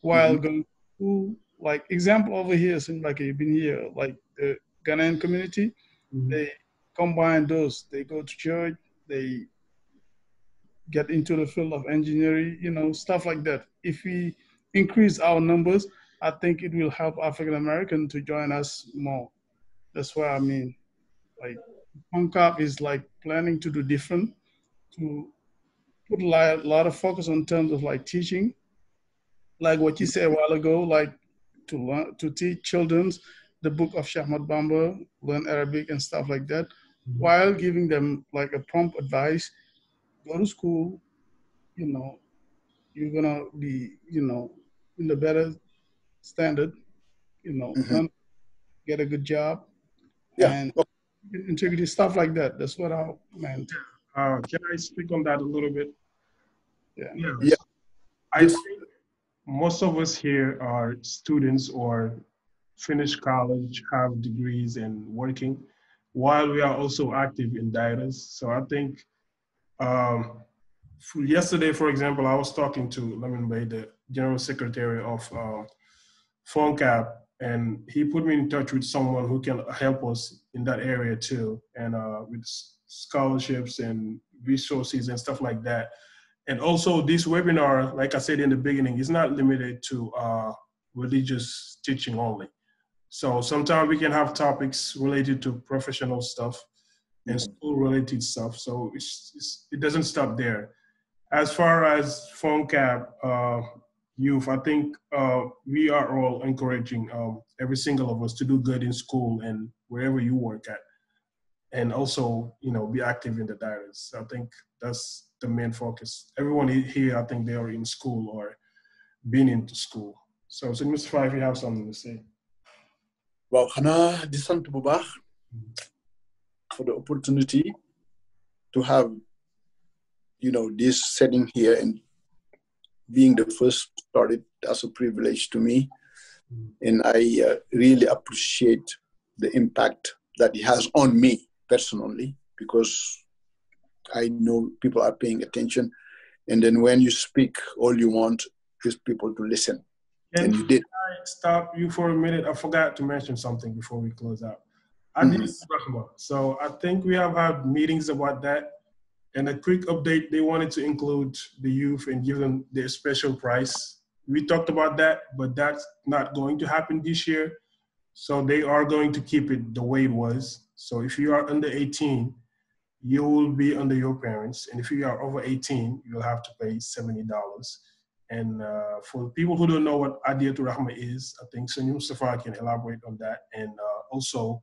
while mm-hmm. going to like example over here seems like you've been here like the Ghanaian community mm-hmm. they combine those they go to church they get into the field of engineering you know stuff like that if we increase our numbers I think it will help African American to join us more. That's what I mean. Like PUNCAP is like planning to do different, to put a lot of focus on terms of like teaching, like what you said a while ago, like to learn, to teach children the book of Shahmat Bamba, learn Arabic and stuff like that, mm-hmm. while giving them like a prompt advice, go to school, you know, you're gonna be, you know, in the better standard, you know, mm-hmm. get a good job. Yeah. And well, integrity, stuff like that. That's what I meant. Uh, can I speak on that a little bit? Yeah. Yeah. yeah. I think most of us here are students or finished college, have degrees, and working, while we are also active in dietas. So I think um, for yesterday, for example, I was talking to Lemon Bay, the general secretary of uh, phone cap and he put me in touch with someone who can help us in that area too and uh, with scholarships and resources and stuff like that and also this webinar like i said in the beginning is not limited to uh, religious teaching only so sometimes we can have topics related to professional stuff and mm-hmm. school related stuff so it's, it's, it doesn't stop there as far as phone cap uh, youth, I think uh, we are all encouraging um, every single of us to do good in school and wherever you work at, and also you know be active in the diaries. I think that's the main focus. Everyone here, I think they are in school or been into school. So, so Mr. Five, you have something to say. Well, Hana, this one to for the opportunity to have you know this setting here and being the first started as a privilege to me. Mm. And I uh, really appreciate the impact that it has on me personally because I know people are paying attention. And then when you speak, all you want is people to listen. Can and you did. I stop you for a minute? I forgot to mention something before we close out. I mm-hmm. need to talk about. So I think we have had meetings about that and a quick update, they wanted to include the youth and give them their special prize. We talked about that, but that's not going to happen this year. So they are going to keep it the way it was. So if you are under 18, you will be under your parents. And if you are over 18, you'll have to pay $70. And uh, for people who don't know what to Rahma is, I think Sunil safa can elaborate on that. And uh, also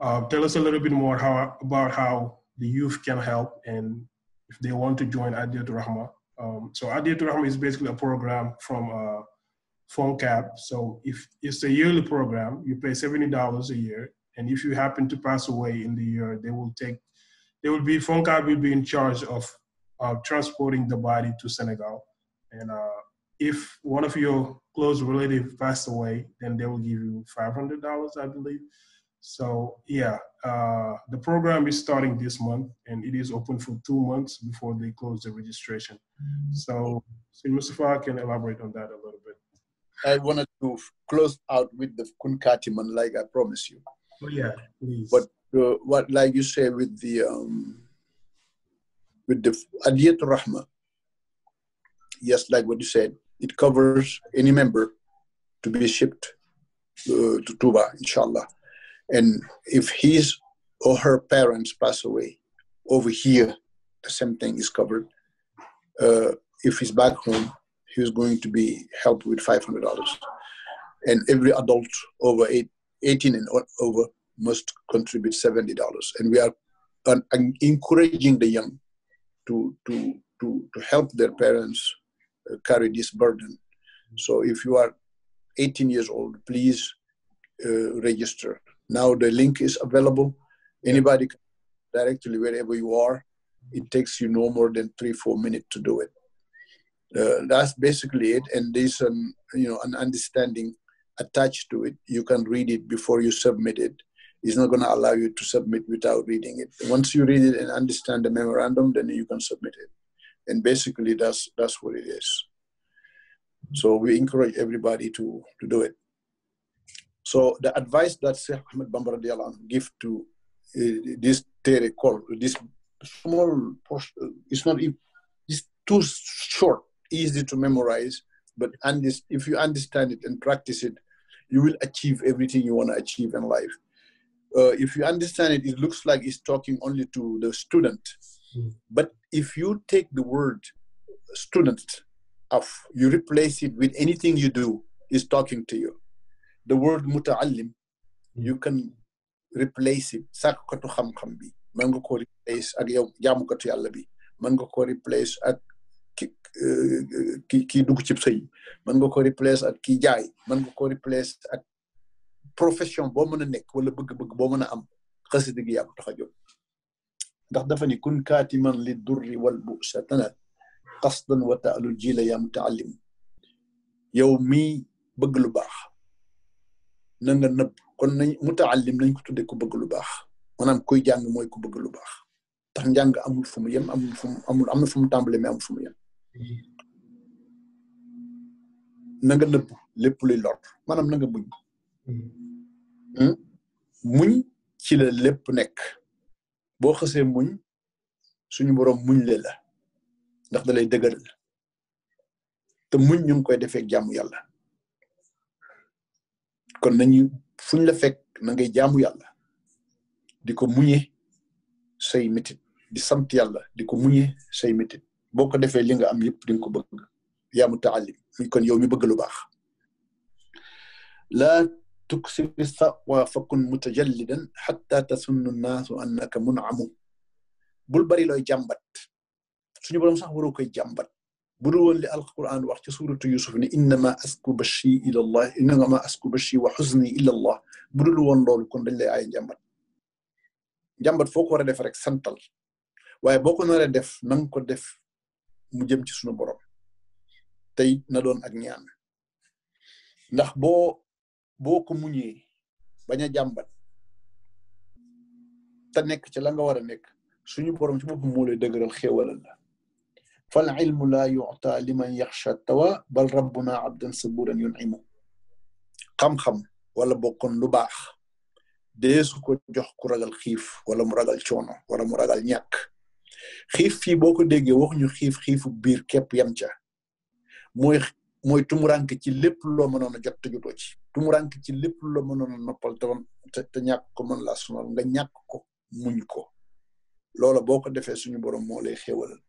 uh, tell us a little bit more how, about how the youth can help and if they want to join Adia Rahma. Um, so to Rahma is basically a program from uh, cap. So if it's a yearly program, you pay $70 a year. And if you happen to pass away in the year, they will take, they will be, cap will be in charge of uh, transporting the body to Senegal. And uh, if one of your close relative passed away, then they will give you $500, I believe. So yeah, uh, the program is starting this month and it is open for two months before they close the registration. So, so Mustafa can elaborate on that a little bit. I wanted to close out with the Kunkati like I promise you. Oh, yeah, please. But uh, what, like you say, with the um, with the Adiyat Rahma, yes, like what you said, it covers any member to be shipped uh, to Tuba, inshallah. And if his or her parents pass away over here, the same thing is covered. Uh, if he's back home, he's going to be helped with $500. And every adult over eight, 18 and over must contribute $70. And we are encouraging the young to, to, to, to help their parents uh, carry this burden. So if you are 18 years old, please uh, register now the link is available. Anybody directly wherever you are. It takes you no more than three, four minutes to do it. Uh, that's basically it. And there's an, you know, an understanding attached to it. You can read it before you submit it. It's not going to allow you to submit without reading it. Once you read it and understand the memorandum, then you can submit it. And basically, that's that's what it is. So we encourage everybody to to do it. So the advice that Sheikh Ahmed Bamba give to uh, this Tere call, this small portion, eh, it's not it's too short, easy to memorize, but and if you understand it and practice it, you will achieve everything you want to achieve in life. Uh, if you understand it, it looks like it's talking only to the student. Mm. But if you take the word student of, you replace it with anything you do, it's talking to you. the word متعلم you can replace it sàkkatu xam-xam bi mën nga ko replace ak yow jaamukatu yàlla bi mën nga ko replace ak ki ki kii dugg sëy mën nga ko replace ak kii jaay mën nga ko replace ak profession boo mën a nekk wala bëgg-bëgg boo mën am xasida gi yaa ko tax a jóg ndax dafa ni kun kaatiman li durri wal busa qasdan wa taalul jila yaa mutaallim yow mii bëgg lu baax na nga nëbb kon nañ mutaallim nañ ko tudde ku bëgg lu baax maanaam kuy jàng mooy ku bëgg lu baax tax njàng amul fu mu yem amul fu mu amul am na fu mu tàmbale mais amul fu mu yem na nga nëbb lépp luy lor maanaam na nga muñ muñ ci la lépp nekk boo xasee muñ suñu borom muñ le la ndax da lay dëgëral te muñ ñu ngi koy defee jàmm yàlla kon nañu fuñ la fekk na ngay jaamu yàlla di ko muñe say métit di sant yàlla di ko muñe say métit boo ko defee li nga am yëpp di nga ko bëgg yaa mu taalim muy kon yow mi bëgg lu baax la تكسب الثقوى فكن متجلدا حتى تسن الناس انك منعم bul bari looy jàmbat suñu borom sax waroo koy jàmbat budul woon li alquran wax ci suuratu yusuf ne innama asku bashi ila allah innama asku bashi wa xuzni ila allah budul woon loolu kon dañ lay ay njàmbat njàmbat foo war a def rek santal waaye boo ko naree def na nga ko def mu jëm ci sunu borom tey na doon ak ñaan ndax bo boo ko muñee bañ a jàmbat te nekk ci la nga war a nekk suñu borom ci boppam moo lay dëgëral xéewalal فالعلم لا يعطى لمن يخشى التواء بل ربنا عبدا صبورا ينعمه قمخم ولا بقن لباخ ديسو كو جوخ كو راغال خيف ولا مو راغال تشونو ولا مو راغال نياك خيف في بوكو ديغي وخ نيو خيف خيف بير كيب يامتا موي موي تومرانك تي ليپ لو مانونا جوت جوتو تي تومرانك تي ليپ لو مانونا نوبال تون تا نياك كو مون لا سونال غا نياك كو مونكو لولا بوكو ديفه سونو بوروم مولاي خيوالال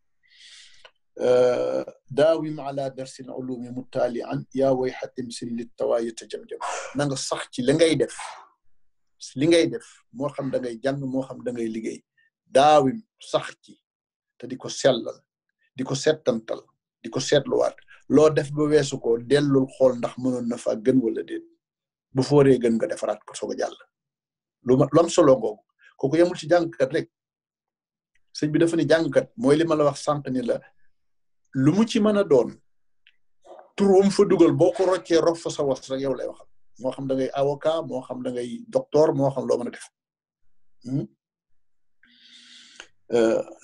daawim ala darsin ulumi mutaalian yaa way xatim sin li tawaaye ta jam-jam na nga sax ci li ngay def li ngay def moo xam da ngay jàng moo xam da ngay liggéey daawim sax ci te di ko sellal di ko settantal di ko seetluwaat loo def ba weesu ko dellul xool ndax mënoon na fa gën wala déet bu fooree gën nga defaraat ko soog a jàll lu ma lu am solo googu kooku yemul ci jàngkat rek sëñ bi dafa ne jàngkat mooy li ma la wax sànq ni la lu mu ci mën a doon tur wam fa dugal boo ko roccee rof fa sa was rek yow lay waxal moo xam da ngay avocat moo xam da ngay docteur moo xam loo mën a def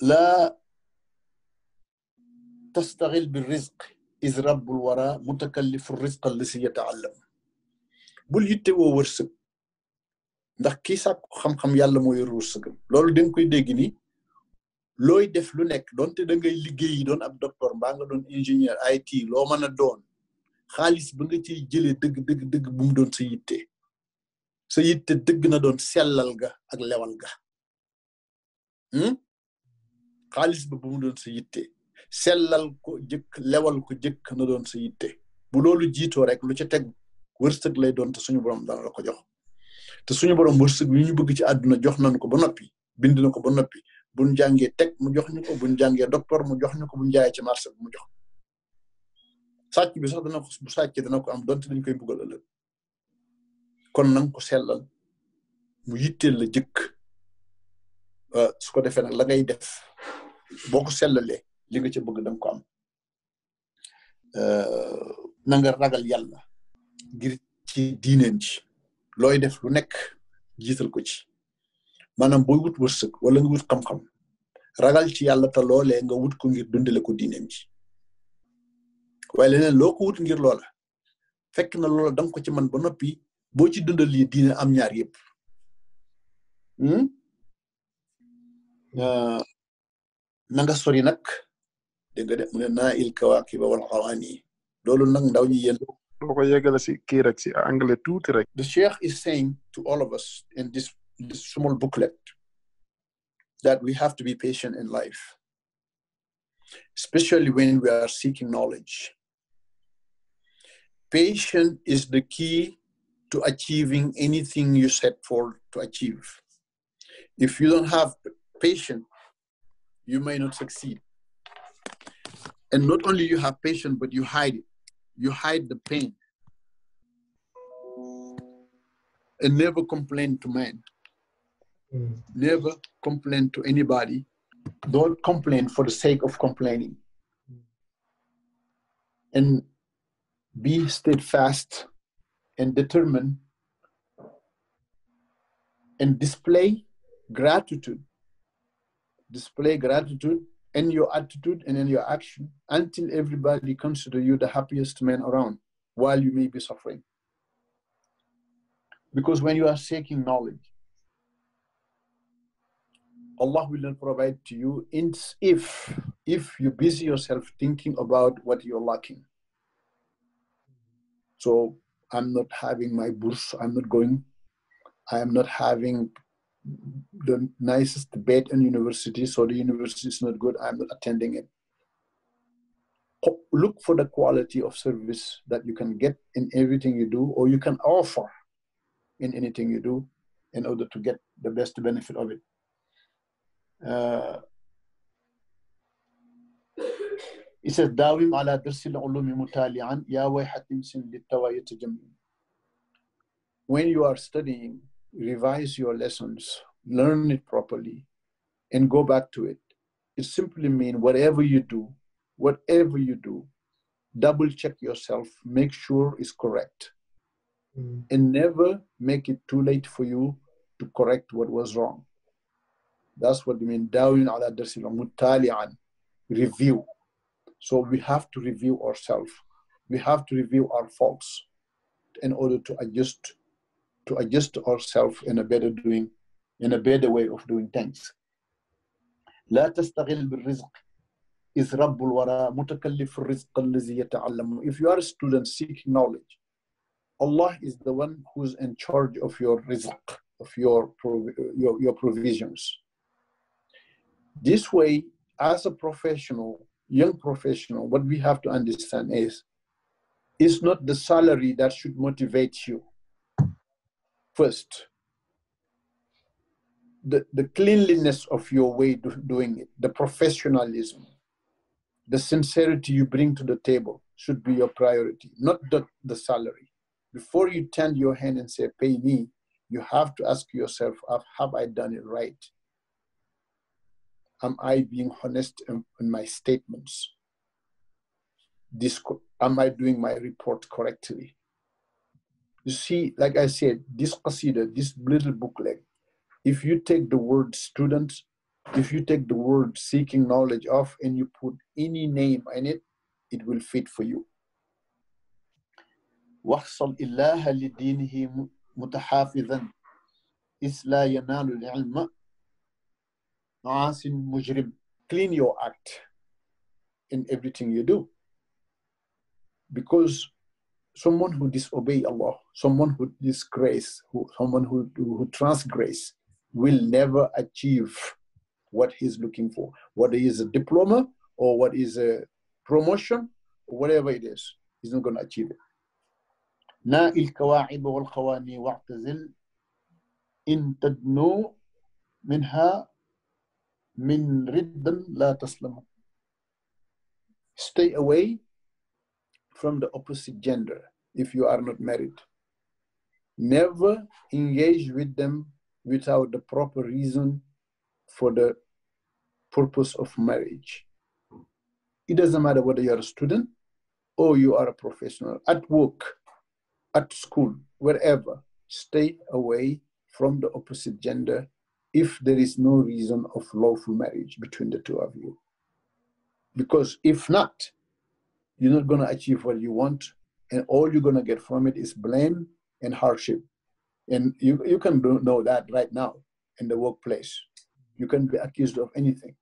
laa tastaxil bi rizq is rabbul wara mutakallifu rizqa li si yataallam bul yitte woo wërsëg ndax kii sàkku xam-xam yàlla mooy wërsëgam loolu da nga koy dégg nii looy def lu nekk donte da ngay liggéey doon ab docteur mbaa nga doon ingénieur IT loo mën a doon xaalis ba nga ciy jëlee dëgg dëgg dëgg bu mu doon sa yitte sa yitte dëgg na doon sellal ga ak lewal ga hmm? xaalis ba bu mu doon sa yitte sellal ko jëkk lewal ko jëkk na doon sa yitte bu loolu jiitoo rek lu ca teg wërsëg lay doon te suñu borom dana la ko jox te suñu borom wërsëg yi ñu bëgg ci àdduna jox nañu ko ba noppi bind na ba noppi buñ jàngee teg mu jox ñu ko buñ jàngee docteur mu jox ñu ko buñ jaayee ci marché bi mu jox sàcc bi sax dana ko bu sàcc dana ko am donte dañ koy buggal ëllëg kon nang ko sellal mu yitteel la jëkk su ko defee nag la ngay def boo ko sellalee li nga ca bëgg danga ko am ee, na nga ragal yàlla ngir ci diineen ci looy def lu nekk jiital ko ci manam boy wut wursuk wala nga wut xam-xam ragal ci yalla ta lolé nga wut ko ngir dundale ko diine ci way leneen loko wut ngir lola fekk na lola dang ko ci man ba nopi bo ci dundal li diine am ñaar yépp hmm? na nga sori nak de nga de il kawaki wal qawani lolou nak ndaw ñi yel ko yegale si kii rek si anglais tout rek the sheikh is saying to all of us in this this small booklet that we have to be patient in life, especially when we are seeking knowledge. Patience is the key to achieving anything you set for to achieve. If you don't have patience, you may not succeed. And not only you have patience, but you hide it. You hide the pain. And never complain to man. Mm. Never complain to anybody. Don't complain for the sake of complaining. Mm. And be steadfast and determined and display gratitude. Display gratitude in your attitude and in your action until everybody consider you the happiest man around while you may be suffering. Because when you are seeking knowledge, Allah will not provide to you if if you busy yourself thinking about what you're lacking. So I'm not having my bourse, I'm not going, I am not having the nicest bed in university, so the university is not good, I'm not attending it. Look for the quality of service that you can get in everything you do or you can offer in anything you do in order to get the best benefit of it it says داوم على درس العلوم mutalian, ya ويحة تمسن when you are studying revise your lessons learn it properly and go back to it it simply means whatever you do whatever you do double check yourself make sure it's correct mm. and never make it too late for you to correct what was wrong that's what we mean, dawin ala darsil mutali'an, review. So we have to review ourselves. We have to review our faults in order to adjust to adjust ourselves in a better doing, in a better way of doing things. لا تستغل بالرزق إذ رب الورى متكلف الرزق الذي يتعلم If you are a student seeking knowledge, Allah is the one who's in charge of your rizq, of your, your, your provisions. This way, as a professional, young professional, what we have to understand is it's not the salary that should motivate you first. The, the cleanliness of your way of doing it, the professionalism, the sincerity you bring to the table should be your priority, not the, the salary. Before you turn your hand and say, pay me, you have to ask yourself, have I done it right? am I being honest in, in my statements? am I doing my report correctly? You see, like I said, this procedure, this little booklet, if you take the word student, if you take the word seeking knowledge of and you put any name in it, it will fit for you. واحصل إله لدينه متحافظا ينال العلم عاص Mujrim, clean your act in everything you do because someone who disobey Allah, someone who disgrace, who, someone who, who transgress will never achieve what he's looking for, whether is a diploma or what is a promotion, or whatever it is, he's not going to achieve it. نائل الكواعب والخواني واعتزل إن تدنو منها Min رد la تسلم stay away from the opposite gender if you are not married never engage with them without the proper reason for the purpose of marriage it doesn't matter whether you're a student or you are a professional at work at school wherever stay away from the opposite gender if there is no reason of lawful marriage between the two of you. Because if not, you're not going to achieve what you want, and all you're going to get from it is blame and hardship. And you, you can know that right now in the workplace. You can be accused of anything.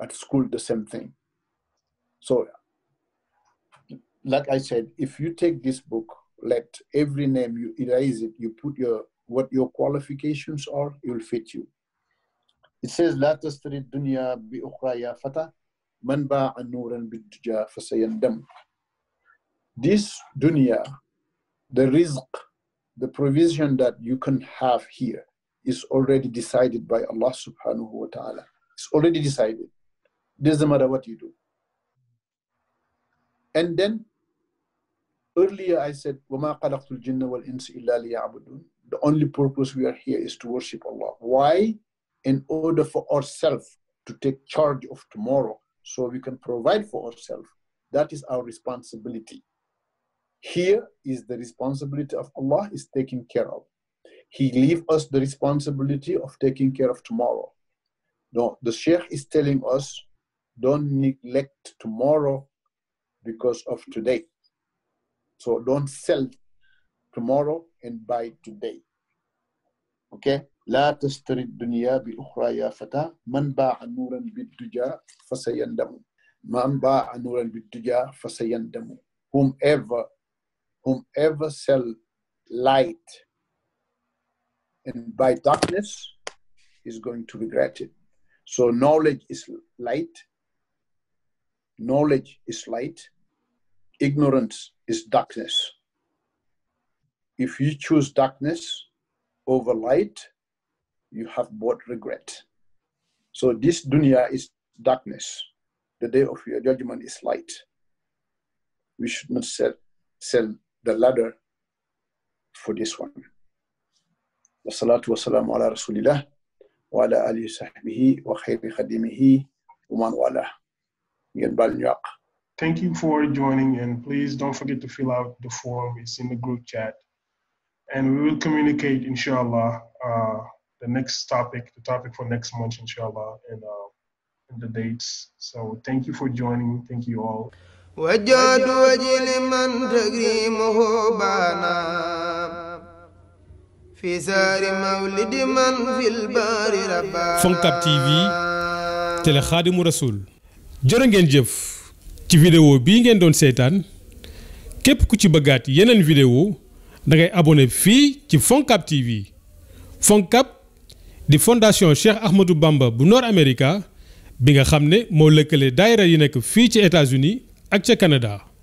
At school, the same thing. So, like I said, if you take this book, let every name you erase it, you put your what your qualifications are, it will fit you. It says, لا تستري الدنيا بأخرى يا فتى من باع نورا بالدجا فسيندم. This dunya, the rizq, the provision that you can have here is already decided by Allah subhanahu wa ta'ala. It's already decided. Doesn't matter what you do. And then earlier I said, وَمَا قَلَقْتُ الْجِنَّ وَالْإِنسِ إِلَّا لِيَعْبُدُونَ the only purpose we are here is to worship Allah. Why? In order for ourselves to take charge of tomorrow so we can provide for ourselves. That is our responsibility. Here is the responsibility of Allah is taking care of. He leave us the responsibility of taking care of tomorrow. No, the Sheikh is telling us, don't neglect tomorrow because of today. So don't sell tomorrow and by today. Okay? لا تشتري الدنيا بإخرى يا فتى من باع نورا بالدجى فسيندم من باع نورا بالدجى فسيندم whomever whomever sell light and by darkness is going to regret it so knowledge is light knowledge is light ignorance is darkness if you choose darkness over light, you have bought regret. So this dunya is darkness. The day of your judgment is light. We should not sell, sell the ladder for this one. والصلاة والسلام على رسول الله وعلى آله وصحبه وخير خدمه ومن والاه. Thank you for joining and please don't forget to fill out the form. It's in the group chat and we will communicate, inshallah, uh, the next topic, the topic for next month, inshallah, and, uh, the dates. So thank you for joining. Thank you all. وجاد TV, من تقريمه بانا في سار مولد من في البار ربا فنكاب تي في تele خادم رسول vidéo bii ngeen doon seetaan képp ku ci vidéo da ngay abonné fii ci FonCap TV Foncap de fondation Cheikh Ahmadou Bamba bu Nord America bi nga xam ne moo lëkkale yi États-Unis ak Canada